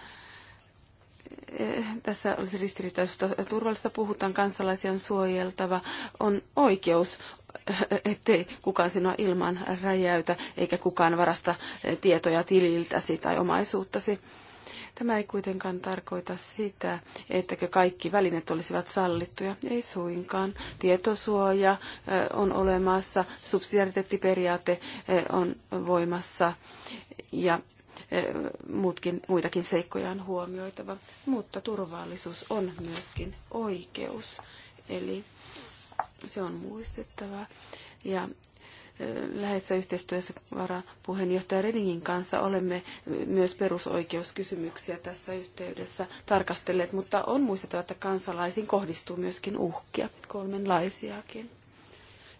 eh, tässä olisi ristiriitaisuutta. Turvallisuudessa puhutaan, kansalaisia on suojeltava, on oikeus ettei kukaan sinua ilman räjäytä, eikä kukaan varasta tietoja tililtäsi tai omaisuuttasi. Tämä ei kuitenkaan tarkoita sitä, ettäkö kaikki välineet olisivat sallittuja. Ei suinkaan. Tietosuoja on olemassa, subsidiariteettiperiaate on voimassa ja muutkin, muitakin seikkoja on huomioitava. Mutta turvallisuus on myöskin oikeus. Eli se on muistettava. Ja läheisessä yhteistyössä varapuheenjohtaja Redingin kanssa olemme myös perusoikeuskysymyksiä tässä yhteydessä tarkastelleet, mutta on muistettava, että kansalaisiin kohdistuu myöskin uhkia, kolmenlaisiakin.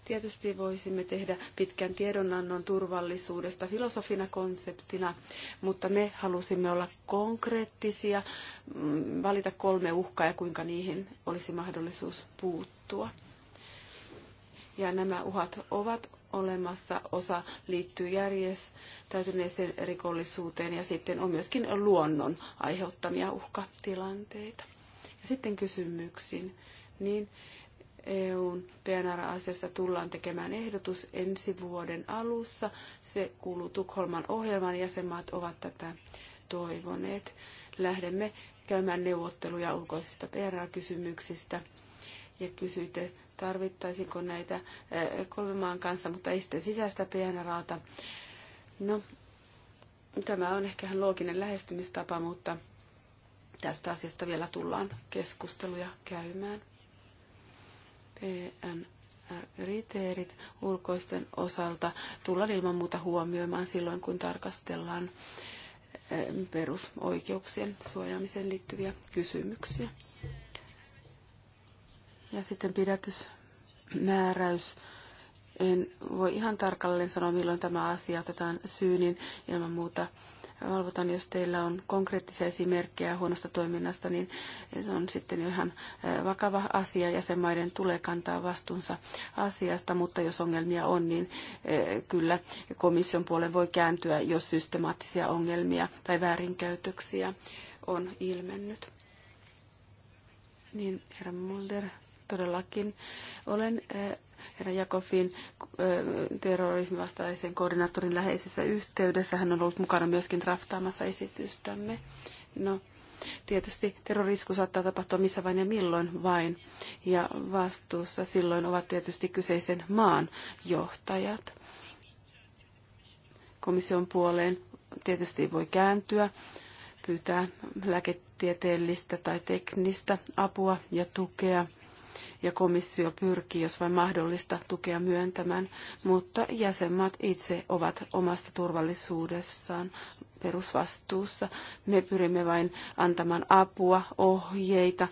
Tietysti voisimme tehdä pitkän tiedonannon turvallisuudesta filosofina konseptina, mutta me halusimme olla konkreettisia, valita kolme uhkaa ja kuinka niihin olisi mahdollisuus puuttua ja nämä uhat ovat olemassa. Osa liittyy järjestäytyneeseen rikollisuuteen ja sitten on myöskin luonnon aiheuttamia uhkatilanteita. Ja sitten kysymyksiin. Niin EUn PNR-asiasta tullaan tekemään ehdotus ensi vuoden alussa. Se kuuluu Tukholman ohjelman. Jäsenmaat ovat tätä toivoneet. Lähdemme käymään neuvotteluja ulkoisista PNR-kysymyksistä ja kysyitte, tarvittaisiko näitä eh, kolmen maan kanssa, mutta ei sitten sisäistä PNRAta. No, tämä on ehkä ihan looginen lähestymistapa, mutta tästä asiasta vielä tullaan keskusteluja käymään. pnr kriteerit ulkoisten osalta tullaan ilman muuta huomioimaan silloin, kun tarkastellaan eh, perusoikeuksien suojaamiseen liittyviä kysymyksiä. Ja sitten pidätysmääräys. En voi ihan tarkalleen sanoa, milloin tämä asia otetaan syynin ilman muuta Valvotan, jos teillä on konkreettisia esimerkkejä huonosta toiminnasta, niin se on sitten ihan eh, vakava asia. Jäsenmaiden tulee kantaa vastuunsa asiasta, mutta jos ongelmia on, niin eh, kyllä komission puolen voi kääntyä, jos systemaattisia ongelmia tai väärinkäytöksiä on ilmennyt. Niin, herra Mulder Todellakin olen eh, herra Jakofin eh, terrorismivastaisen koordinaattorin läheisessä yhteydessä. Hän on ollut mukana myöskin draftaamassa esitystämme. No, tietysti terrorisku saattaa tapahtua missä vain ja milloin vain. Ja vastuussa silloin ovat tietysti kyseisen maan johtajat. Komission puoleen tietysti voi kääntyä, pyytää lääketieteellistä tai teknistä apua ja tukea – ja komissio pyrkii, jos vain mahdollista, tukea myöntämään, mutta jäsenmaat itse ovat omasta turvallisuudessaan perusvastuussa. Me pyrimme vain antamaan apua, ohjeita,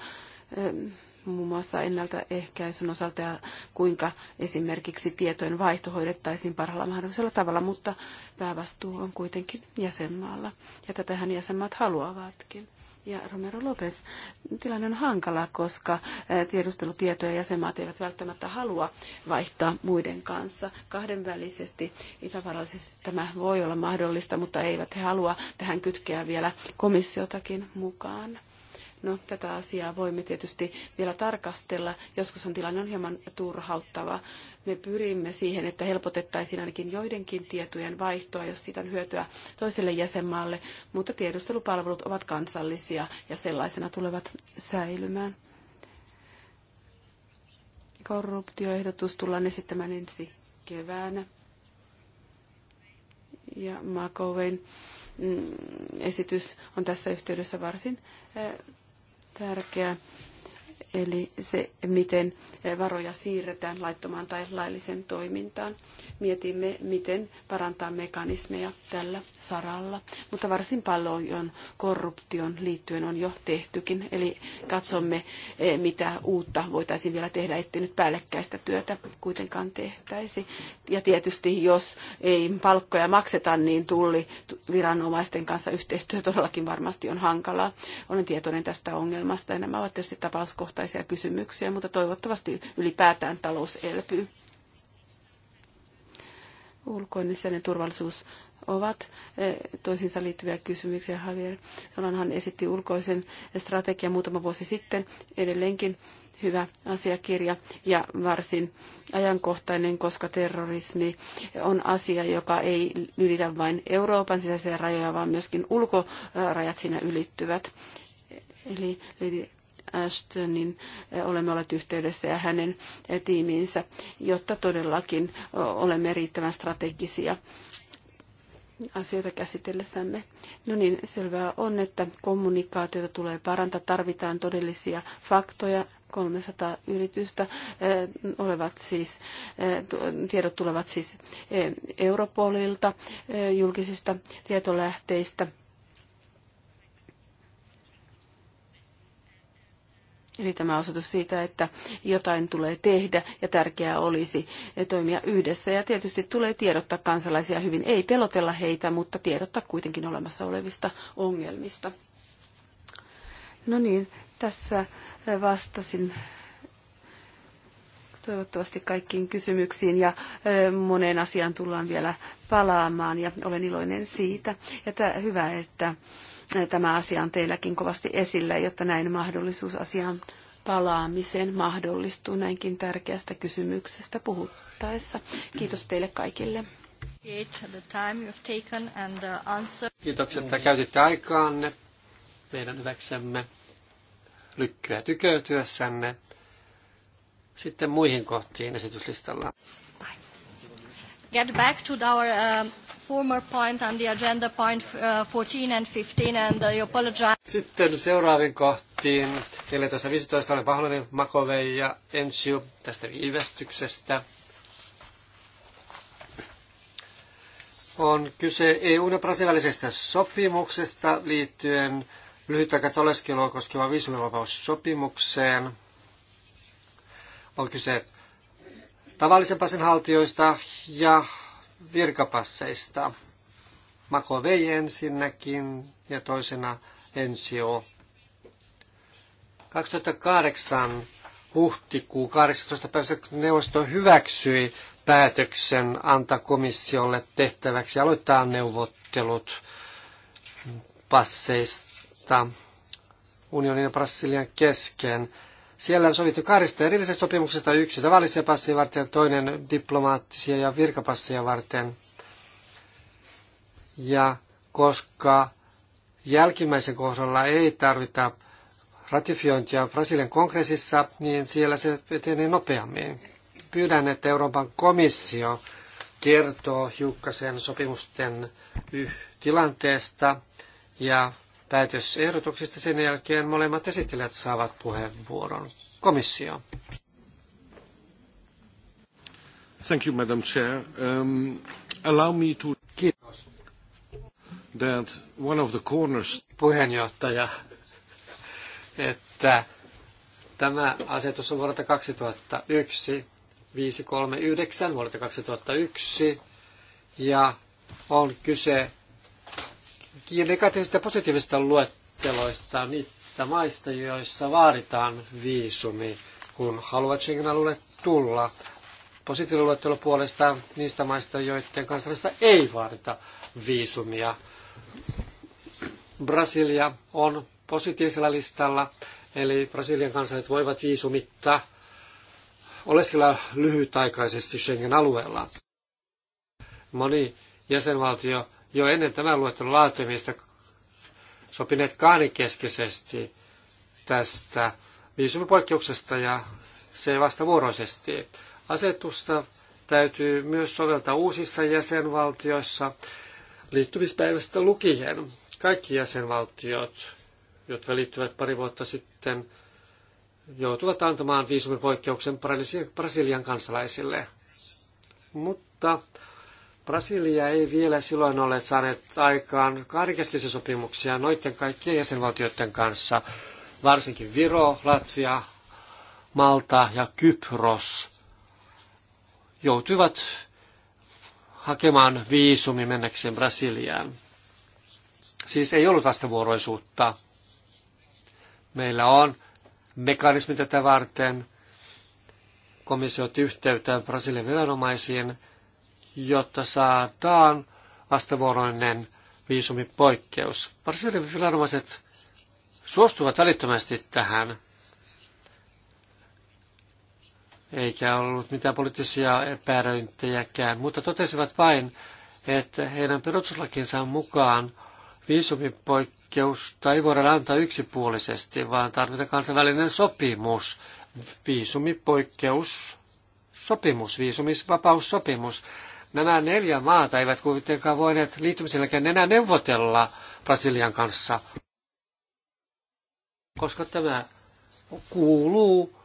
eh, muun muassa ennaltaehkäisyn osalta ja kuinka esimerkiksi tietojen vaihto hoidettaisiin parhaalla mahdollisella tavalla, mutta päävastuu on kuitenkin jäsenmaalla. Ja tätähän jäsenmaat haluavatkin ja Romero Lopez. Tilanne on hankala, koska tiedustelutietoja jäsenmaat eivät välttämättä halua vaihtaa muiden kanssa. Kahdenvälisesti, itävarallisesti tämä voi olla mahdollista, mutta eivät he halua tähän kytkeä vielä komissiotakin mukaan. No, tätä asiaa voimme tietysti vielä tarkastella. on tilanne on hieman turhauttava. Me pyrimme siihen, että helpotettaisiin ainakin joidenkin tietojen vaihtoa, jos siitä on hyötyä toiselle jäsenmaalle, mutta tiedustelupalvelut ovat kansallisia ja sellaisena tulevat säilymään. Korruptioehdotus tullaan esittämään ensi keväänä. Ja Makovein mm, esitys on tässä yhteydessä varsin eh, tärkeä eli se, miten varoja siirretään laittomaan tai lailliseen toimintaan. Mietimme, miten parantaa mekanismeja tällä saralla, mutta varsin paljon korruption liittyen on jo tehtykin, eli katsomme, eh, mitä uutta voitaisiin vielä tehdä, ettei nyt päällekkäistä työtä kuitenkaan tehtäisi. Ja tietysti, jos ei palkkoja makseta, niin tulli viranomaisten kanssa yhteistyö todellakin varmasti on hankalaa. Olen tietoinen tästä ongelmasta ja nämä ovat tietysti tapauskohtaisia sektorikohtaisia kysymyksiä, mutta toivottavasti ylipäätään talous elpyy. Ulkoinen turvallisuus ovat eh, toisiinsa liittyviä kysymyksiä. Javier Solanhan esitti ulkoisen strategian muutama vuosi sitten edelleenkin hyvä asiakirja ja varsin ajankohtainen, koska terrorismi on asia, joka ei ylitä vain Euroopan sisäisiä rajoja, vaan myöskin ulkorajat siinä ylittyvät. Eli Ashtonin eh, olemme olleet yhteydessä ja hänen eh, tiimiinsä, jotta todellakin eh, olemme riittävän strategisia asioita käsitellessämme. No niin, selvää on, että kommunikaatiota tulee parantaa. Tarvitaan todellisia faktoja. 300 yritystä olevat siis, tiedot tulevat siis Europolilta, julkisista tietolähteistä – Eli tämä osoitus siitä, että jotain tulee tehdä ja tärkeää olisi toimia yhdessä. Ja tietysti tulee tiedottaa kansalaisia hyvin, ei pelotella heitä, mutta tiedottaa kuitenkin olemassa olevista ongelmista. No niin, tässä vastasin toivottavasti kaikkiin kysymyksiin ja moneen asiaan tullaan vielä palaamaan ja olen iloinen siitä. Ja tämä, hyvä, että tämä asia on teilläkin kovasti esillä, jotta näin mahdollisuus asian palaamiseen mahdollistuu näinkin tärkeästä kysymyksestä puhuttaessa. Kiitos teille kaikille. Kiitokset, että käytitte aikaanne meidän hyväksemme lykkyä tyköytyessänne. Sitten muihin kohtiin esityslistalla. Get back to our uh, former point on the agenda point 14 uh, and 15 and I uh, apologize. Sitten seuraaviin kohtiin 14.15 olen pahoillani Makove ja Ensiu tästä viivästyksestä. On kyse EUn ja Brasilian sopimuksesta liittyen lyhytaikaista oleskelua koskevaan viisumivapaussopimukseen. On kyse tavallisen passin haltijoista ja virkapasseista. vei ensinnäkin ja toisena Ensio. 2008 huhtikuu 18. päivässä neuvosto hyväksyi päätöksen antaa komissiolle tehtäväksi aloittaa neuvottelut passeista unionin ja Brasilian kesken. Siellä on sovittu kahdesta erillisestä sopimuksesta, yksi tavallisia passeja varten, toinen diplomaattisia ja virkapasseja varten. Ja koska jälkimmäisen kohdalla ei tarvita ratifiointia Brasilian kongressissa, niin siellä se etenee nopeammin. Pyydän, että Euroopan komissio kertoo hiukkasen sopimusten tilanteesta ja päätösehdotuksista. Sen jälkeen molemmat esittelijät saavat puheenvuoron. Komissio. Thank you, Madam Chair. Um, allow me to... Kiitos. That one of the corners... Puheenjohtaja, että tämä asetus on vuodelta 2001, 539 vuodelta 2001, ja on kyse negatiivisista ja positiivisista luetteloista niitä maista, joissa vaaditaan viisumi, kun haluat Schengen-alueelle tulla. Positiivinen luettelo puolestaan niistä maista, joiden kansalaisista ei vaadita viisumia. Brasilia on positiivisella listalla, eli Brasilian kansalaiset voivat viisumitta oleskella lyhytaikaisesti Schengen-alueella. Moni jäsenvaltio jo ennen tämän luettelon laatimista sopineet kahdenkeskisesti tästä viisumipoikkeuksesta ja se vasta vuoroisesti. Asetusta täytyy myös soveltaa uusissa jäsenvaltioissa liittymispäivästä lukien. Kaikki jäsenvaltiot, jotka liittyvät pari vuotta sitten, joutuvat antamaan viisumipoikkeuksen Brasilian kansalaisille. Mutta Brasilia ei vielä silloin ole saaneet aikaan kahdenkeskisiä sopimuksia noiden kaikkien jäsenvaltioiden kanssa, varsinkin Viro, Latvia, Malta ja Kypros joutuivat hakemaan viisumi mennäkseen Brasiliaan. Siis ei ollut vastavuoroisuutta. Meillä on mekanismi tätä varten. Komissio otti yhteyttä Brasilian viranomaisiin jotta saadaan vastavuoroinen viisumipoikkeus. Varsinainen viranomaiset suostuvat välittömästi tähän, eikä ollut mitään poliittisia epäröintejäkään, mutta totesivat vain, että heidän perustuslakinsa mukaan viisumipoikkeusta ei voida antaa yksipuolisesti, vaan tarvitaan kansainvälinen sopimus, viisumipoikkeus, sopimus, viisumisvapaussopimus. Nämä neljä maata eivät kuitenkaan voineet liittymisen jälkeen enää neuvotella Brasilian kanssa, koska tämä kuuluu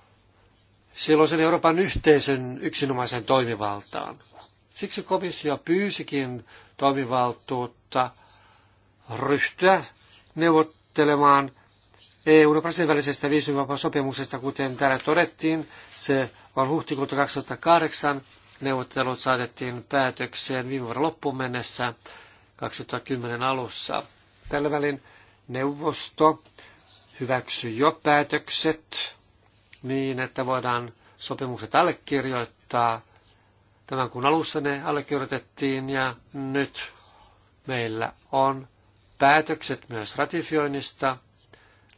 silloisen Euroopan yhteisen yksinomaisen toimivaltaan. Siksi komissio pyysikin toimivaltuutta ryhtyä neuvottelemaan EUn ja Brasilian välisestä viisumivapaussopimuksesta, kuten täällä todettiin. Se on huhtikuuta 2008 neuvottelut saatettiin päätökseen viime vuoden loppuun mennessä 2010 alussa. Tällä välin neuvosto hyväksyi jo päätökset niin, että voidaan sopimukset allekirjoittaa. Tämän kuun alussa ne allekirjoitettiin ja nyt meillä on päätökset myös ratifioinnista.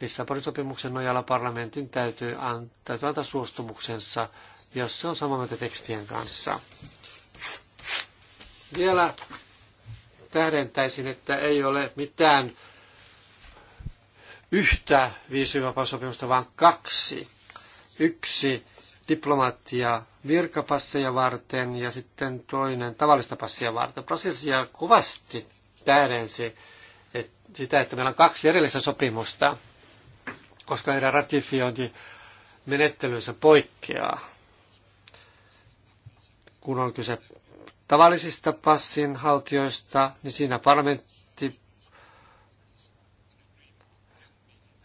Lissabonin sopimuksen nojalla parlamentin täytyy antaa, täytyy antaa suostumuksensa jos se on samaa mieltä tekstien kanssa. Vielä tähdentäisin, että ei ole mitään yhtä viisivapausopimusta, vaan kaksi. Yksi diplomaattia virkapasseja varten ja sitten toinen tavallista passia varten. Prosessia kovasti tähdensi et, sitä, että meillä on kaksi erillistä sopimusta, koska heidän ratifiointimenettelynsä poikkeaa kun on kyse tavallisista passin haltijoista, niin siinä parlamentti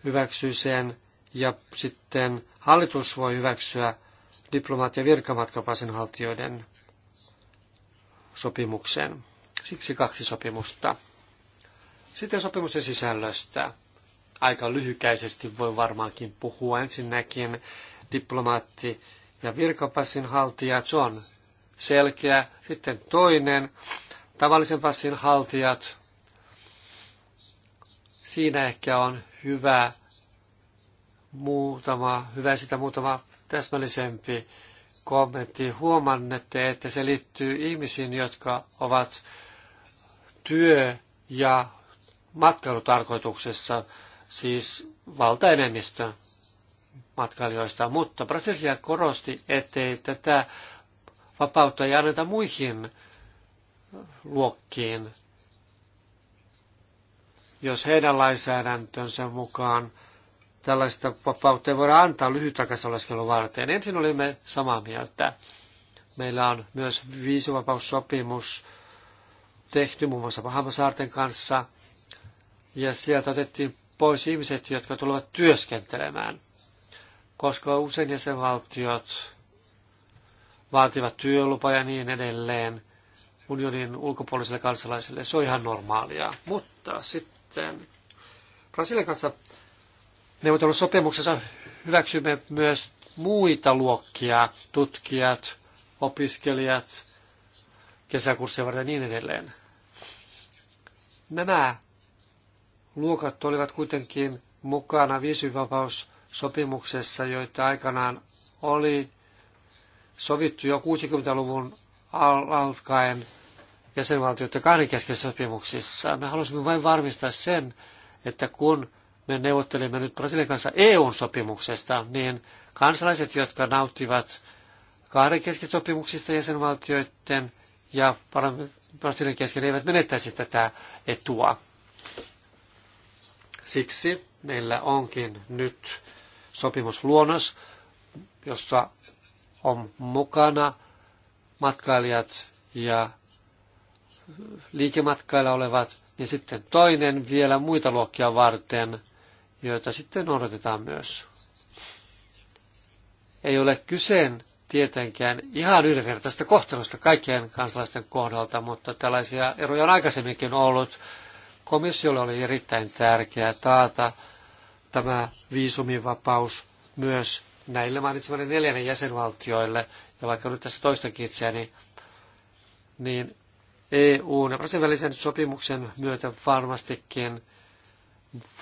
hyväksyy sen ja sitten hallitus voi hyväksyä diplomaat- ja virkamatkapassin haltijoiden sopimukseen. Siksi kaksi sopimusta. Sitten sopimuksen sisällöstä. Aika lyhykäisesti voi varmaankin puhua. Ensinnäkin diplomaatti- ja virkapassin haltija John selkeä. Sitten toinen, tavallisen passin haltijat. Siinä ehkä on hyvä muutama, hyvä sitä muutama täsmällisempi kommentti. Huomannette, että se liittyy ihmisiin, jotka ovat työ- ja matkailutarkoituksessa, siis valtaenemmistö matkailijoista, mutta Brasilia korosti, ettei tätä vapautta ei anneta muihin luokkiin, jos heidän lainsäädäntönsä mukaan tällaista vapautta ei voida antaa lyhytaikaisoleskelun varten. Ensin olimme samaa mieltä. Meillä on myös viisivapaussopimus tehty muun muassa Bahamasaarten kanssa, ja sieltä otettiin pois ihmiset, jotka tulevat työskentelemään, koska usein jäsenvaltiot vaativat työlupa ja niin edelleen unionin ulkopuolisille kansalaisille. Se on ihan normaalia. Mutta sitten Brasilian kanssa neuvottelusopimuksessa hyväksymme myös muita luokkia, tutkijat, opiskelijat, kesäkursseja varten ja niin edelleen. Nämä luokat olivat kuitenkin mukana viisivapaussopimuksessa, joita aikanaan oli sovittu jo 60-luvun alkaen jäsenvaltioiden kahdenkeskeisissä sopimuksissa. Me halusimme vain varmistaa sen, että kun me neuvottelimme nyt Brasilian kanssa EU-sopimuksesta, niin kansalaiset, jotka nauttivat kahdenkeskeisistä sopimuksista jäsenvaltioiden ja Brasilian kesken, eivät menettäisi tätä etua. Siksi meillä onkin nyt sopimusluonnos, jossa on mukana matkailijat ja liikematkailla olevat, ja sitten toinen vielä muita luokkia varten, joita sitten odotetaan myös. Ei ole kyseen tietenkään ihan yhdenvertaista kohtelusta kaikkien kansalaisten kohdalta, mutta tällaisia eroja on aikaisemminkin ollut. Komissiolle oli erittäin tärkeää taata tämä viisumivapaus myös näille mainitsemani neljännen jäsenvaltioille, ja vaikka nyt tässä toistakin itseäni, niin EU ja Brasilian välisen sopimuksen myötä varmastikin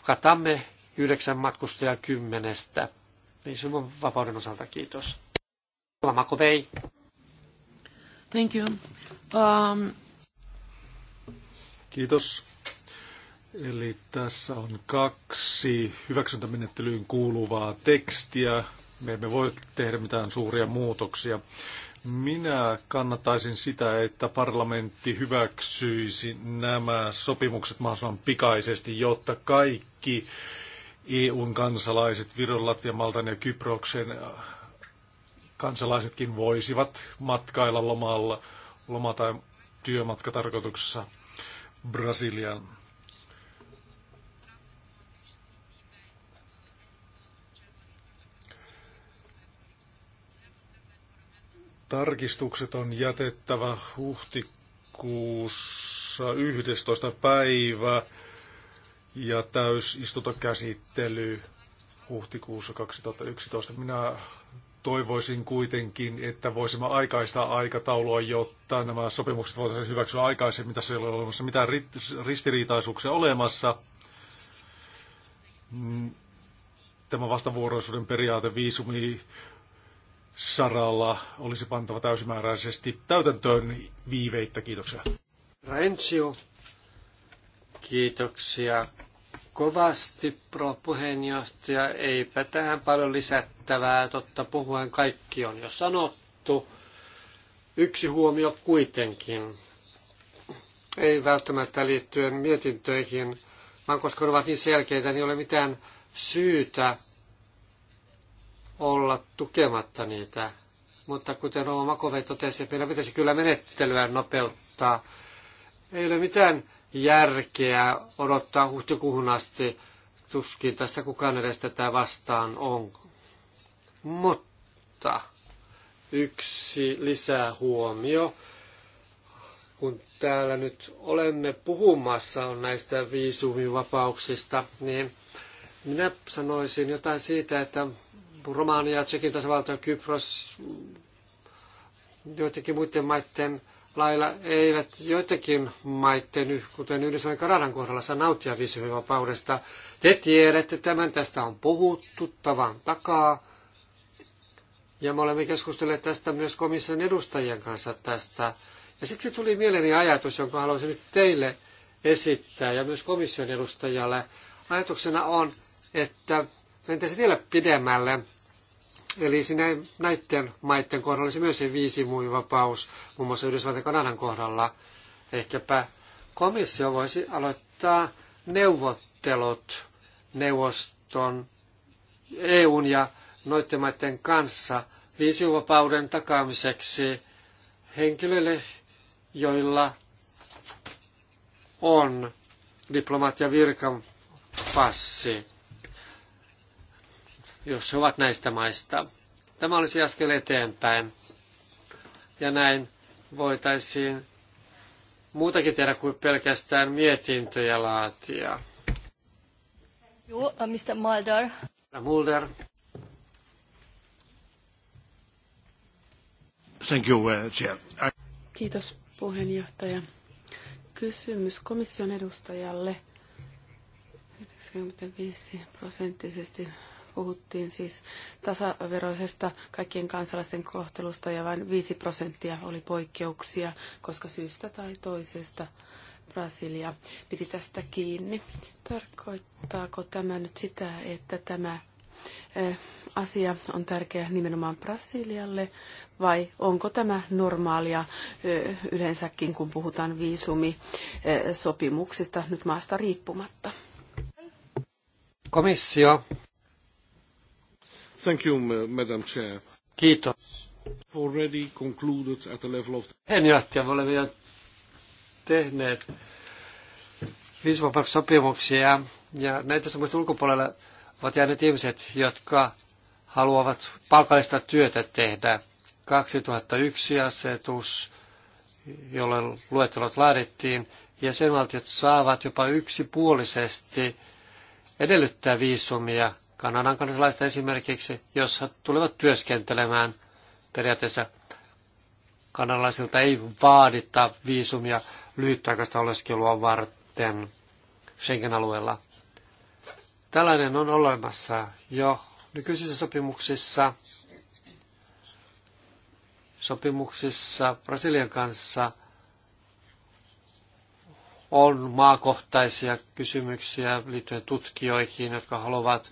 katamme yhdeksän matkustajaa kymmenestä. Viisumin vapauden osalta kiitos. Makovei. Thank you. Um... Kiitos. Eli tässä on kaksi hyväksyntämenettelyyn kuuluvaa tekstiä. Me emme voi tehdä mitään suuria muutoksia. Minä kannattaisin sitä, että parlamentti hyväksyisi nämä sopimukset mahdollisimman pikaisesti, jotta kaikki EUn kansalaiset, Viron, Latvian, Maltan ja Kyproksen kansalaisetkin voisivat matkailla lomalla, loma- tai työmatkatarkoituksessa Brasilian. Tarkistukset on jätettävä huhtikuussa 11. päivä ja täysistuntokäsittely huhtikuussa 2011. Minä toivoisin kuitenkin, että voisimme aikaistaa aikataulua, jotta nämä sopimukset voitaisiin hyväksyä aikaisemmin. Tässä ei ole olemassa mitään ristiriitaisuuksia olemassa. Mm, Tämä vastavuoroisuuden periaate viisumi saralla olisi pantava täysimääräisesti täytäntöön viiveittä. Kiitoksia. Rentsio, kiitoksia kovasti, pro puheenjohtaja. Eipä tähän paljon lisättävää. Totta puhuen kaikki on jo sanottu. Yksi huomio kuitenkin. Ei välttämättä liittyen mietintöihin, vaan koska ne ovat niin selkeitä, niin ei ole mitään syytä olla tukematta niitä. Mutta kuten Oma Makove totesi, meillä pitäisi kyllä menettelyä nopeuttaa. Ei ole mitään järkeä odottaa huhtikuuhun asti. Tuskin tässä kukaan edes tätä vastaan on. Mutta yksi lisää huomio. Kun täällä nyt olemme puhumassa on näistä viisumivapauksista, niin minä sanoisin jotain siitä, että Romania, Tsekin tasavalta, Kypros, joidenkin muiden maiden lailla eivät joidenkin maiden, kuten Yhdysvallan Kanadan kohdalla, saa nauttia viisumivapaudesta. Te tiedätte, tämän tästä on puhuttu tavan takaa. Ja me olemme keskustelleet tästä myös komission edustajien kanssa tästä. Ja siksi tuli mieleeni ajatus, jonka haluaisin nyt teille esittää ja myös komission edustajalle. Ajatuksena on, että Mentäisiin vielä pidemmälle. Eli sinä näiden maiden kohdalla olisi myös se viisimuivapaus, muun muassa Yhdysvaltain Kanadan kohdalla. Ehkäpä komissio voisi aloittaa neuvottelut neuvoston EUn ja noiden maiden kanssa viisivapauden takaamiseksi henkilöille, joilla on diplomaattia virkan passi jos he ovat näistä maista. Tämä olisi askel eteenpäin. Ja näin voitaisiin muutakin tehdä kuin pelkästään mietintöjä laatia. Joo, äh, Mr. Mulder. Mulder. Thank you, uh, Chair. Kiitos puheenjohtaja. Kysymys komission edustajalle. 95 prosenttisesti puhuttiin siis tasaveroisesta kaikkien kansalaisten kohtelusta ja vain 5 prosenttia oli poikkeuksia, koska syystä tai toisesta Brasilia piti tästä kiinni. Tarkoittaako tämä nyt sitä, että tämä eh, asia on tärkeä nimenomaan Brasilialle vai onko tämä normaalia eh, yleensäkin, kun puhutaan viisumisopimuksista eh, nyt maasta riippumatta? Komissio. Thank you, Madam Chair. Kiitos. Already concluded at the level of... Henjohtaja, me olemme jo tehneet viisumapakko-sopimuksia ja näitä sopimuksia ulkopuolella ovat jääneet ihmiset, jotka haluavat palkallista työtä tehdä. 2001 asetus, jolle luettelot laadittiin, jäsenvaltiot saavat jopa yksipuolisesti edellyttää viisumia Kanadan kansalaista esimerkiksi, jos he tulevat työskentelemään periaatteessa kanalaisilta ei vaadita viisumia lyhytaikaista oleskelua varten Schengen-alueella. Tällainen on olemassa jo nykyisissä sopimuksissa, sopimuksissa Brasilian kanssa on maakohtaisia kysymyksiä liittyen tutkijoihin, jotka haluavat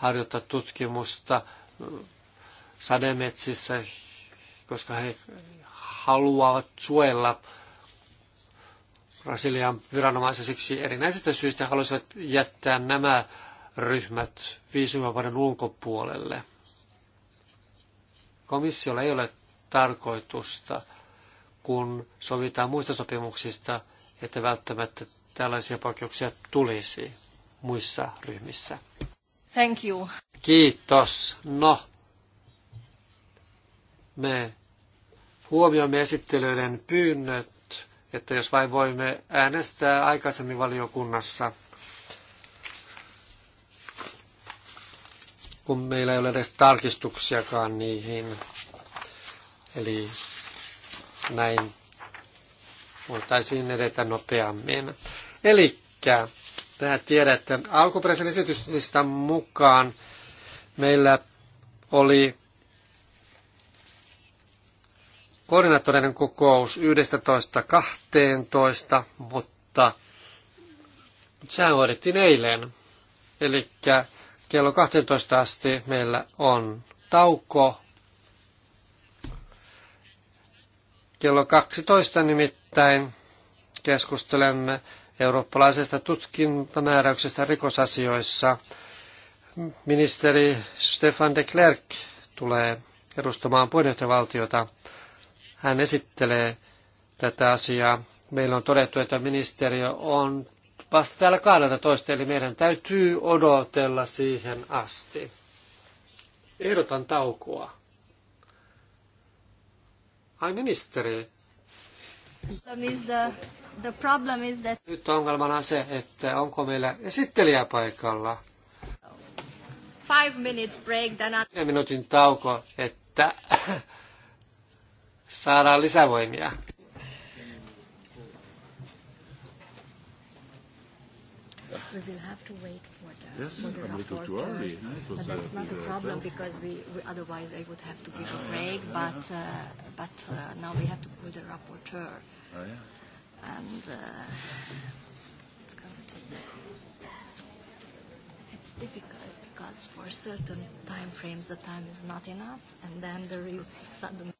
harjoittaa tutkimusta sademetsissä, koska he haluavat suojella Brasilian viranomaisia siksi erinäisistä syistä haluaisivat jättää nämä ryhmät viisumivapauden ulkopuolelle. Komissiolla ei ole tarkoitusta, kun sovitaan muista sopimuksista, että välttämättä tällaisia poikkeuksia tulisi muissa ryhmissä. Thank you. Kiitos. No, me huomioimme esittelyiden pyynnöt, että jos vain voimme äänestää aikaisemmin valiokunnassa, kun meillä ei ole edes tarkistuksiakaan niihin. Eli näin voitaisiin edetä nopeammin. Eli tähän tiedä, alkuperäisen esityslistan mukaan meillä oli koordinaattoreiden kokous 11.12, mutta sehän hoidettiin eilen. Eli kello 12 asti meillä on tauko. Kello 12 nimittäin keskustelemme eurooppalaisesta tutkintamääräyksestä rikosasioissa. Ministeri Stefan de Klerk tulee edustamaan puheenjohtajavaltiota. Hän esittelee tätä asiaa. Meillä on todettu, että ministeriö on vasta täällä 12, eli meidän täytyy odotella siihen asti. Ehdotan taukoa. Ai ministeri, nyt ongelmana se, että onko meillä esittelijä paikalla. Five minutes break, then I... minuutin tauko, että *laughs* saadaan lisävoimia. We will have to wait Yes, a little too early. but that's not a problem because we, we otherwise I would have to give ah, a break. Yeah, but yeah. Uh, but uh, now we have to call the rapporteur. Ah, yeah. And uh, it's going to it's difficult because for certain time frames the time is not enough, and then there is suddenly.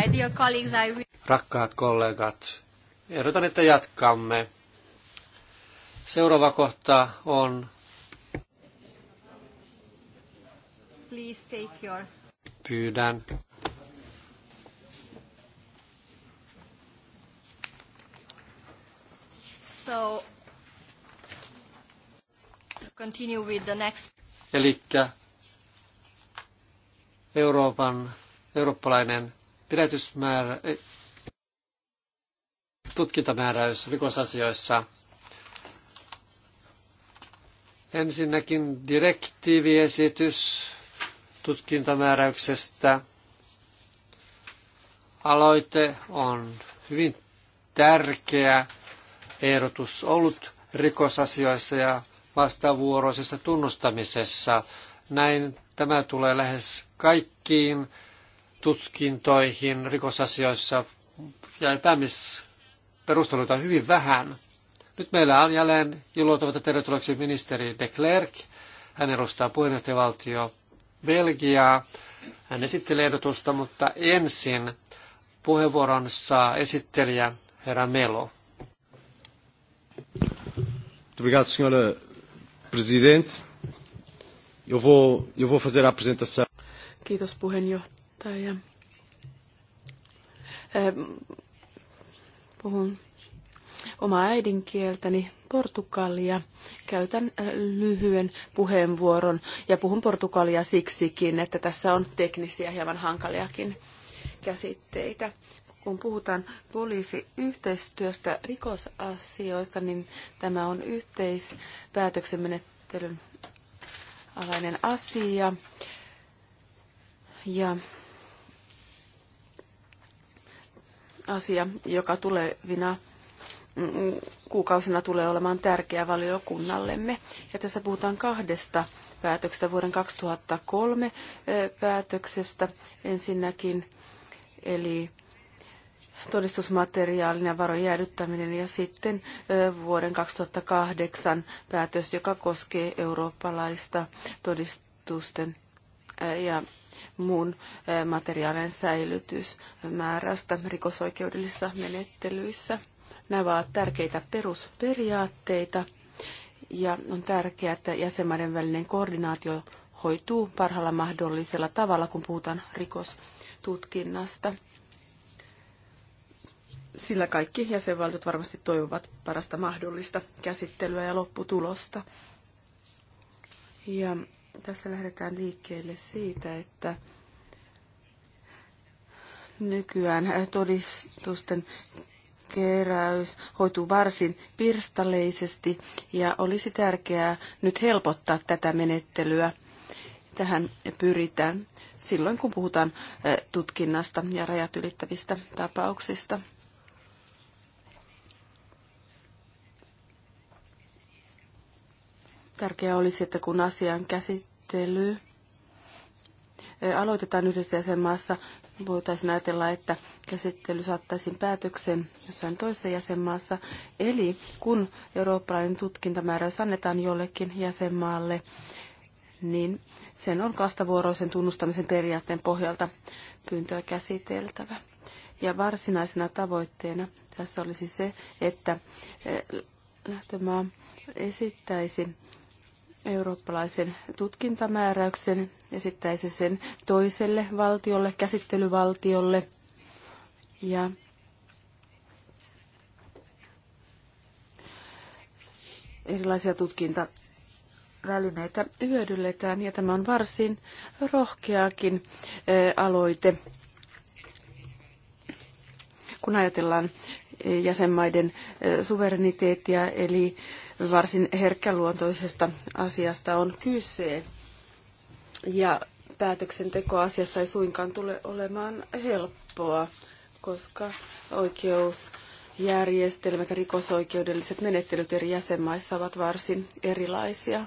My dear colleagues, I... Rakkaat kollegat, ehdotan, että jatkamme. Seuraava kohta on... Please take your... Pyydän. So, continue with the next. Elikkä Euroopan, eurooppalainen pidätysmäärä, eh, tutkintamääräys rikosasioissa. Ensinnäkin direktiiviesitys tutkintamääräyksestä. Aloite on hyvin tärkeä ehdotus ollut rikosasioissa ja vastavuoroisessa tunnustamisessa. Näin tämä tulee lähes kaikkiin tutkintoihin rikosasioissa ja päämisperusteluita hyvin vähän. Nyt meillä on jälleen ilotuota tervetulleeksi ministeri de Klerk. Hän edustaa puheenjohtajavaltio Belgiaa. Hän esittelee ehdotusta, mutta ensin puheenvuoron saa esittelijä herra Melo. Obrigado, senhora Presidente. Eu vou, eu vou fazer a apresentação. Kiitos puheenjohtaja puheenjohtaja. Puhun omaa äidinkieltäni portugalia. Käytän lyhyen puheenvuoron ja puhun portugalia siksikin, että tässä on teknisiä hieman hankaliakin käsitteitä. Kun puhutaan poliisiyhteistyöstä rikosasioista, niin tämä on menettelyn alainen asia. Ja asia, joka tulevina mm, mm, kuukausina tulee olemaan tärkeä valiokunnallemme. Ja tässä puhutaan kahdesta päätöksestä, vuoden 2003 päätöksestä ensinnäkin, eli todistusmateriaalin ja varojen jäädyttäminen ja sitten vuoden 2008 päätös, joka koskee eurooppalaista todistusten ja muun materiaalien säilytysmääräystä rikosoikeudellisissa menettelyissä. Nämä ovat tärkeitä perusperiaatteita ja on tärkeää, että jäsenmaiden välinen koordinaatio hoituu parhaalla mahdollisella tavalla, kun puhutaan rikostutkinnasta. Sillä kaikki jäsenvaltiot varmasti toivovat parasta mahdollista käsittelyä ja lopputulosta. Ja tässä lähdetään liikkeelle siitä, että nykyään todistusten keräys hoituu varsin pirstaleisesti ja olisi tärkeää nyt helpottaa tätä menettelyä. Tähän pyritään silloin, kun puhutaan eh, tutkinnasta ja rajat ylittävistä tapauksista. Tärkeää olisi, että kun asian käsit Käsittely aloitetaan yhdessä jäsenmaassa, voitaisiin ajatella, että käsittely saattaisiin päätöksen jossain toisessa jäsenmaassa. Eli kun eurooppalainen tutkintamääräys annetaan jollekin jäsenmaalle, niin sen on kastavuoroisen tunnustamisen periaatteen pohjalta pyyntöä käsiteltävä. Ja varsinaisena tavoitteena tässä olisi se, että lähtömaa esittäisi eurooppalaisen tutkintamääräyksen, esittäisi sen toiselle valtiolle, käsittelyvaltiolle. Ja erilaisia tutkintavälineitä hyödynnetään, ja tämä on varsin rohkeakin aloite, kun ajatellaan jäsenmaiden suvereniteettia, eli varsin herkkäluontoisesta asiasta on kyse. Ja päätöksenteko asiassa ei suinkaan tule olemaan helppoa, koska oikeusjärjestelmät ja rikosoikeudelliset menettelyt eri jäsenmaissa ovat varsin erilaisia.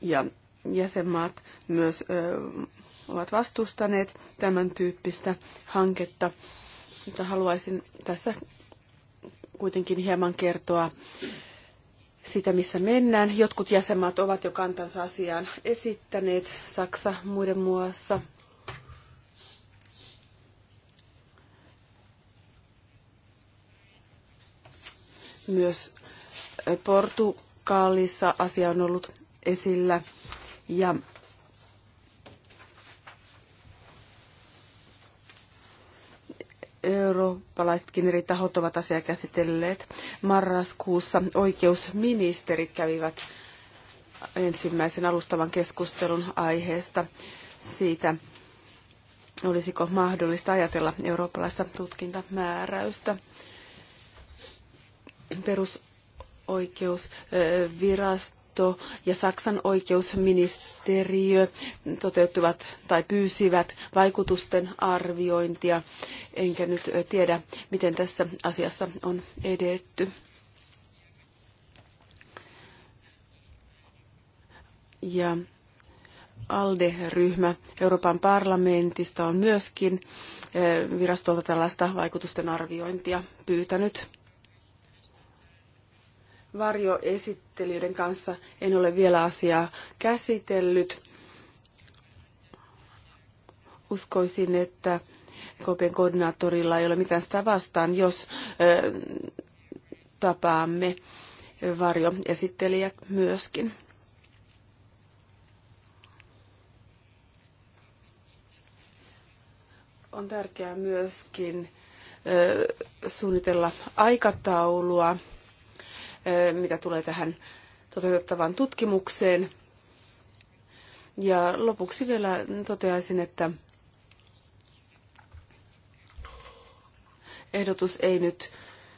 Ja jäsenmaat myös ovat vastustaneet tämän tyyppistä hanketta. Mutta haluaisin tässä kuitenkin hieman kertoa sitä, missä mennään. Jotkut jäsenmaat ovat jo kantansa asiaan esittäneet, Saksa muiden muassa. Myös Portugalissa asia on ollut esillä ja eurooppalaisetkin eri tahot ovat asiaa käsitelleet. Marraskuussa oikeusministerit kävivät ensimmäisen alustavan keskustelun aiheesta siitä, olisiko mahdollista ajatella eurooppalaista tutkintamääräystä. Perusoikeusvirasto liitto ja Saksan oikeusministeriö toteuttivat tai pyysivät vaikutusten arviointia, enkä nyt tiedä, miten tässä asiassa on edetty. Ja ALDE-ryhmä Euroopan parlamentista on myöskin virastolta tällaista vaikutusten arviointia pyytänyt varjoesittelijöiden kanssa en ole vielä asiaa käsitellyt. Uskoisin, että kopien koordinaattorilla ei ole mitään sitä vastaan, jos ö, tapaamme varjoesittelijät myöskin. On tärkeää myöskin ö, suunnitella aikataulua mitä tulee tähän toteutettavaan tutkimukseen. Ja lopuksi vielä toteaisin, että ehdotus ei nyt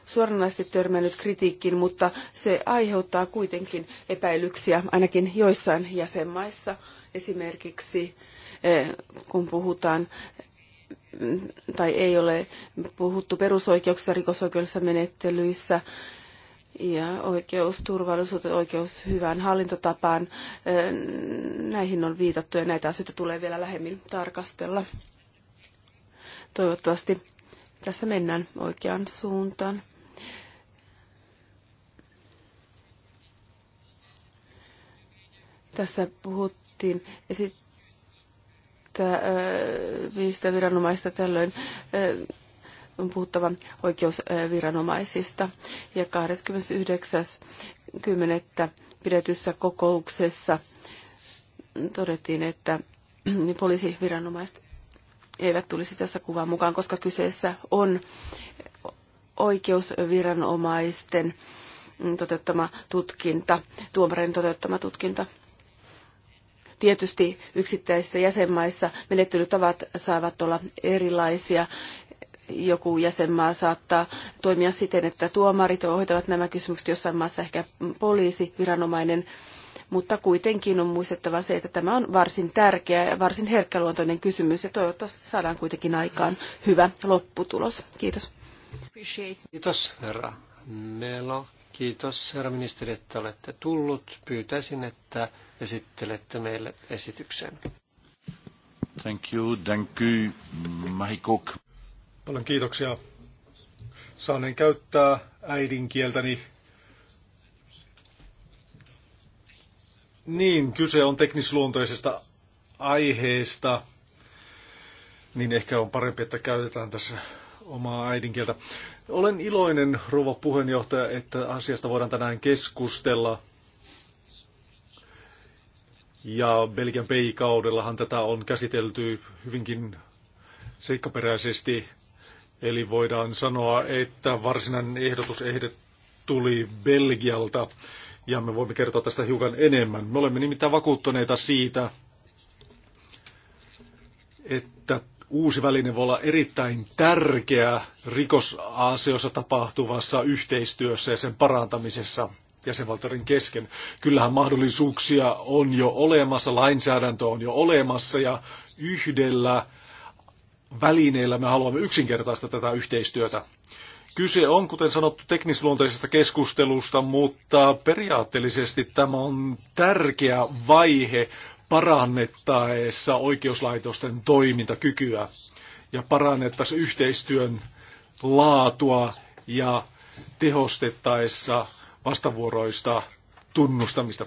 suoranaisesti törmännyt kritiikkiin, mutta se aiheuttaa kuitenkin epäilyksiä ainakin joissain jäsenmaissa. Esimerkiksi kun puhutaan tai ei ole puhuttu perusoikeuksissa rikosoikeudellisissa menettelyissä ja oikeus turvallisuuteen, oikeus hyvään hallintotapaan, näihin on viitattu ja näitä asioita tulee vielä lähemmin tarkastella. Toivottavasti tässä mennään oikeaan suuntaan. Tässä puhuttiin esittää viistä viranomaista tällöin. Ö, on puhuttava oikeusviranomaisista. Ja 29.10. pidetyssä kokouksessa todettiin, että niin poliisiviranomaiset eivät tulisi tässä kuvaan mukaan, koska kyseessä on oikeusviranomaisten toteuttama tutkinta, tuomarin toteuttama tutkinta. Tietysti yksittäisissä jäsenmaissa menettelytavat saavat olla erilaisia joku jäsenmaa saattaa toimia siten, että tuomarit hoitavat nämä kysymykset jossain maassa ehkä poliisi, viranomainen, mutta kuitenkin on muistettava se, että tämä on varsin tärkeä ja varsin herkkäluontoinen kysymys ja toivottavasti saadaan kuitenkin aikaan hyvä lopputulos. Kiitos. Kiitos herra Melo. Kiitos herra ministeri, että olette tullut. Pyytäisin, että esittelette meille esityksen. Thank you, thank you, Paljon kiitoksia. Saaneen käyttää äidinkieltäni. Niin, kyse on teknisluontoisesta aiheesta, niin ehkä on parempi, että käytetään tässä omaa äidinkieltä. Olen iloinen, rouva puheenjohtaja, että asiasta voidaan tänään keskustella. Ja Belgian PI-kaudellahan tätä on käsitelty hyvinkin seikkaperäisesti. Eli voidaan sanoa, että varsinainen ehdotus ehdet tuli Belgialta ja me voimme kertoa tästä hiukan enemmän. Me olemme nimittäin vakuuttuneita siitä, että uusi väline voi olla erittäin tärkeä rikosasioissa tapahtuvassa yhteistyössä ja sen parantamisessa jäsenvaltioiden kesken. Kyllähän mahdollisuuksia on jo olemassa, lainsäädäntö on jo olemassa ja yhdellä välineillä me haluamme yksinkertaistaa tätä yhteistyötä. Kyse on, kuten sanottu, teknisluonteisesta keskustelusta, mutta periaatteellisesti tämä on tärkeä vaihe parannettaessa oikeuslaitosten toimintakykyä ja parannettaessa yhteistyön laatua ja tehostettaessa vastavuoroista tunnustamista.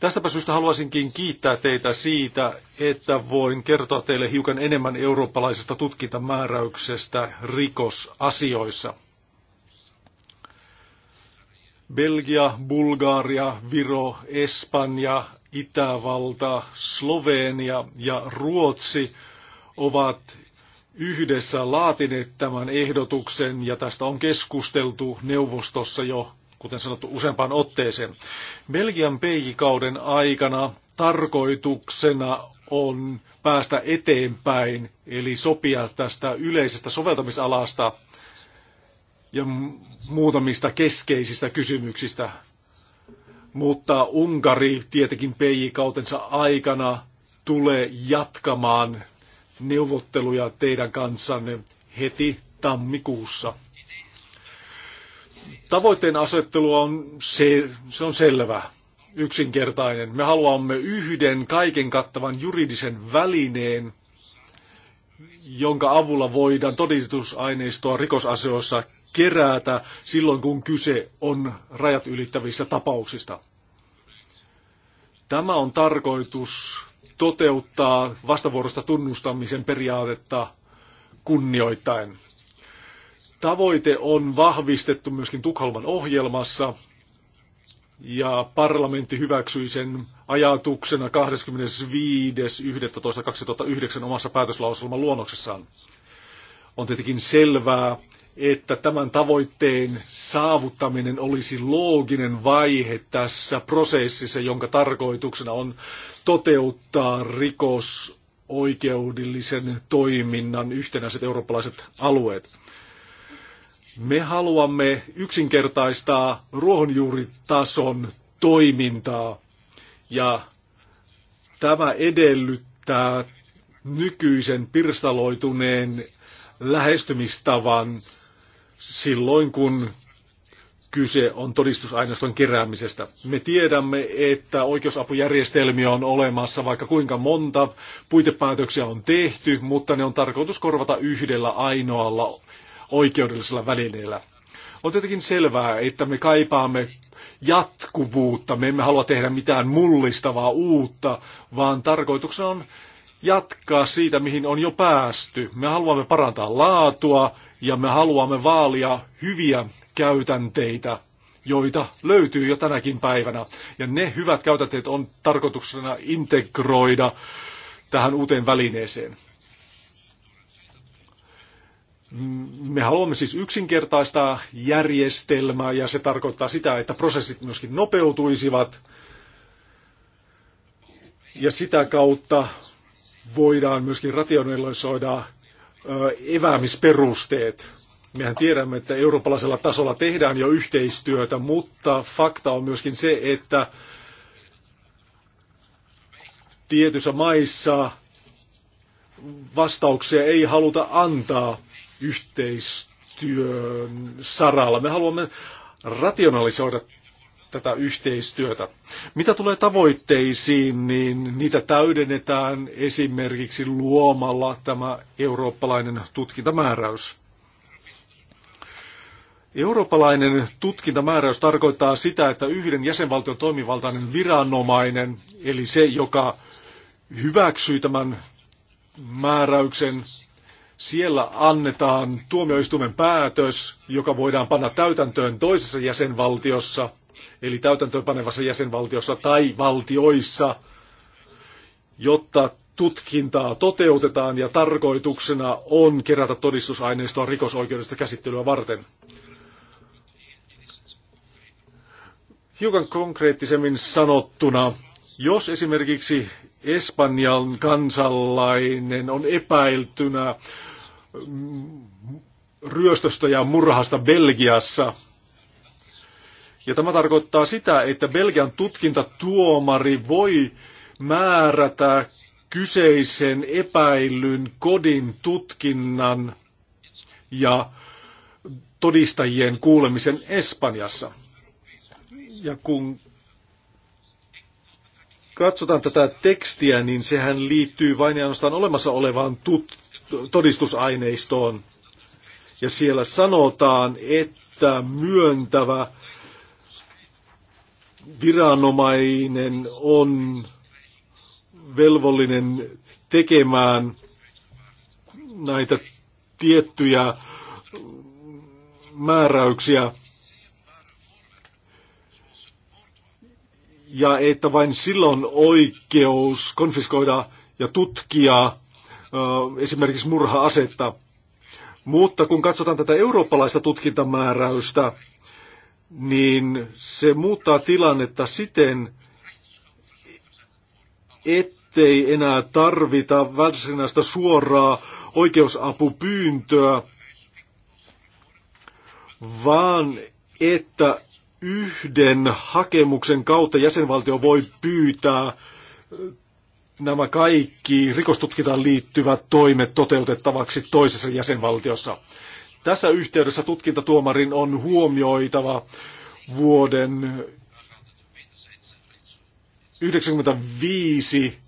Tästäpä syystä haluaisinkin kiittää teitä siitä, että voin kertoa teille hiukan enemmän eurooppalaisesta tutkintamääräyksestä rikosasioissa. Belgia, Bulgaria, Viro, Espanja, Itävalta, Slovenia ja Ruotsi ovat yhdessä laatineet tämän ehdotuksen ja tästä on keskusteltu neuvostossa jo kuten sanottu useampaan otteeseen. Belgian peikikauden aikana tarkoituksena on päästä eteenpäin, eli sopia tästä yleisestä soveltamisalasta ja muutamista keskeisistä kysymyksistä. Mutta Unkari tietenkin peijikautensa aikana tulee jatkamaan neuvotteluja teidän kanssanne heti tammikuussa. Tavoitteen asettelua on, se, se on selvä, yksinkertainen. Me haluamme yhden kaiken kattavan juridisen välineen, jonka avulla voidaan todistusaineistoa rikosasioissa kerätä silloin, kun kyse on rajat ylittävissä tapauksista. Tämä on tarkoitus toteuttaa vastavuorosta tunnustamisen periaatetta kunnioittain. Tavoite on vahvistettu myöskin Tukholman ohjelmassa ja parlamentti hyväksyi sen ajatuksena 25.11.2009 omassa päätöslauselman luonnoksessaan. On tietenkin selvää, että tämän tavoitteen saavuttaminen olisi looginen vaihe tässä prosessissa, jonka tarkoituksena on toteuttaa rikosoikeudellisen toiminnan yhtenäiset eurooppalaiset alueet. Me haluamme yksinkertaistaa ruohonjuuritason toimintaa ja tämä edellyttää nykyisen pirstaloituneen lähestymistavan silloin, kun kyse on todistusaineiston keräämisestä. Me tiedämme, että oikeusapujärjestelmiä on olemassa vaikka kuinka monta, puitepäätöksiä on tehty, mutta ne on tarkoitus korvata yhdellä ainoalla oikeudellisilla välineillä. On tietenkin selvää, että me kaipaamme jatkuvuutta. Me emme halua tehdä mitään mullistavaa uutta, vaan tarkoituksena on jatkaa siitä, mihin on jo päästy. Me haluamme parantaa laatua ja me haluamme vaalia hyviä käytänteitä, joita löytyy jo tänäkin päivänä. Ja ne hyvät käytänteet on tarkoituksena integroida tähän uuteen välineeseen. Me haluamme siis yksinkertaistaa järjestelmää ja se tarkoittaa sitä, että prosessit myöskin nopeutuisivat ja sitä kautta voidaan myöskin rationalisoida eväämisperusteet. Mehän tiedämme, että eurooppalaisella tasolla tehdään jo yhteistyötä, mutta fakta on myöskin se, että tietyissä maissa vastauksia ei haluta antaa yhteistyön saralla. Me haluamme rationalisoida tätä yhteistyötä. Mitä tulee tavoitteisiin, niin niitä täydennetään esimerkiksi luomalla tämä eurooppalainen tutkintamääräys. Eurooppalainen tutkintamääräys tarkoittaa sitä, että yhden jäsenvaltion toimivaltainen viranomainen, eli se, joka hyväksyy tämän määräyksen, siellä annetaan tuomioistuimen päätös, joka voidaan panna täytäntöön toisessa jäsenvaltiossa, eli täytäntöönpanevassa jäsenvaltiossa tai valtioissa, jotta tutkintaa toteutetaan ja tarkoituksena on kerätä todistusaineistoa rikosoikeudesta käsittelyä varten. Hiukan konkreettisemmin sanottuna, jos esimerkiksi Espanjan kansalainen on epäiltynä ryöstöstä ja murhasta Belgiassa. Ja tämä tarkoittaa sitä, että Belgian tutkintatuomari voi määrätä kyseisen epäilyn kodin tutkinnan ja todistajien kuulemisen Espanjassa. Ja kun katsotaan tätä tekstiä, niin sehän liittyy vain ja ainoastaan olemassa olevaan tut- todistusaineistoon. Ja siellä sanotaan, että myöntävä viranomainen on velvollinen tekemään näitä tiettyjä määräyksiä. Ja että vain silloin oikeus konfiskoida ja tutkia esimerkiksi murha-asetta. Mutta kun katsotaan tätä eurooppalaista tutkintamääräystä, niin se muuttaa tilannetta siten, ettei enää tarvita varsinaista suoraa oikeusapupyyntöä, vaan että yhden hakemuksen kautta jäsenvaltio voi pyytää nämä kaikki rikostutkintaan liittyvät toimet toteutettavaksi toisessa jäsenvaltiossa. Tässä yhteydessä tutkintatuomarin on huomioitava vuoden 1995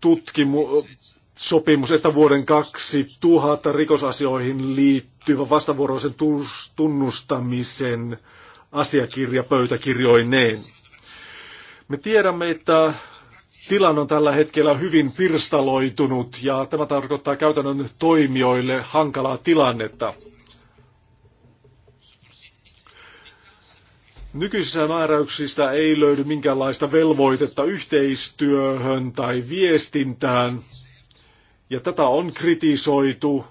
tutkimu- että vuoden 2000 rikosasioihin liittyvä vastavuoroisen tunnustamisen asiakirja pöytäkirjoineen. Me tiedämme, että tilanne on tällä hetkellä hyvin pirstaloitunut ja tämä tarkoittaa käytännön toimijoille hankalaa tilannetta. Nykyisissä määräyksistä ei löydy minkäänlaista velvoitetta yhteistyöhön tai viestintään, ja tätä on kritisoitu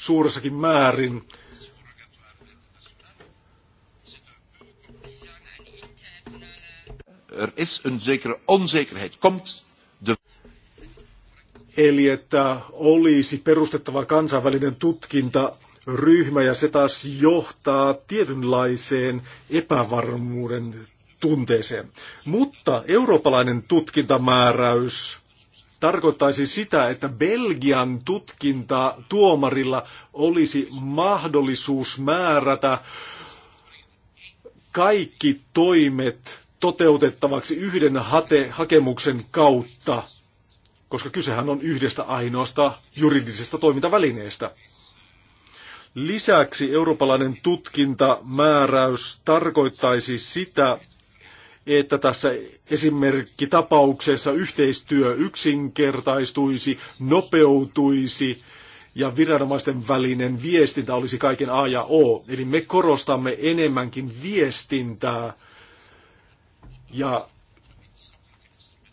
suuressakin määrin. er is een zekere onzekerheid. Komt de... Eli että olisi perustettava kansainvälinen tutkintaryhmä ja se taas johtaa tietynlaiseen epävarmuuden tunteeseen. Mutta eurooppalainen tutkintamääräys tarkoittaisi sitä, että Belgian tutkinta tuomarilla olisi mahdollisuus määrätä kaikki toimet toteutettavaksi yhden hate, hakemuksen kautta, koska kysehän on yhdestä ainoasta juridisesta toimintavälineestä. Lisäksi eurooppalainen tutkintamääräys tarkoittaisi sitä, että tässä esimerkkitapauksessa yhteistyö yksinkertaistuisi, nopeutuisi ja viranomaisten välinen viestintä olisi kaiken A ja O. Eli me korostamme enemmänkin viestintää ja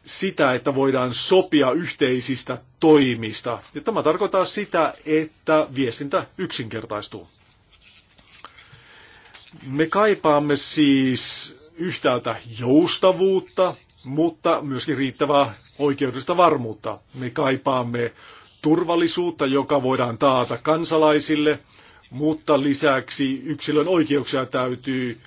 sitä, että voidaan sopia yhteisistä toimista. Ja tämä tarkoittaa sitä, että viestintä yksinkertaistuu. Me kaipaamme siis yhtäältä joustavuutta, mutta myöskin riittävää oikeudellista varmuutta. Me kaipaamme turvallisuutta, joka voidaan taata kansalaisille, mutta lisäksi yksilön oikeuksia täytyy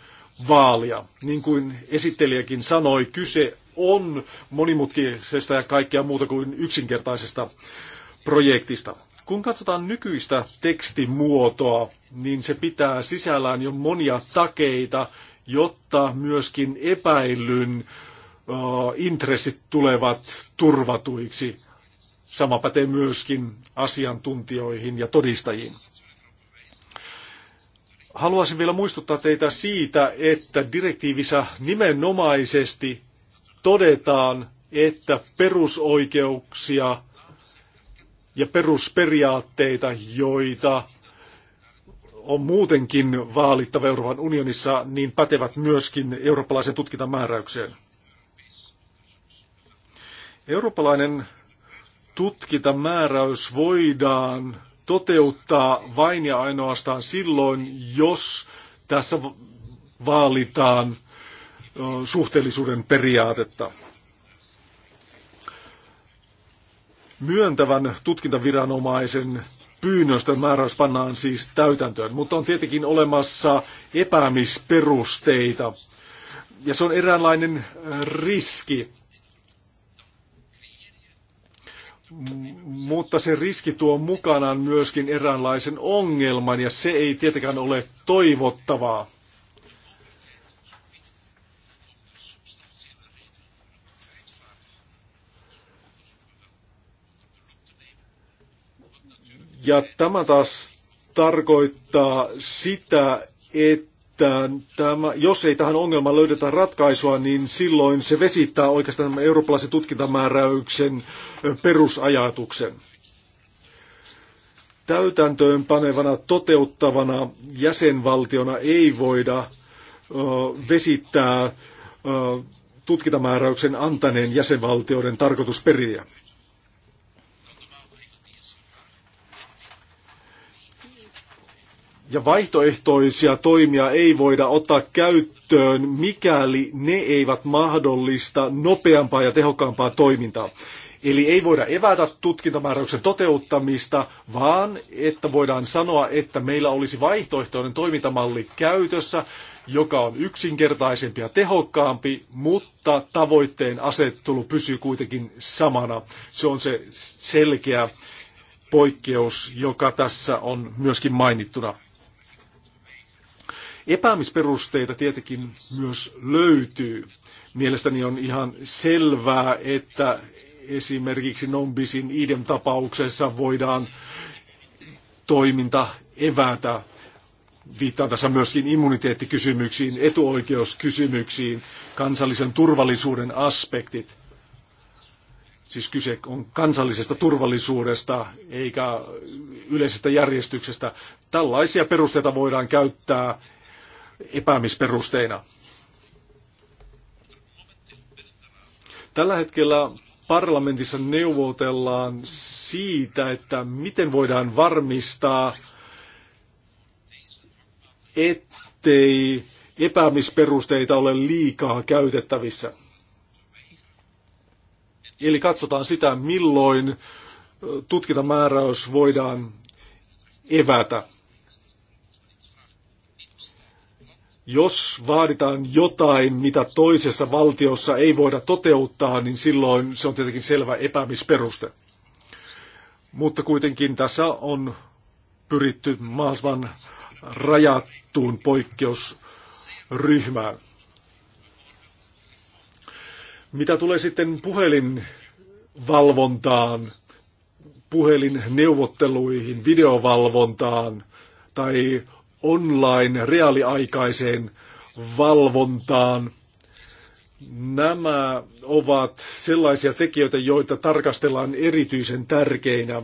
vaalia. Niin kuin esittelijäkin sanoi, kyse on monimutkaisesta ja kaikkea muuta kuin yksinkertaisesta projektista. Kun katsotaan nykyistä tekstimuotoa, niin se pitää sisällään jo monia takeita, jotta myöskin epäilyn ö, intressit tulevat turvatuiksi. Sama pätee myöskin asiantuntijoihin ja todistajiin. Haluaisin vielä muistuttaa teitä siitä, että direktiivissä nimenomaisesti todetaan, että perusoikeuksia ja perusperiaatteita, joita on muutenkin vaalittava Euroopan unionissa, niin pätevät myöskin eurooppalaisen tutkintamääräykseen. Eurooppalainen tutkintamääräys voidaan toteuttaa vain ja ainoastaan silloin, jos tässä vaalitaan suhteellisuuden periaatetta. Myöntävän tutkintaviranomaisen pyynnöstä määräys pannaan siis täytäntöön, mutta on tietenkin olemassa epäämisperusteita. Ja se on eräänlainen riski. mutta se riski tuo mukanaan myöskin eräänlaisen ongelman ja se ei tietenkään ole toivottavaa. Ja tämä taas tarkoittaa sitä, että tämä, jos ei tähän ongelmaan löydetä ratkaisua, niin silloin se vesittää oikeastaan tämän eurooppalaisen tutkintamääräyksen perusajatuksen. Täytäntöön panevana toteuttavana jäsenvaltiona ei voida ö, vesittää ö, tutkintamääräyksen antaneen jäsenvaltioiden tarkoitusperiä. Ja vaihtoehtoisia toimia ei voida ottaa käyttöön, mikäli ne eivät mahdollista nopeampaa ja tehokkaampaa toimintaa. Eli ei voida evätä tutkintamääräyksen toteuttamista, vaan että voidaan sanoa, että meillä olisi vaihtoehtoinen toimintamalli käytössä, joka on yksinkertaisempi ja tehokkaampi, mutta tavoitteen asettelu pysyy kuitenkin samana. Se on se selkeä poikkeus, joka tässä on myöskin mainittuna. Epäämisperusteita tietenkin myös löytyy. Mielestäni on ihan selvää, että esimerkiksi Nombisin idem tapauksessa voidaan toiminta evätä. Viittaan tässä myöskin immuniteettikysymyksiin, etuoikeuskysymyksiin, kansallisen turvallisuuden aspektit. Siis kyse on kansallisesta turvallisuudesta eikä yleisestä järjestyksestä. Tällaisia perusteita voidaan käyttää epäämisperusteina. Tällä hetkellä parlamentissa neuvotellaan siitä, että miten voidaan varmistaa, ettei epäämisperusteita ole liikaa käytettävissä. Eli katsotaan sitä, milloin tutkintamääräys voidaan evätä. Jos vaaditaan jotain, mitä toisessa valtiossa ei voida toteuttaa, niin silloin se on tietenkin selvä epämisperuste. Mutta kuitenkin tässä on pyritty mahdollisimman rajattuun poikkeusryhmään. Mitä tulee sitten puhelinvalvontaan, puhelinneuvotteluihin, videovalvontaan tai online reaaliaikaiseen valvontaan. Nämä ovat sellaisia tekijöitä, joita tarkastellaan erityisen tärkeinä.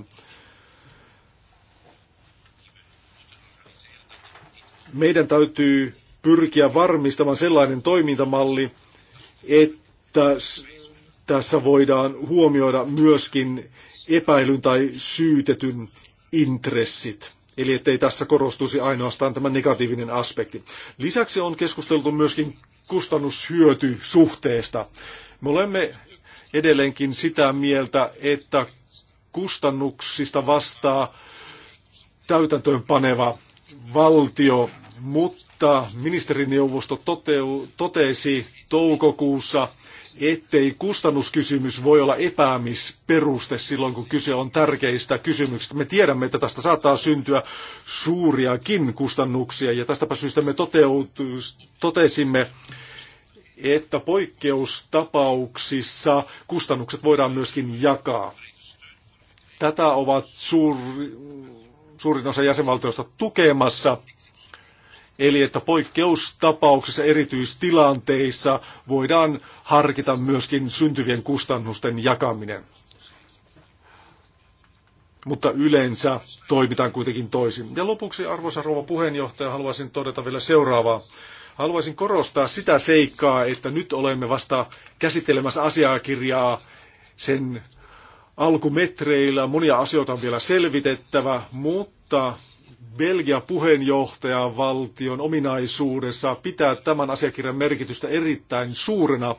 Meidän täytyy pyrkiä varmistamaan sellainen toimintamalli, että tässä voidaan huomioida myöskin epäilyn tai syytetyn intressit. Eli ettei tässä korostuisi ainoastaan tämä negatiivinen aspekti. Lisäksi on keskusteltu myöskin kustannushyötysuhteesta. Me olemme edelleenkin sitä mieltä, että kustannuksista vastaa täytäntöön paneva valtio, mutta ministerineuvosto toteu, totesi toukokuussa, ettei kustannuskysymys voi olla epäämisperuste silloin, kun kyse on tärkeistä kysymyksistä. Me tiedämme, että tästä saattaa syntyä suuriakin kustannuksia, ja tästäpä syystä me totesimme, että poikkeustapauksissa kustannukset voidaan myöskin jakaa. Tätä ovat suuri, suurin osa jäsenvaltioista tukemassa. Eli että poikkeustapauksessa erityistilanteissa voidaan harkita myöskin syntyvien kustannusten jakaminen. Mutta yleensä toimitaan kuitenkin toisin. Ja lopuksi, arvoisa rouva puheenjohtaja, haluaisin todeta vielä seuraavaa. Haluaisin korostaa sitä seikkaa, että nyt olemme vasta käsittelemässä asiakirjaa sen alkumetreillä. Monia asioita on vielä selvitettävä, mutta Belgia puheenjohtajan valtion ominaisuudessa pitää tämän asiakirjan merkitystä erittäin suurena.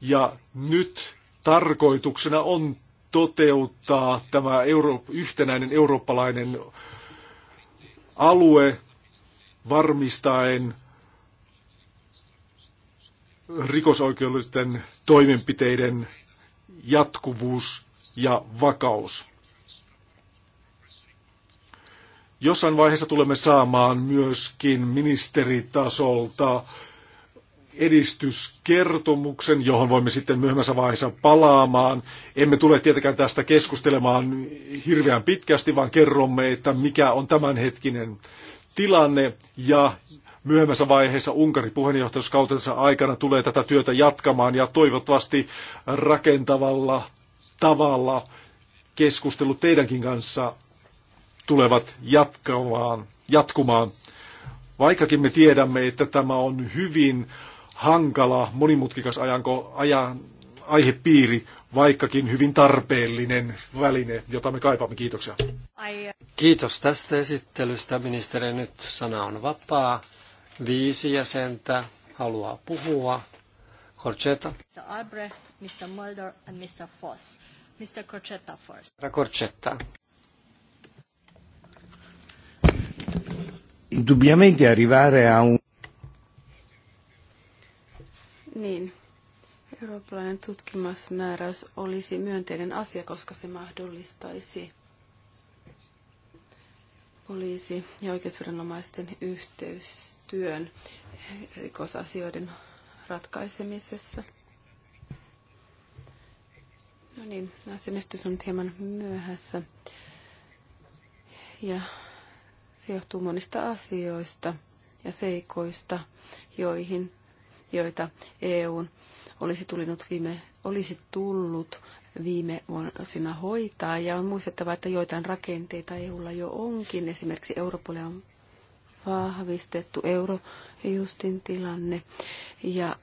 Ja nyt tarkoituksena on toteuttaa tämä euro, yhtenäinen eurooppalainen alue varmistaen rikosoikeudellisten toimenpiteiden jatkuvuus ja vakaus. Jossain vaiheessa tulemme saamaan myöskin ministeritasolta edistyskertomuksen, johon voimme sitten myöhemmässä vaiheessa palaamaan. Emme tule tietenkään tästä keskustelemaan hirveän pitkästi, vaan kerromme, että mikä on tämänhetkinen tilanne ja myöhemmässä vaiheessa Unkari puheenjohtajuuskautensa aikana tulee tätä työtä jatkamaan ja toivottavasti rakentavalla tavalla keskustelu teidänkin kanssa tulevat jatkamaan, jatkumaan. Vaikkakin me tiedämme, että tämä on hyvin hankala, monimutkikas ajanko, ajan, aihepiiri, vaikkakin hyvin tarpeellinen väline, jota me kaipaamme. Kiitoksia. Äh. Kiitos tästä esittelystä, ministeri. Nyt sana on vapaa. Viisi jäsentä haluaa puhua. Corcetta. Mr. Albrecht, Mr. Mulder and Mr. Foss. Mr. Corcetta first. Herra Corcetta. indubbiamente arrivare a un... Niin. Eurooppalainen tutkimusmääräys olisi myönteinen asia, koska se mahdollistaisi poliisi- ja oikeusviranomaisten yhteistyön rikosasioiden ratkaisemisessa. No niin, asenestys on hieman myöhässä. Ja johtuu monista asioista ja seikoista, joihin, joita EUn olisi tullut viime, olisi tullut viime vuosina hoitaa. Ja on muistettava, että joitain rakenteita EUlla jo onkin. Esimerkiksi Euroopalle on vahvistettu eurojustin tilanne ja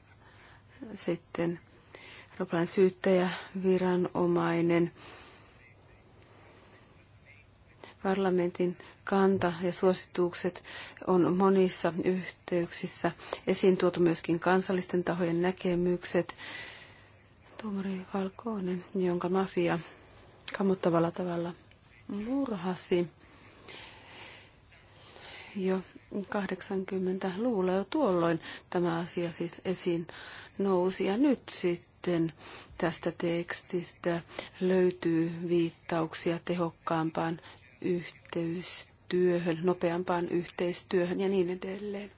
sitten Euroopan syyttäjäviranomainen viranomainen Parlamentin kanta ja suositukset on monissa yhteyksissä esiin tuotu myöskin kansallisten tahojen näkemykset. Tuomari Valkoinen, jonka mafia kammottavalla tavalla murhasi jo 80-luvulla jo tuolloin tämä asia siis esiin nousi. Ja nyt sitten tästä tekstistä löytyy viittauksia tehokkaampaan työhön nopeampaan yhteistyöhön ja niin edelleen.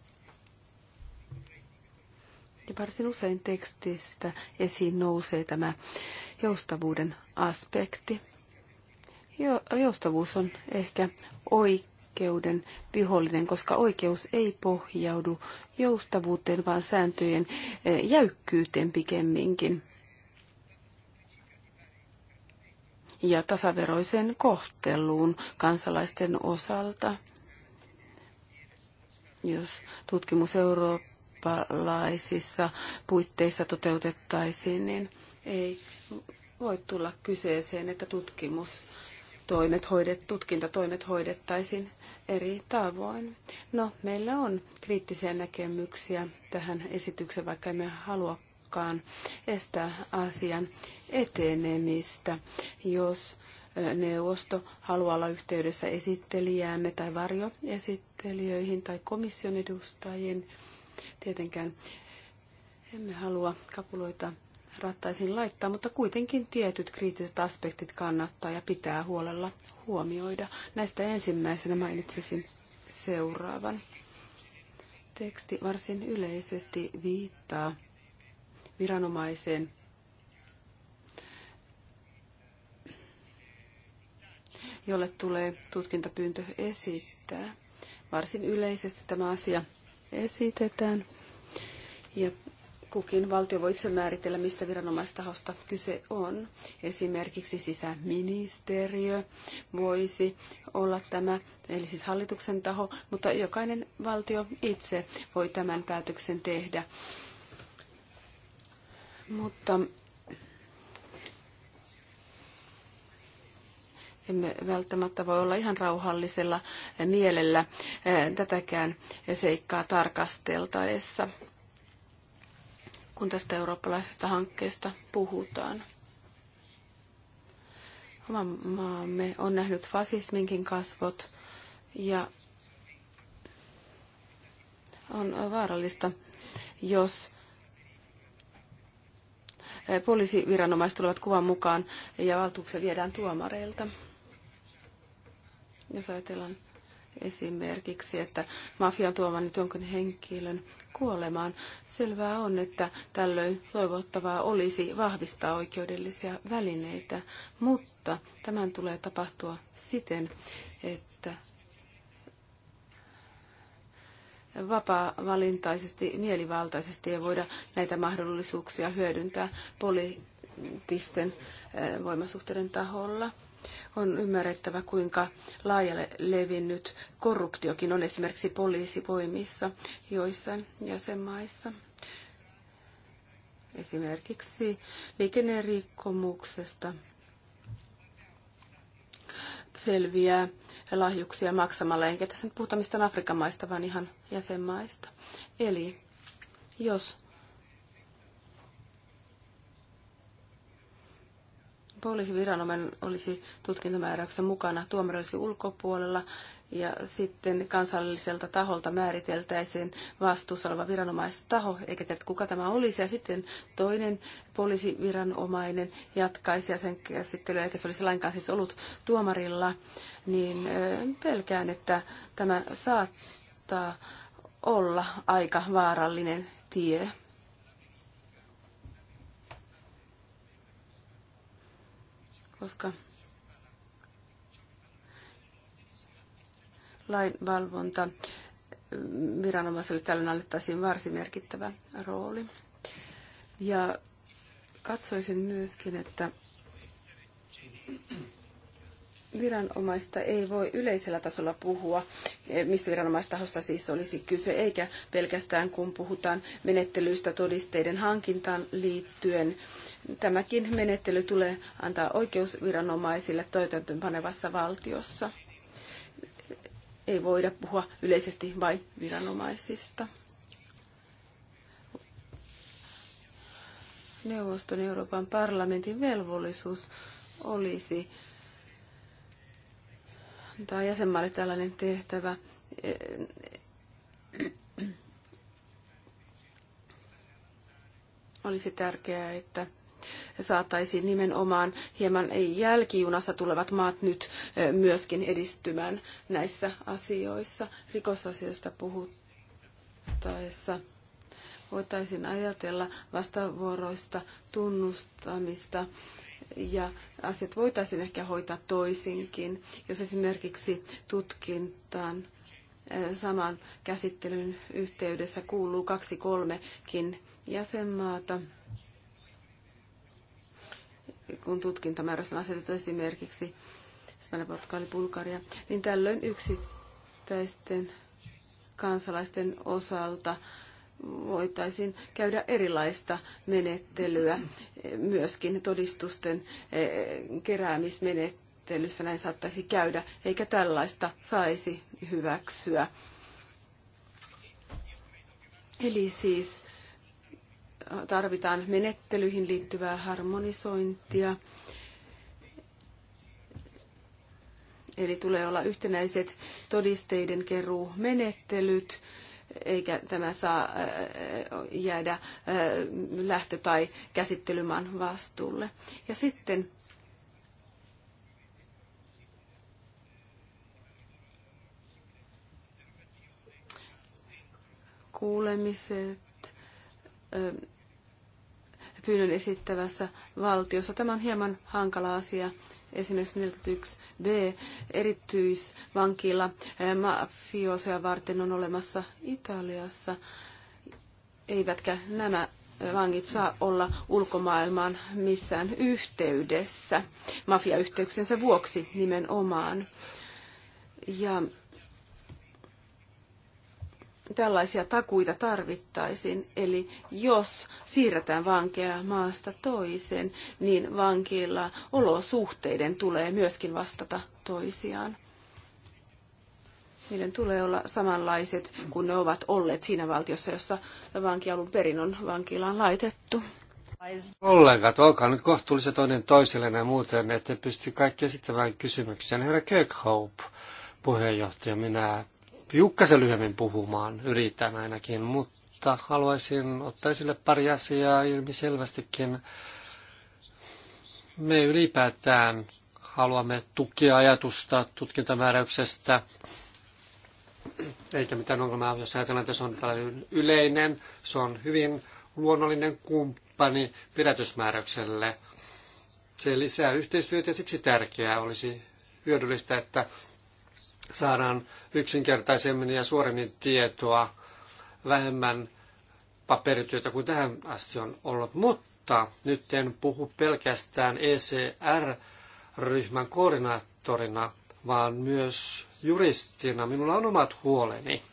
Ja varsin usein tekstistä esiin nousee tämä joustavuuden aspekti. Jo, joustavuus on ehkä oikeuden vihollinen, koska oikeus ei pohjaudu joustavuuteen, vaan sääntöjen eh, jäykkyyteen pikemminkin. ja tasaveroisen kohteluun kansalaisten osalta. Jos tutkimus eurooppalaisissa puitteissa toteutettaisiin, niin ei voi tulla kyseeseen, että tutkimus toimet hoidet, tutkintatoimet hoidettaisiin eri tavoin. No, meillä on kriittisiä näkemyksiä tähän esitykseen, vaikka emme halua kuitenkaan estää asian etenemistä, jos neuvosto haluaa olla yhteydessä esittelijäämme tai varjoesittelijöihin tai komission edustajien. Tietenkään emme halua kapuloita rattaisiin laittaa, mutta kuitenkin tietyt kriittiset aspektit kannattaa ja pitää huolella huomioida. Näistä ensimmäisenä mainitsisin seuraavan. Teksti varsin yleisesti viittaa viranomaiseen. jolle tulee tutkintapyyntö esittää. Varsin yleisesti tämä asia esitetään. Ja kukin valtio voi itse määritellä, mistä viranomaistahosta kyse on. Esimerkiksi sisäministeriö voisi olla tämä, eli siis hallituksen taho, mutta jokainen valtio itse voi tämän päätöksen tehdä mutta emme välttämättä voi olla ihan rauhallisella mielellä eh, tätäkään seikkaa tarkasteltaessa, kun tästä eurooppalaisesta hankkeesta puhutaan. Oma maamme on nähnyt fasisminkin kasvot ja on vaarallista, jos poliisiviranomaiset tulevat kuvan mukaan ja valtuuksia viedään tuomareilta. Jos ajatellaan esimerkiksi, että mafia on tuomannut jonkun henkilön kuolemaan, selvää on, että tällöin toivottavaa olisi vahvistaa oikeudellisia välineitä, mutta tämän tulee tapahtua siten, että vapaa-valintaisesti, mielivaltaisesti ja voida näitä mahdollisuuksia hyödyntää poliittisten eh, voimasuhteiden taholla. On ymmärrettävä, kuinka laajalle levinnyt korruptiokin on esimerkiksi poliisivoimissa joissain jäsenmaissa. Esimerkiksi liikennerikkomuksesta selviää lahjuksia maksamalla. Enkä tässä nyt puhuta mistään Afrikan maista, vaan ihan jäsenmaista. Eli jos poliisiviranomainen olisi tutkintamääräyksen mukana, tuomari olisi ulkopuolella, ja sitten kansalliselta taholta määriteltäisiin vastuussa oleva viranomaistaho, eikä tiedä, kuka tämä olisi, ja sitten toinen poliisiviranomainen jatkaisi ja sen käsittelyä, eikä se olisi lainkaan siis ollut tuomarilla, niin pelkään, että tämä saattaa olla aika vaarallinen tie. Koska lainvalvonta viranomaiselle tällöin annettaisiin varsin merkittävä rooli. Ja katsoisin myöskin, että viranomaista ei voi yleisellä tasolla puhua, mistä viranomaistahosta siis olisi kyse, eikä pelkästään kun puhutaan menettelyistä todisteiden hankintaan liittyen. Tämäkin menettely tulee antaa oikeusviranomaisille toiteenpanevassa valtiossa ei voida puhua yleisesti vain viranomaisista. Neuvoston Euroopan parlamentin velvollisuus olisi antaa jäsenmaalle tällainen tehtävä olisi tärkeää, että saataisiin nimenomaan hieman jälkijunassa tulevat maat nyt myöskin edistymään näissä asioissa. Rikosasioista puhuttaessa voitaisiin ajatella vastavuoroista tunnustamista ja asiat voitaisiin ehkä hoitaa toisinkin, jos esimerkiksi tutkintaan saman käsittelyn yhteydessä kuuluu kaksi kolmekin jäsenmaata kun tutkintamäärässä on asetettu esimerkiksi Espanja, Portugali, Bulgaria, niin tällöin yksittäisten kansalaisten osalta voitaisiin käydä erilaista menettelyä, myöskin todistusten eh, keräämismenettelyssä näin saattaisi käydä, eikä tällaista saisi hyväksyä. Eli siis tarvitaan menettelyihin liittyvää harmonisointia. Eli tulee olla yhtenäiset todisteiden keruumenettelyt, eikä tämä saa äh, jäädä äh, lähtö- tai käsittelymaan vastuulle. Ja sitten kuulemiset äh, pyynnön esittävässä valtiossa. Tämä on hieman hankala asia. Esimerkiksi 41b erityisvankila eh, mafiosoja varten on olemassa Italiassa. Eivätkä nämä vangit saa olla ulkomaailmaan missään yhteydessä mafiayhteyksensä vuoksi nimenomaan. Ja tällaisia takuita tarvittaisiin. Eli jos siirretään vankeja maasta toiseen, niin vankilla olosuhteiden tulee myöskin vastata toisiaan. Niiden tulee olla samanlaiset kuin ne ovat olleet siinä valtiossa, jossa vanki alun perin on vankilaan laitettu. Kollegat, olkaa nyt kohtuulliset toinen toiselle ja muuten, ettei pysty kaikki esittämään kysymyksiä. Herra Kirkhope, puheenjohtaja, minä hiukkasen lyhyemmin puhumaan, yritän ainakin, mutta haluaisin ottaa esille pari asiaa ilmi selvästikin. Me ylipäätään haluamme tukea ajatusta tutkintamääräyksestä, eikä mitään ongelmaa, jos ajatellaan, että se on tällainen yleinen, se on hyvin luonnollinen kumppani pidätysmääräykselle. Se lisää yhteistyötä ja siksi tärkeää olisi hyödyllistä, että saadaan yksinkertaisemmin ja suoremmin tietoa, vähemmän paperityötä kuin tähän asti on ollut. Mutta nyt en puhu pelkästään ECR-ryhmän koordinaattorina, vaan myös juristina. Minulla on omat huoleni.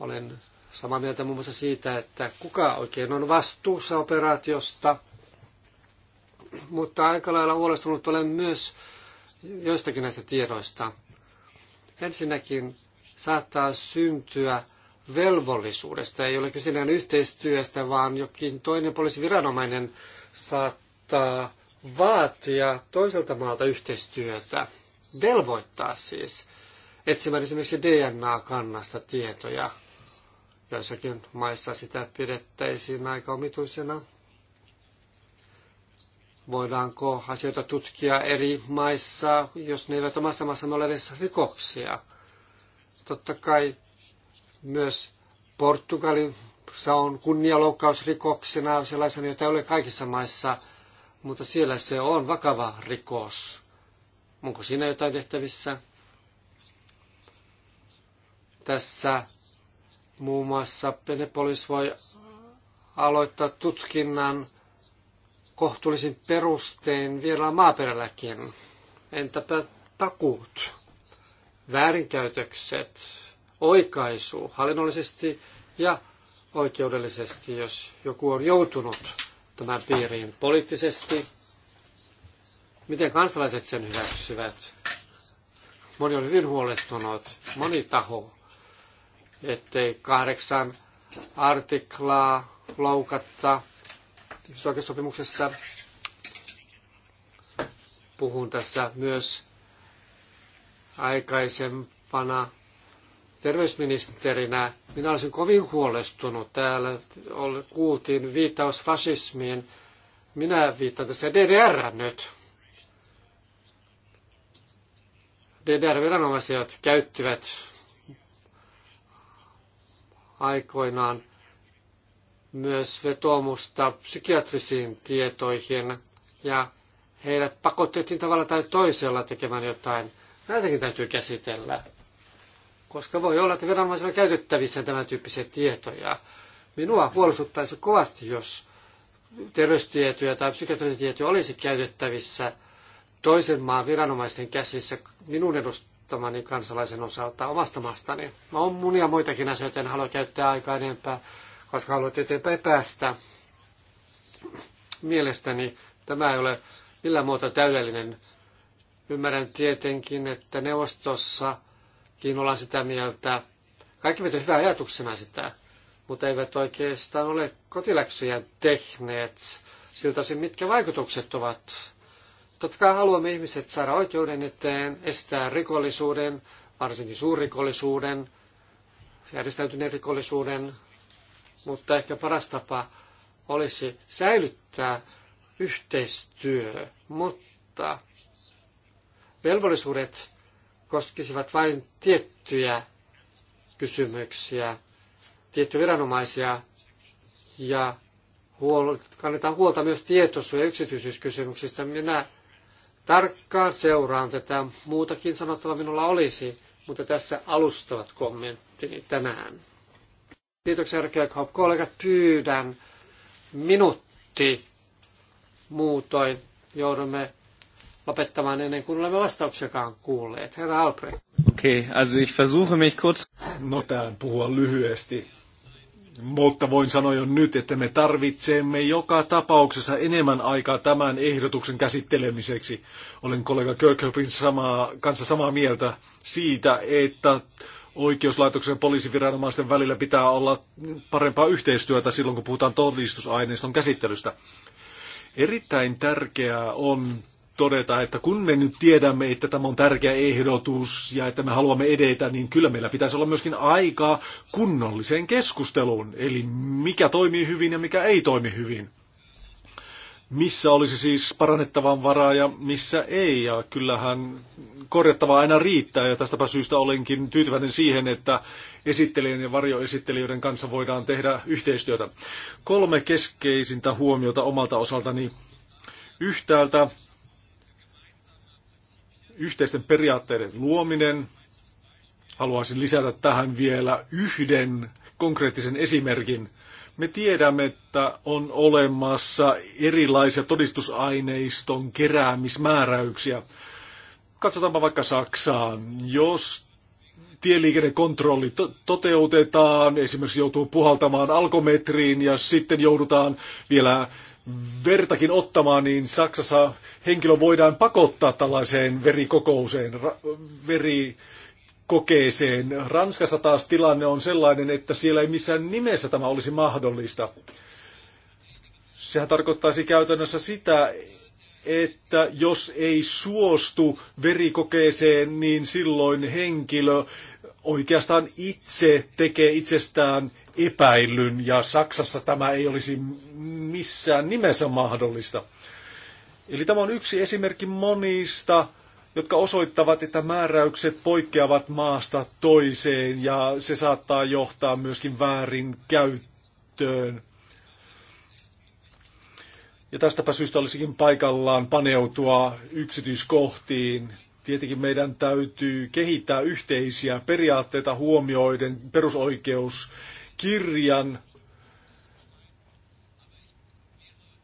Olen samaa mieltä muun muassa siitä, että kuka oikein on vastuussa operaatiosta, mutta aika lailla huolestunut olen myös joistakin näistä tiedoista. Ensinnäkin saattaa syntyä velvollisuudesta, ei ole kyse yhteistyöstä, vaan jokin toinen poliisiviranomainen saattaa vaatia toiselta maalta yhteistyötä, velvoittaa siis etsimään esimerkiksi DNA-kannasta tietoja. Joissakin maissa sitä pidettäisiin aika omituisena Voidaanko asioita tutkia eri maissa, jos ne eivät omassa maassamme ole edes rikoksia? Totta kai myös Portugalissa on kunnialoukkausrikoksena sellaisena, jota ei ole kaikissa maissa, mutta siellä se on vakava rikos. Onko siinä jotain tehtävissä? Tässä muun muassa Penepolis voi aloittaa tutkinnan kohtuullisin perustein vielä maaperälläkin. Entäpä takuut, väärinkäytökset, oikaisu hallinnollisesti ja oikeudellisesti, jos joku on joutunut tämän piiriin poliittisesti. Miten kansalaiset sen hyväksyvät? Moni on hyvin huolestunut, moni taho, ettei kahdeksan artiklaa loukatta ihmisoikeussopimuksessa. Puhun tässä myös aikaisempana terveysministerinä. Minä olisin kovin huolestunut. Täällä kuultiin viittaus fasismiin. Minä viittaan tässä DDR nyt. DDR-viranomaiset käyttivät aikoinaan myös vetoomusta psykiatrisiin tietoihin ja heidät pakotettiin tavalla tai toisella tekemään jotain. Näitäkin täytyy käsitellä, koska voi olla, että viranomaisilla käytettävissä tämän tyyppisiä tietoja. Minua huolestuttaisi kovasti, jos terveystietoja tai psykiatrisia tietoja olisi käytettävissä toisen maan viranomaisten käsissä minun edustamani kansalaisen osalta omasta maastani. Mä on monia muitakin asioita, en halua käyttää aikaa enempää koska haluat eteenpäin päästä. Mielestäni tämä ei ole millään muuta täydellinen. Ymmärrän tietenkin, että neuvostossakin ollaan sitä mieltä, kaikki pitävät hyvää ajatuksena sitä, mutta eivät oikeastaan ole kotiläksyjä tehneet siltä osin, mitkä vaikutukset ovat. Totta kai haluamme ihmiset saada oikeuden eteen, estää rikollisuuden, varsinkin suurrikollisuuden, järjestäytyneen rikollisuuden, mutta ehkä paras tapa olisi säilyttää yhteistyö, mutta velvollisuudet koskisivat vain tiettyjä kysymyksiä, tiettyjä viranomaisia ja huol- kannetaan huolta myös tietoisuus- ja yksityisyyskysymyksistä. Minä tarkkaan seuraan tätä. Muutakin sanottavaa minulla olisi, mutta tässä alustavat kommenttini tänään. Kiitoksia, Erkeä Kirkhoff. Kollegat, pyydän minuutti. Muutoin joudumme lopettamaan ennen kuin olemme vastauksiakaan kuulleet. Herra Albrecht. Okei, okay, also ich versuche mich kurz... No, tämän puhua lyhyesti. Mutta voin sanoa jo nyt, että me tarvitsemme joka tapauksessa enemmän aikaa tämän ehdotuksen käsittelemiseksi. Olen kollega Kirkhopin samaa, kanssa samaa mieltä siitä, että oikeuslaitoksen ja poliisiviranomaisten välillä pitää olla parempaa yhteistyötä silloin, kun puhutaan todistusaineiston käsittelystä. Erittäin tärkeää on todeta, että kun me nyt tiedämme, että tämä on tärkeä ehdotus ja että me haluamme edetä, niin kyllä meillä pitäisi olla myöskin aikaa kunnolliseen keskusteluun. Eli mikä toimii hyvin ja mikä ei toimi hyvin missä olisi siis parannettavan varaa ja missä ei. Ja kyllähän korjattavaa aina riittää ja tästäpä syystä olenkin tyytyväinen siihen, että esittelijän ja varjoesittelijöiden kanssa voidaan tehdä yhteistyötä. Kolme keskeisintä huomiota omalta osaltani. Yhtäältä yhteisten periaatteiden luominen. Haluaisin lisätä tähän vielä yhden konkreettisen esimerkin – me tiedämme, että on olemassa erilaisia todistusaineiston keräämismääräyksiä. Katsotaanpa vaikka Saksaan. Jos tieliikennekontrolli to- toteutetaan, esimerkiksi joutuu puhaltamaan alkometriin ja sitten joudutaan vielä vertakin ottamaan, niin Saksassa henkilö voidaan pakottaa tällaiseen verikokouseen, ra- veri kokeeseen. Ranskassa taas tilanne on sellainen, että siellä ei missään nimessä tämä olisi mahdollista. Sehän tarkoittaisi käytännössä sitä, että jos ei suostu verikokeeseen, niin silloin henkilö oikeastaan itse tekee itsestään epäilyn, ja Saksassa tämä ei olisi missään nimessä mahdollista. Eli tämä on yksi esimerkki monista jotka osoittavat, että määräykset poikkeavat maasta toiseen ja se saattaa johtaa myöskin väärin käyttöön. Ja tästäpä syystä olisikin paikallaan paneutua yksityiskohtiin. Tietenkin meidän täytyy kehittää yhteisiä periaatteita huomioiden perusoikeuskirjan.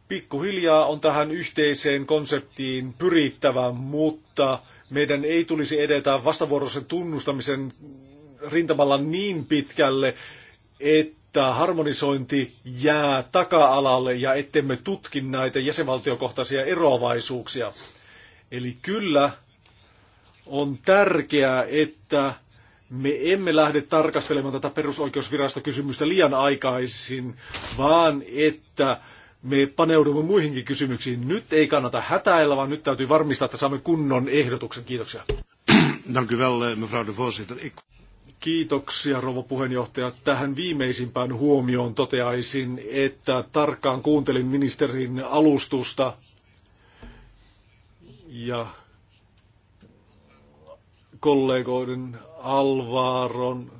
Pikkuhiljaa on tähän yhteiseen konseptiin pyrittävä, mutta mutta meidän ei tulisi edetä vastavuoroisen tunnustamisen rintamalla niin pitkälle, että harmonisointi jää taka-alalle ja ettemme tutki näitä jäsenvaltiokohtaisia eroavaisuuksia. Eli kyllä on tärkeää, että me emme lähde tarkastelemaan tätä perusoikeusvirastokysymystä liian aikaisin, vaan että me paneudumme muihinkin kysymyksiin. Nyt ei kannata hätäillä, vaan nyt täytyy varmistaa, että saamme kunnon ehdotuksen. Kiitoksia. *clears throat* Eh, Kiitoksia, rouva puheenjohtaja. Tähän viimeisimpään huomioon toteaisin, että tarkkaan kuuntelin ministerin alustusta ja kollegoiden Alvaron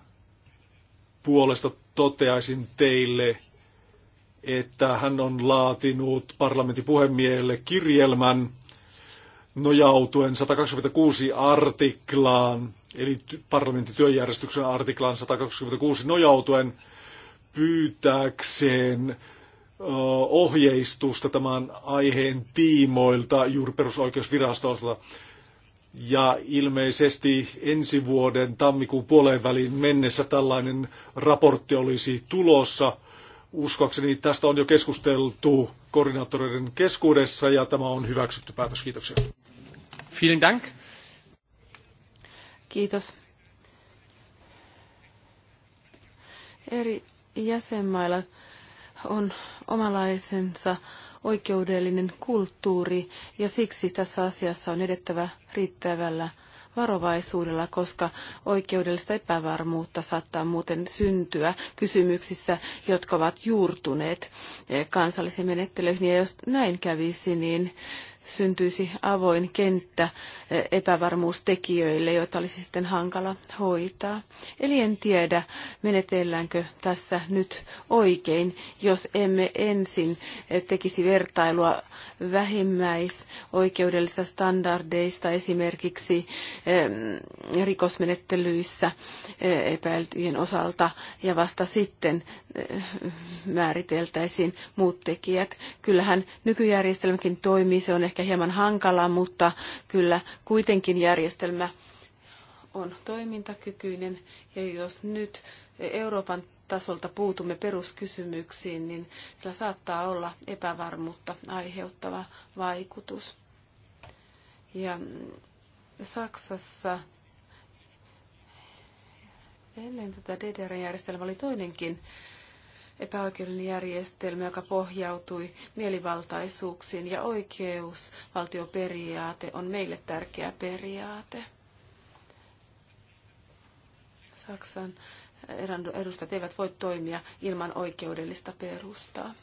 puolesta toteaisin teille, että hän on laatinut parlamentin puhemiehelle kirjelmän nojautuen 126 artiklaan, eli parlamentin työjärjestyksen artiklaan 126 nojautuen pyytääkseen ohjeistusta tämän aiheen tiimoilta juuri perusoikeusvirastolta. Ja ilmeisesti ensi vuoden tammikuun puoleen väliin mennessä tällainen raportti olisi tulossa – Uskoakseni tästä on jo keskusteltu koordinaattoreiden keskuudessa ja tämä on hyväksytty päätös. Kiitoksia. Vielen Dank. Kiitos. Eri jäsenmailla on omalaisensa oikeudellinen kulttuuri ja siksi tässä asiassa on edettävä riittävällä varovaisuudella, koska oikeudellista epävarmuutta saattaa muuten syntyä kysymyksissä, jotka ovat juurtuneet eh, kansallisiin menettelyihin. Ja jos näin kävisi, niin syntyisi avoin kenttä eh, epävarmuustekijöille, joita olisi sitten hankala hoitaa. Eli en tiedä, menetelläänkö tässä nyt oikein, jos emme ensin eh, tekisi vertailua vähimmäisoikeudellisista standardeista esimerkiksi eh, rikosmenettelyissä epäiltyjen osalta ja vasta sitten määriteltäisiin muut tekijät. Kyllähän nykyjärjestelmäkin toimii, se on ehkä ehkä hieman hankala, mutta kyllä kuitenkin järjestelmä on toimintakykyinen. Ja jos nyt Euroopan tasolta puutumme peruskysymyksiin, niin sillä saattaa olla epävarmuutta aiheuttava vaikutus. Ja Saksassa ennen tätä DDR-järjestelmää oli toinenkin epäoikeudellinen järjestelmä, joka pohjautui mielivaltaisuuksiin ja oikeusvaltioperiaate on meille tärkeä periaate. Saksan edustajat eivät voi toimia ilman oikeudellista perustaa.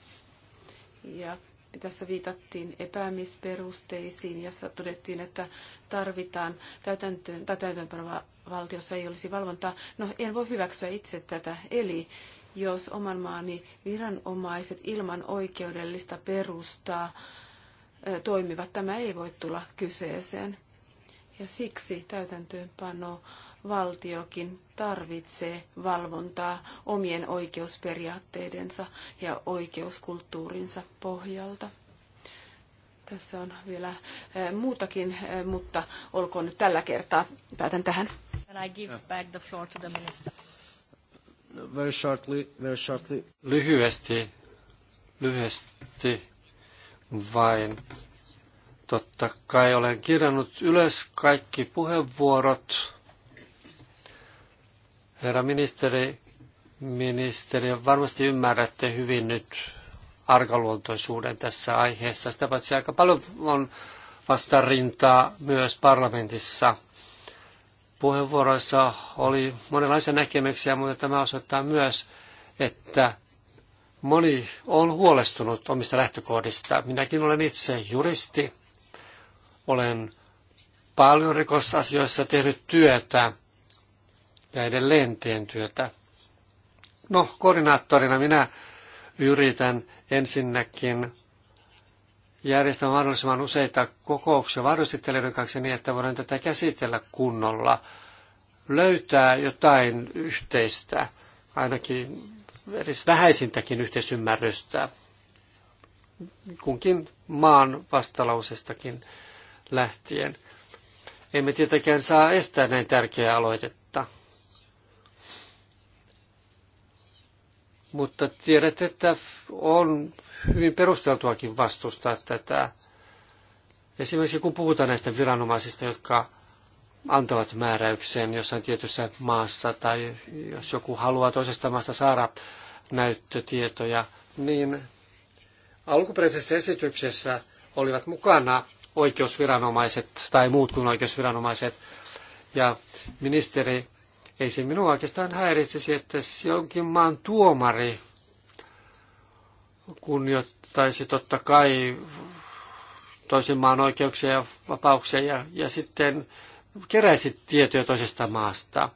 Ja tässä viitattiin epäämisperusteisiin ja todettiin, että tarvitaan täytäntöön, tai täytäntöönpanova valtiossa ei olisi valvontaa. No, en voi hyväksyä itse tätä. Eli jos oman maani viranomaiset ilman oikeudellista perustaa toimivat. Tämä ei voi tulla kyseeseen. Ja siksi täytäntöönpano valtiokin tarvitsee valvontaa omien oikeusperiaatteidensa ja oikeuskulttuurinsa pohjalta. Tässä on vielä muutakin, mutta olkoon nyt tällä kertaa. Päätän tähän. And I give back the floor to the minister. Very shortly, very shortly. Lyhyesti, lyhyesti vain. Totta kai olen kirjannut ylös kaikki puheenvuorot. Herra ministeri, ministeri, varmasti ymmärrätte hyvin nyt arkaluontoisuuden tässä aiheessa. Sitä paitsi aika paljon on vastarintaa myös parlamentissa puheenvuoroissa oli monenlaisia näkemyksiä, mutta tämä osoittaa myös, että moni on huolestunut omista lähtökohdista. Minäkin olen itse juristi, olen paljon rikosasioissa tehnyt työtä ja edelleen teen työtä. No, koordinaattorina minä yritän ensinnäkin järjestää mahdollisimman useita kokouksia varjostettelijoiden kanssa niin, että voidaan tätä käsitellä kunnolla, löytää jotain yhteistä, ainakin edes vähäisintäkin yhteisymmärrystä kunkin maan vastalausestakin lähtien. Emme tietenkään saa estää näin tärkeää aloitetta Mutta tiedät, että on hyvin perusteltuakin vastustaa tätä. Esimerkiksi kun puhutaan näistä viranomaisista, jotka antavat määräyksen jossain tietyssä maassa, tai jos joku haluaa toisesta maasta saada näyttötietoja, niin alkuperäisessä esityksessä olivat mukana oikeusviranomaiset tai muut kuin oikeusviranomaiset. Ja ministeri ei se minua oikeastaan häiritsisi, että jonkin maan tuomari kunnioittaisi totta kai toisen maan oikeuksia ja vapauksia ja, ja sitten keräisi tietoja toisesta maasta.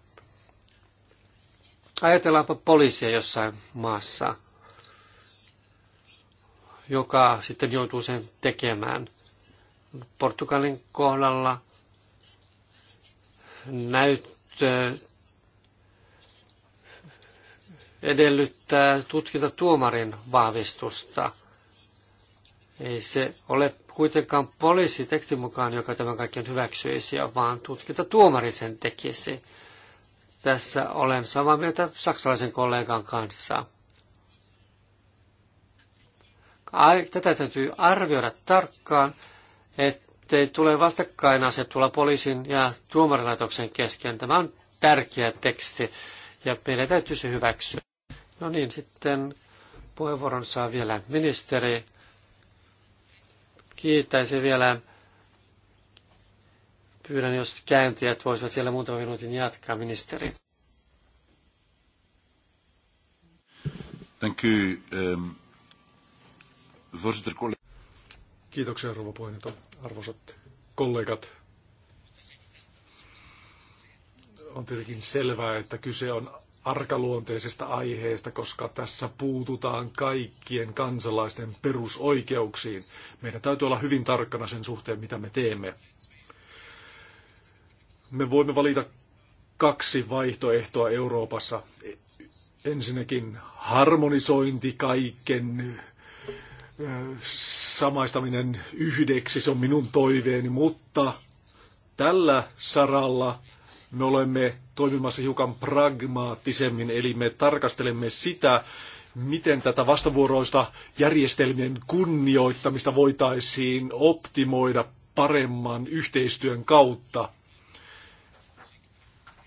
Ajatellaanpa poliisia jossain maassa, joka sitten joutuu sen tekemään. Portugalin kohdalla näyttö edellyttää tutkintatuomarin vahvistusta. Ei se ole kuitenkaan poliisi tekstin mukaan, joka tämän kaiken hyväksyisi, vaan tutkintatuomari sen tekisi. Tässä olen samaa mieltä saksalaisen kollegan kanssa. Tätä täytyy arvioida tarkkaan, ettei tule vastakkainasettua poliisin ja tuomarilaitoksen kesken. Tämä on tärkeä teksti ja meidän täytyy se hyväksyä. No niin, sitten puheenvuoron saa vielä ministeri. Kiittäisin vielä. Pyydän, jos kääntäjät voisivat vielä muutaman minuutin jatkaa, ministeri. Thank you, um, voorzitter. Kiitoksia, rouva puheenjohtaja. Arvoisat kollegat, on tietenkin selvää, että kyse on arkaluonteisesta aiheesta, koska tässä puututaan kaikkien kansalaisten perusoikeuksiin. Meidän täytyy olla hyvin tarkkana sen suhteen, mitä me teemme. Me voimme valita kaksi vaihtoehtoa Euroopassa. Ensinnäkin harmonisointi kaiken samaistaminen yhdeksi, se on minun toiveeni, mutta tällä saralla – me olemme toimimassa hiukan pragmaattisemmin, eli me tarkastelemme sitä, miten tätä vastavuoroista järjestelmien kunnioittamista voitaisiin optimoida paremman yhteistyön kautta.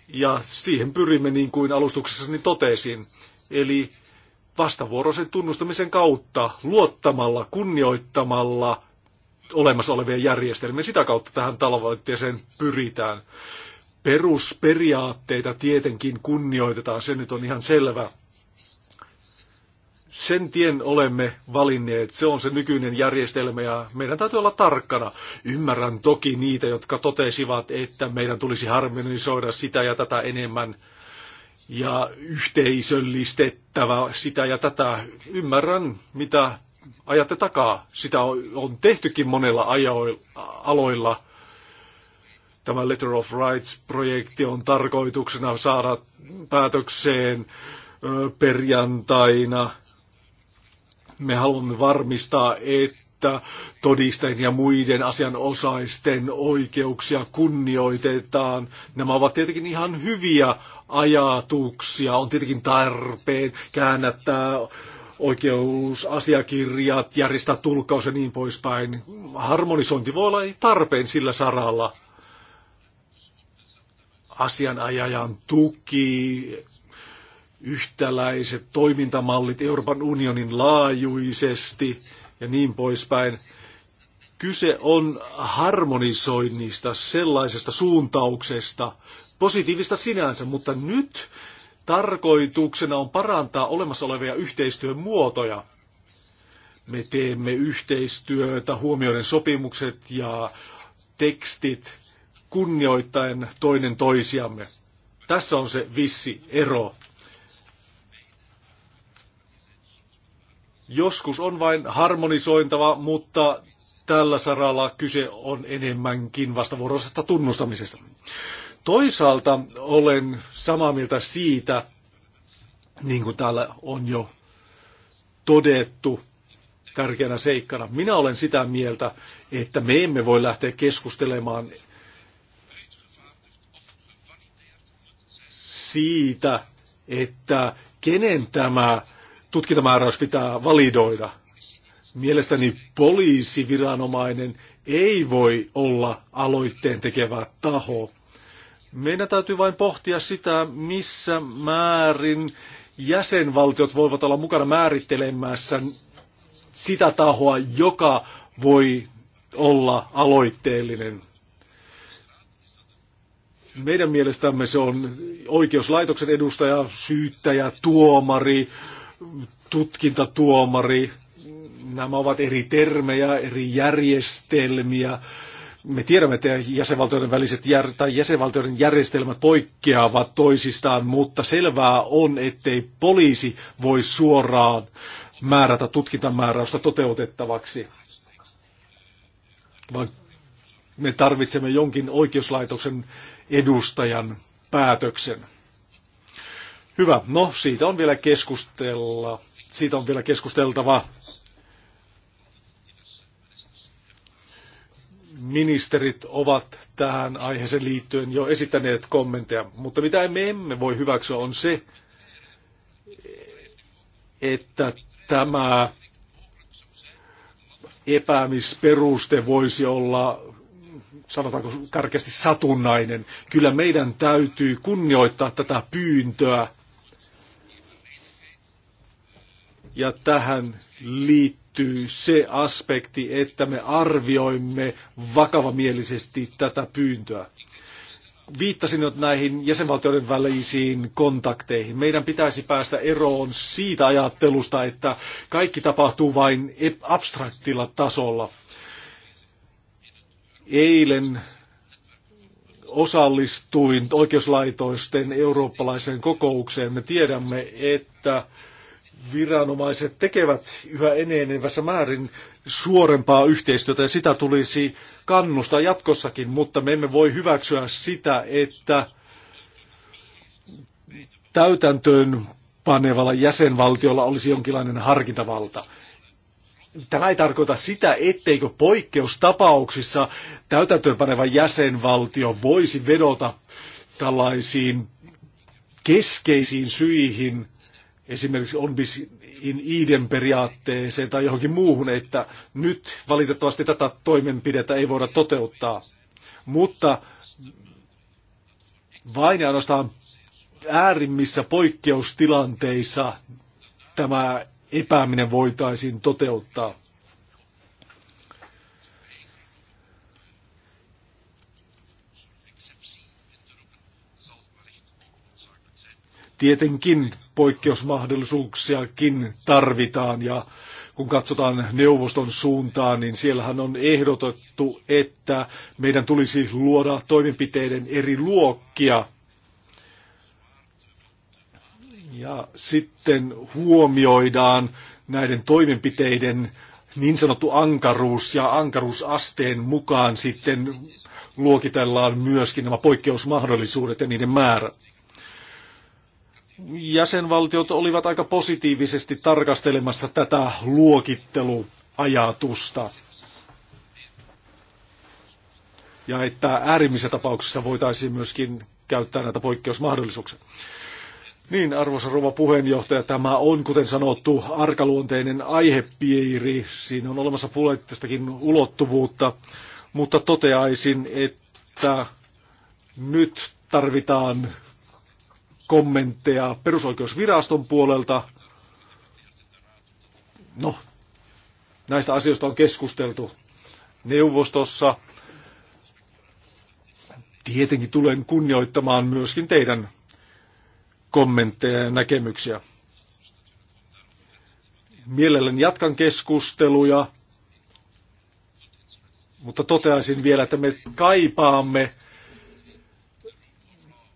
Ja siihen pyrimme, niin kuin alustuksessani totesin. Eli vastavuoroisen tunnustamisen kautta, luottamalla, kunnioittamalla olemassa olevia järjestelmiä. Sitä kautta tähän tavoitteeseen pyritään perusperiaatteita tietenkin kunnioitetaan, se nyt on ihan selvä. Sen tien olemme valinneet, se on se nykyinen järjestelmä ja meidän täytyy olla tarkkana. Ymmärrän toki niitä, jotka totesivat, että meidän tulisi harmonisoida sitä ja tätä enemmän ja yhteisöllistettävä sitä ja tätä. Ymmärrän, mitä ajatte takaa. Sitä on tehtykin monella ajoilla, aloilla – Tämä Letter of Rights-projekti on tarkoituksena saada päätökseen perjantaina. Me haluamme varmistaa, että todisten ja muiden asianosaisten oikeuksia kunnioitetaan. Nämä ovat tietenkin ihan hyviä ajatuksia. On tietenkin tarpeen käännättää oikeusasiakirjat, järjestää tulkkaus ja niin poispäin. Harmonisointi voi olla tarpeen sillä saralla asianajajan tuki, yhtäläiset toimintamallit Euroopan unionin laajuisesti ja niin poispäin. Kyse on harmonisoinnista, sellaisesta suuntauksesta, positiivista sinänsä, mutta nyt tarkoituksena on parantaa olemassa olevia yhteistyön muotoja. Me teemme yhteistyötä huomioiden sopimukset ja tekstit kunnioittaen toinen toisiamme. Tässä on se vissi ero. Joskus on vain harmonisointava, mutta tällä saralla kyse on enemmänkin vastavuoroisesta tunnustamisesta. Toisaalta olen samaa mieltä siitä, niin kuin täällä on jo todettu tärkeänä seikkana. Minä olen sitä mieltä, että me emme voi lähteä keskustelemaan siitä, että kenen tämä tutkintamääräys pitää validoida. Mielestäni poliisiviranomainen ei voi olla aloitteen tekevä taho. Meidän täytyy vain pohtia sitä, missä määrin jäsenvaltiot voivat olla mukana määrittelemässä sitä tahoa, joka voi olla aloitteellinen. Meidän mielestämme se on oikeuslaitoksen edustaja, syyttäjä, tuomari, tutkintatuomari. Nämä ovat eri termejä, eri järjestelmiä. Me tiedämme, että jäsenvaltioiden väliset jär, tai jäsenvaltioiden järjestelmät poikkeavat toisistaan, mutta selvää on, ettei poliisi voi suoraan määrätä tutkintamääräystä toteutettavaksi, vaan me tarvitsemme jonkin oikeuslaitoksen edustajan päätöksen. Hyvä. No, siitä on vielä keskustella. Siitä on vielä keskusteltava ministerit ovat tähän aiheeseen liittyen jo esittäneet kommentteja, mutta mitä me emme voi hyväksyä on se, että tämä epäämisperuste voisi olla sanotaanko karkeasti satunnainen. Kyllä meidän täytyy kunnioittaa tätä pyyntöä. Ja tähän liittyy se aspekti, että me arvioimme vakavamielisesti tätä pyyntöä. Viittasin nyt näihin jäsenvaltioiden välisiin kontakteihin. Meidän pitäisi päästä eroon siitä ajattelusta, että kaikki tapahtuu vain abstraktilla tasolla – Eilen osallistuin oikeuslaitoisten eurooppalaiseen kokoukseen. Me tiedämme, että viranomaiset tekevät yhä enenevässä määrin suorempaa yhteistyötä ja sitä tulisi kannustaa jatkossakin, mutta me emme voi hyväksyä sitä, että täytäntöön panevalla jäsenvaltiolla olisi jonkinlainen harkintavalta. Tämä ei tarkoita sitä, etteikö poikkeustapauksissa täytäntöönpaneva jäsenvaltio voisi vedota tällaisiin keskeisiin syihin, esimerkiksi on in idem periaatteeseen tai johonkin muuhun, että nyt valitettavasti tätä toimenpidettä ei voida toteuttaa. Mutta vain ja ainoastaan äärimmissä poikkeustilanteissa tämä epääminen voitaisiin toteuttaa. Tietenkin poikkeusmahdollisuuksiakin tarvitaan ja kun katsotaan neuvoston suuntaan, niin siellähän on ehdotettu, että meidän tulisi luoda toimenpiteiden eri luokkia – ja sitten huomioidaan näiden toimenpiteiden niin sanottu ankaruus ja ankaruusasteen mukaan sitten luokitellaan myöskin nämä poikkeusmahdollisuudet ja niiden määrä. Jäsenvaltiot olivat aika positiivisesti tarkastelemassa tätä luokitteluajatusta. Ja että äärimmissä tapauksissa voitaisiin myöskin käyttää näitä poikkeusmahdollisuuksia. Niin, arvoisa rouva puheenjohtaja, tämä on, kuten sanottu, arkaluonteinen aihepiiri. Siinä on olemassa puolettistakin ulottuvuutta, mutta toteaisin, että nyt tarvitaan kommentteja perusoikeusviraston puolelta. No, näistä asioista on keskusteltu neuvostossa. Tietenkin tulen kunnioittamaan myöskin teidän kommentteja ja näkemyksiä. Mielelläni jatkan keskusteluja, mutta toteaisin vielä, että me kaipaamme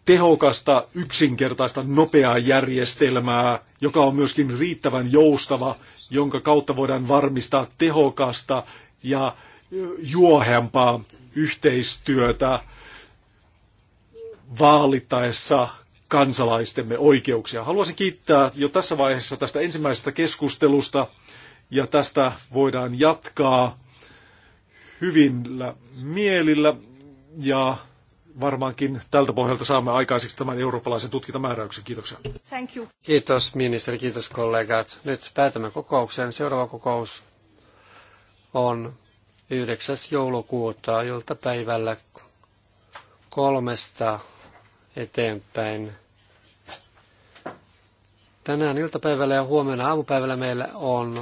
tehokasta, yksinkertaista, nopeaa järjestelmää, joka on myöskin riittävän joustava, jonka kautta voidaan varmistaa tehokasta ja juohempaa yhteistyötä vaalittaessa kansalaistemme oikeuksia. Haluaisin kiittää jo tässä vaiheessa tästä ensimmäisestä keskustelusta ja tästä voidaan jatkaa hyvillä mielillä ja varmaankin tältä pohjalta saamme aikaiseksi tämän eurooppalaisen tutkintamääräyksen. Kiitoksia. Thank you. Kiitos ministeri, kiitos kollegat. Nyt päätämme kokouksen. Seuraava kokous on 9. joulukuuta iltapäivällä kolmesta eteenpäin. Tänään iltapäivällä ja huomenna aamupäivällä meillä on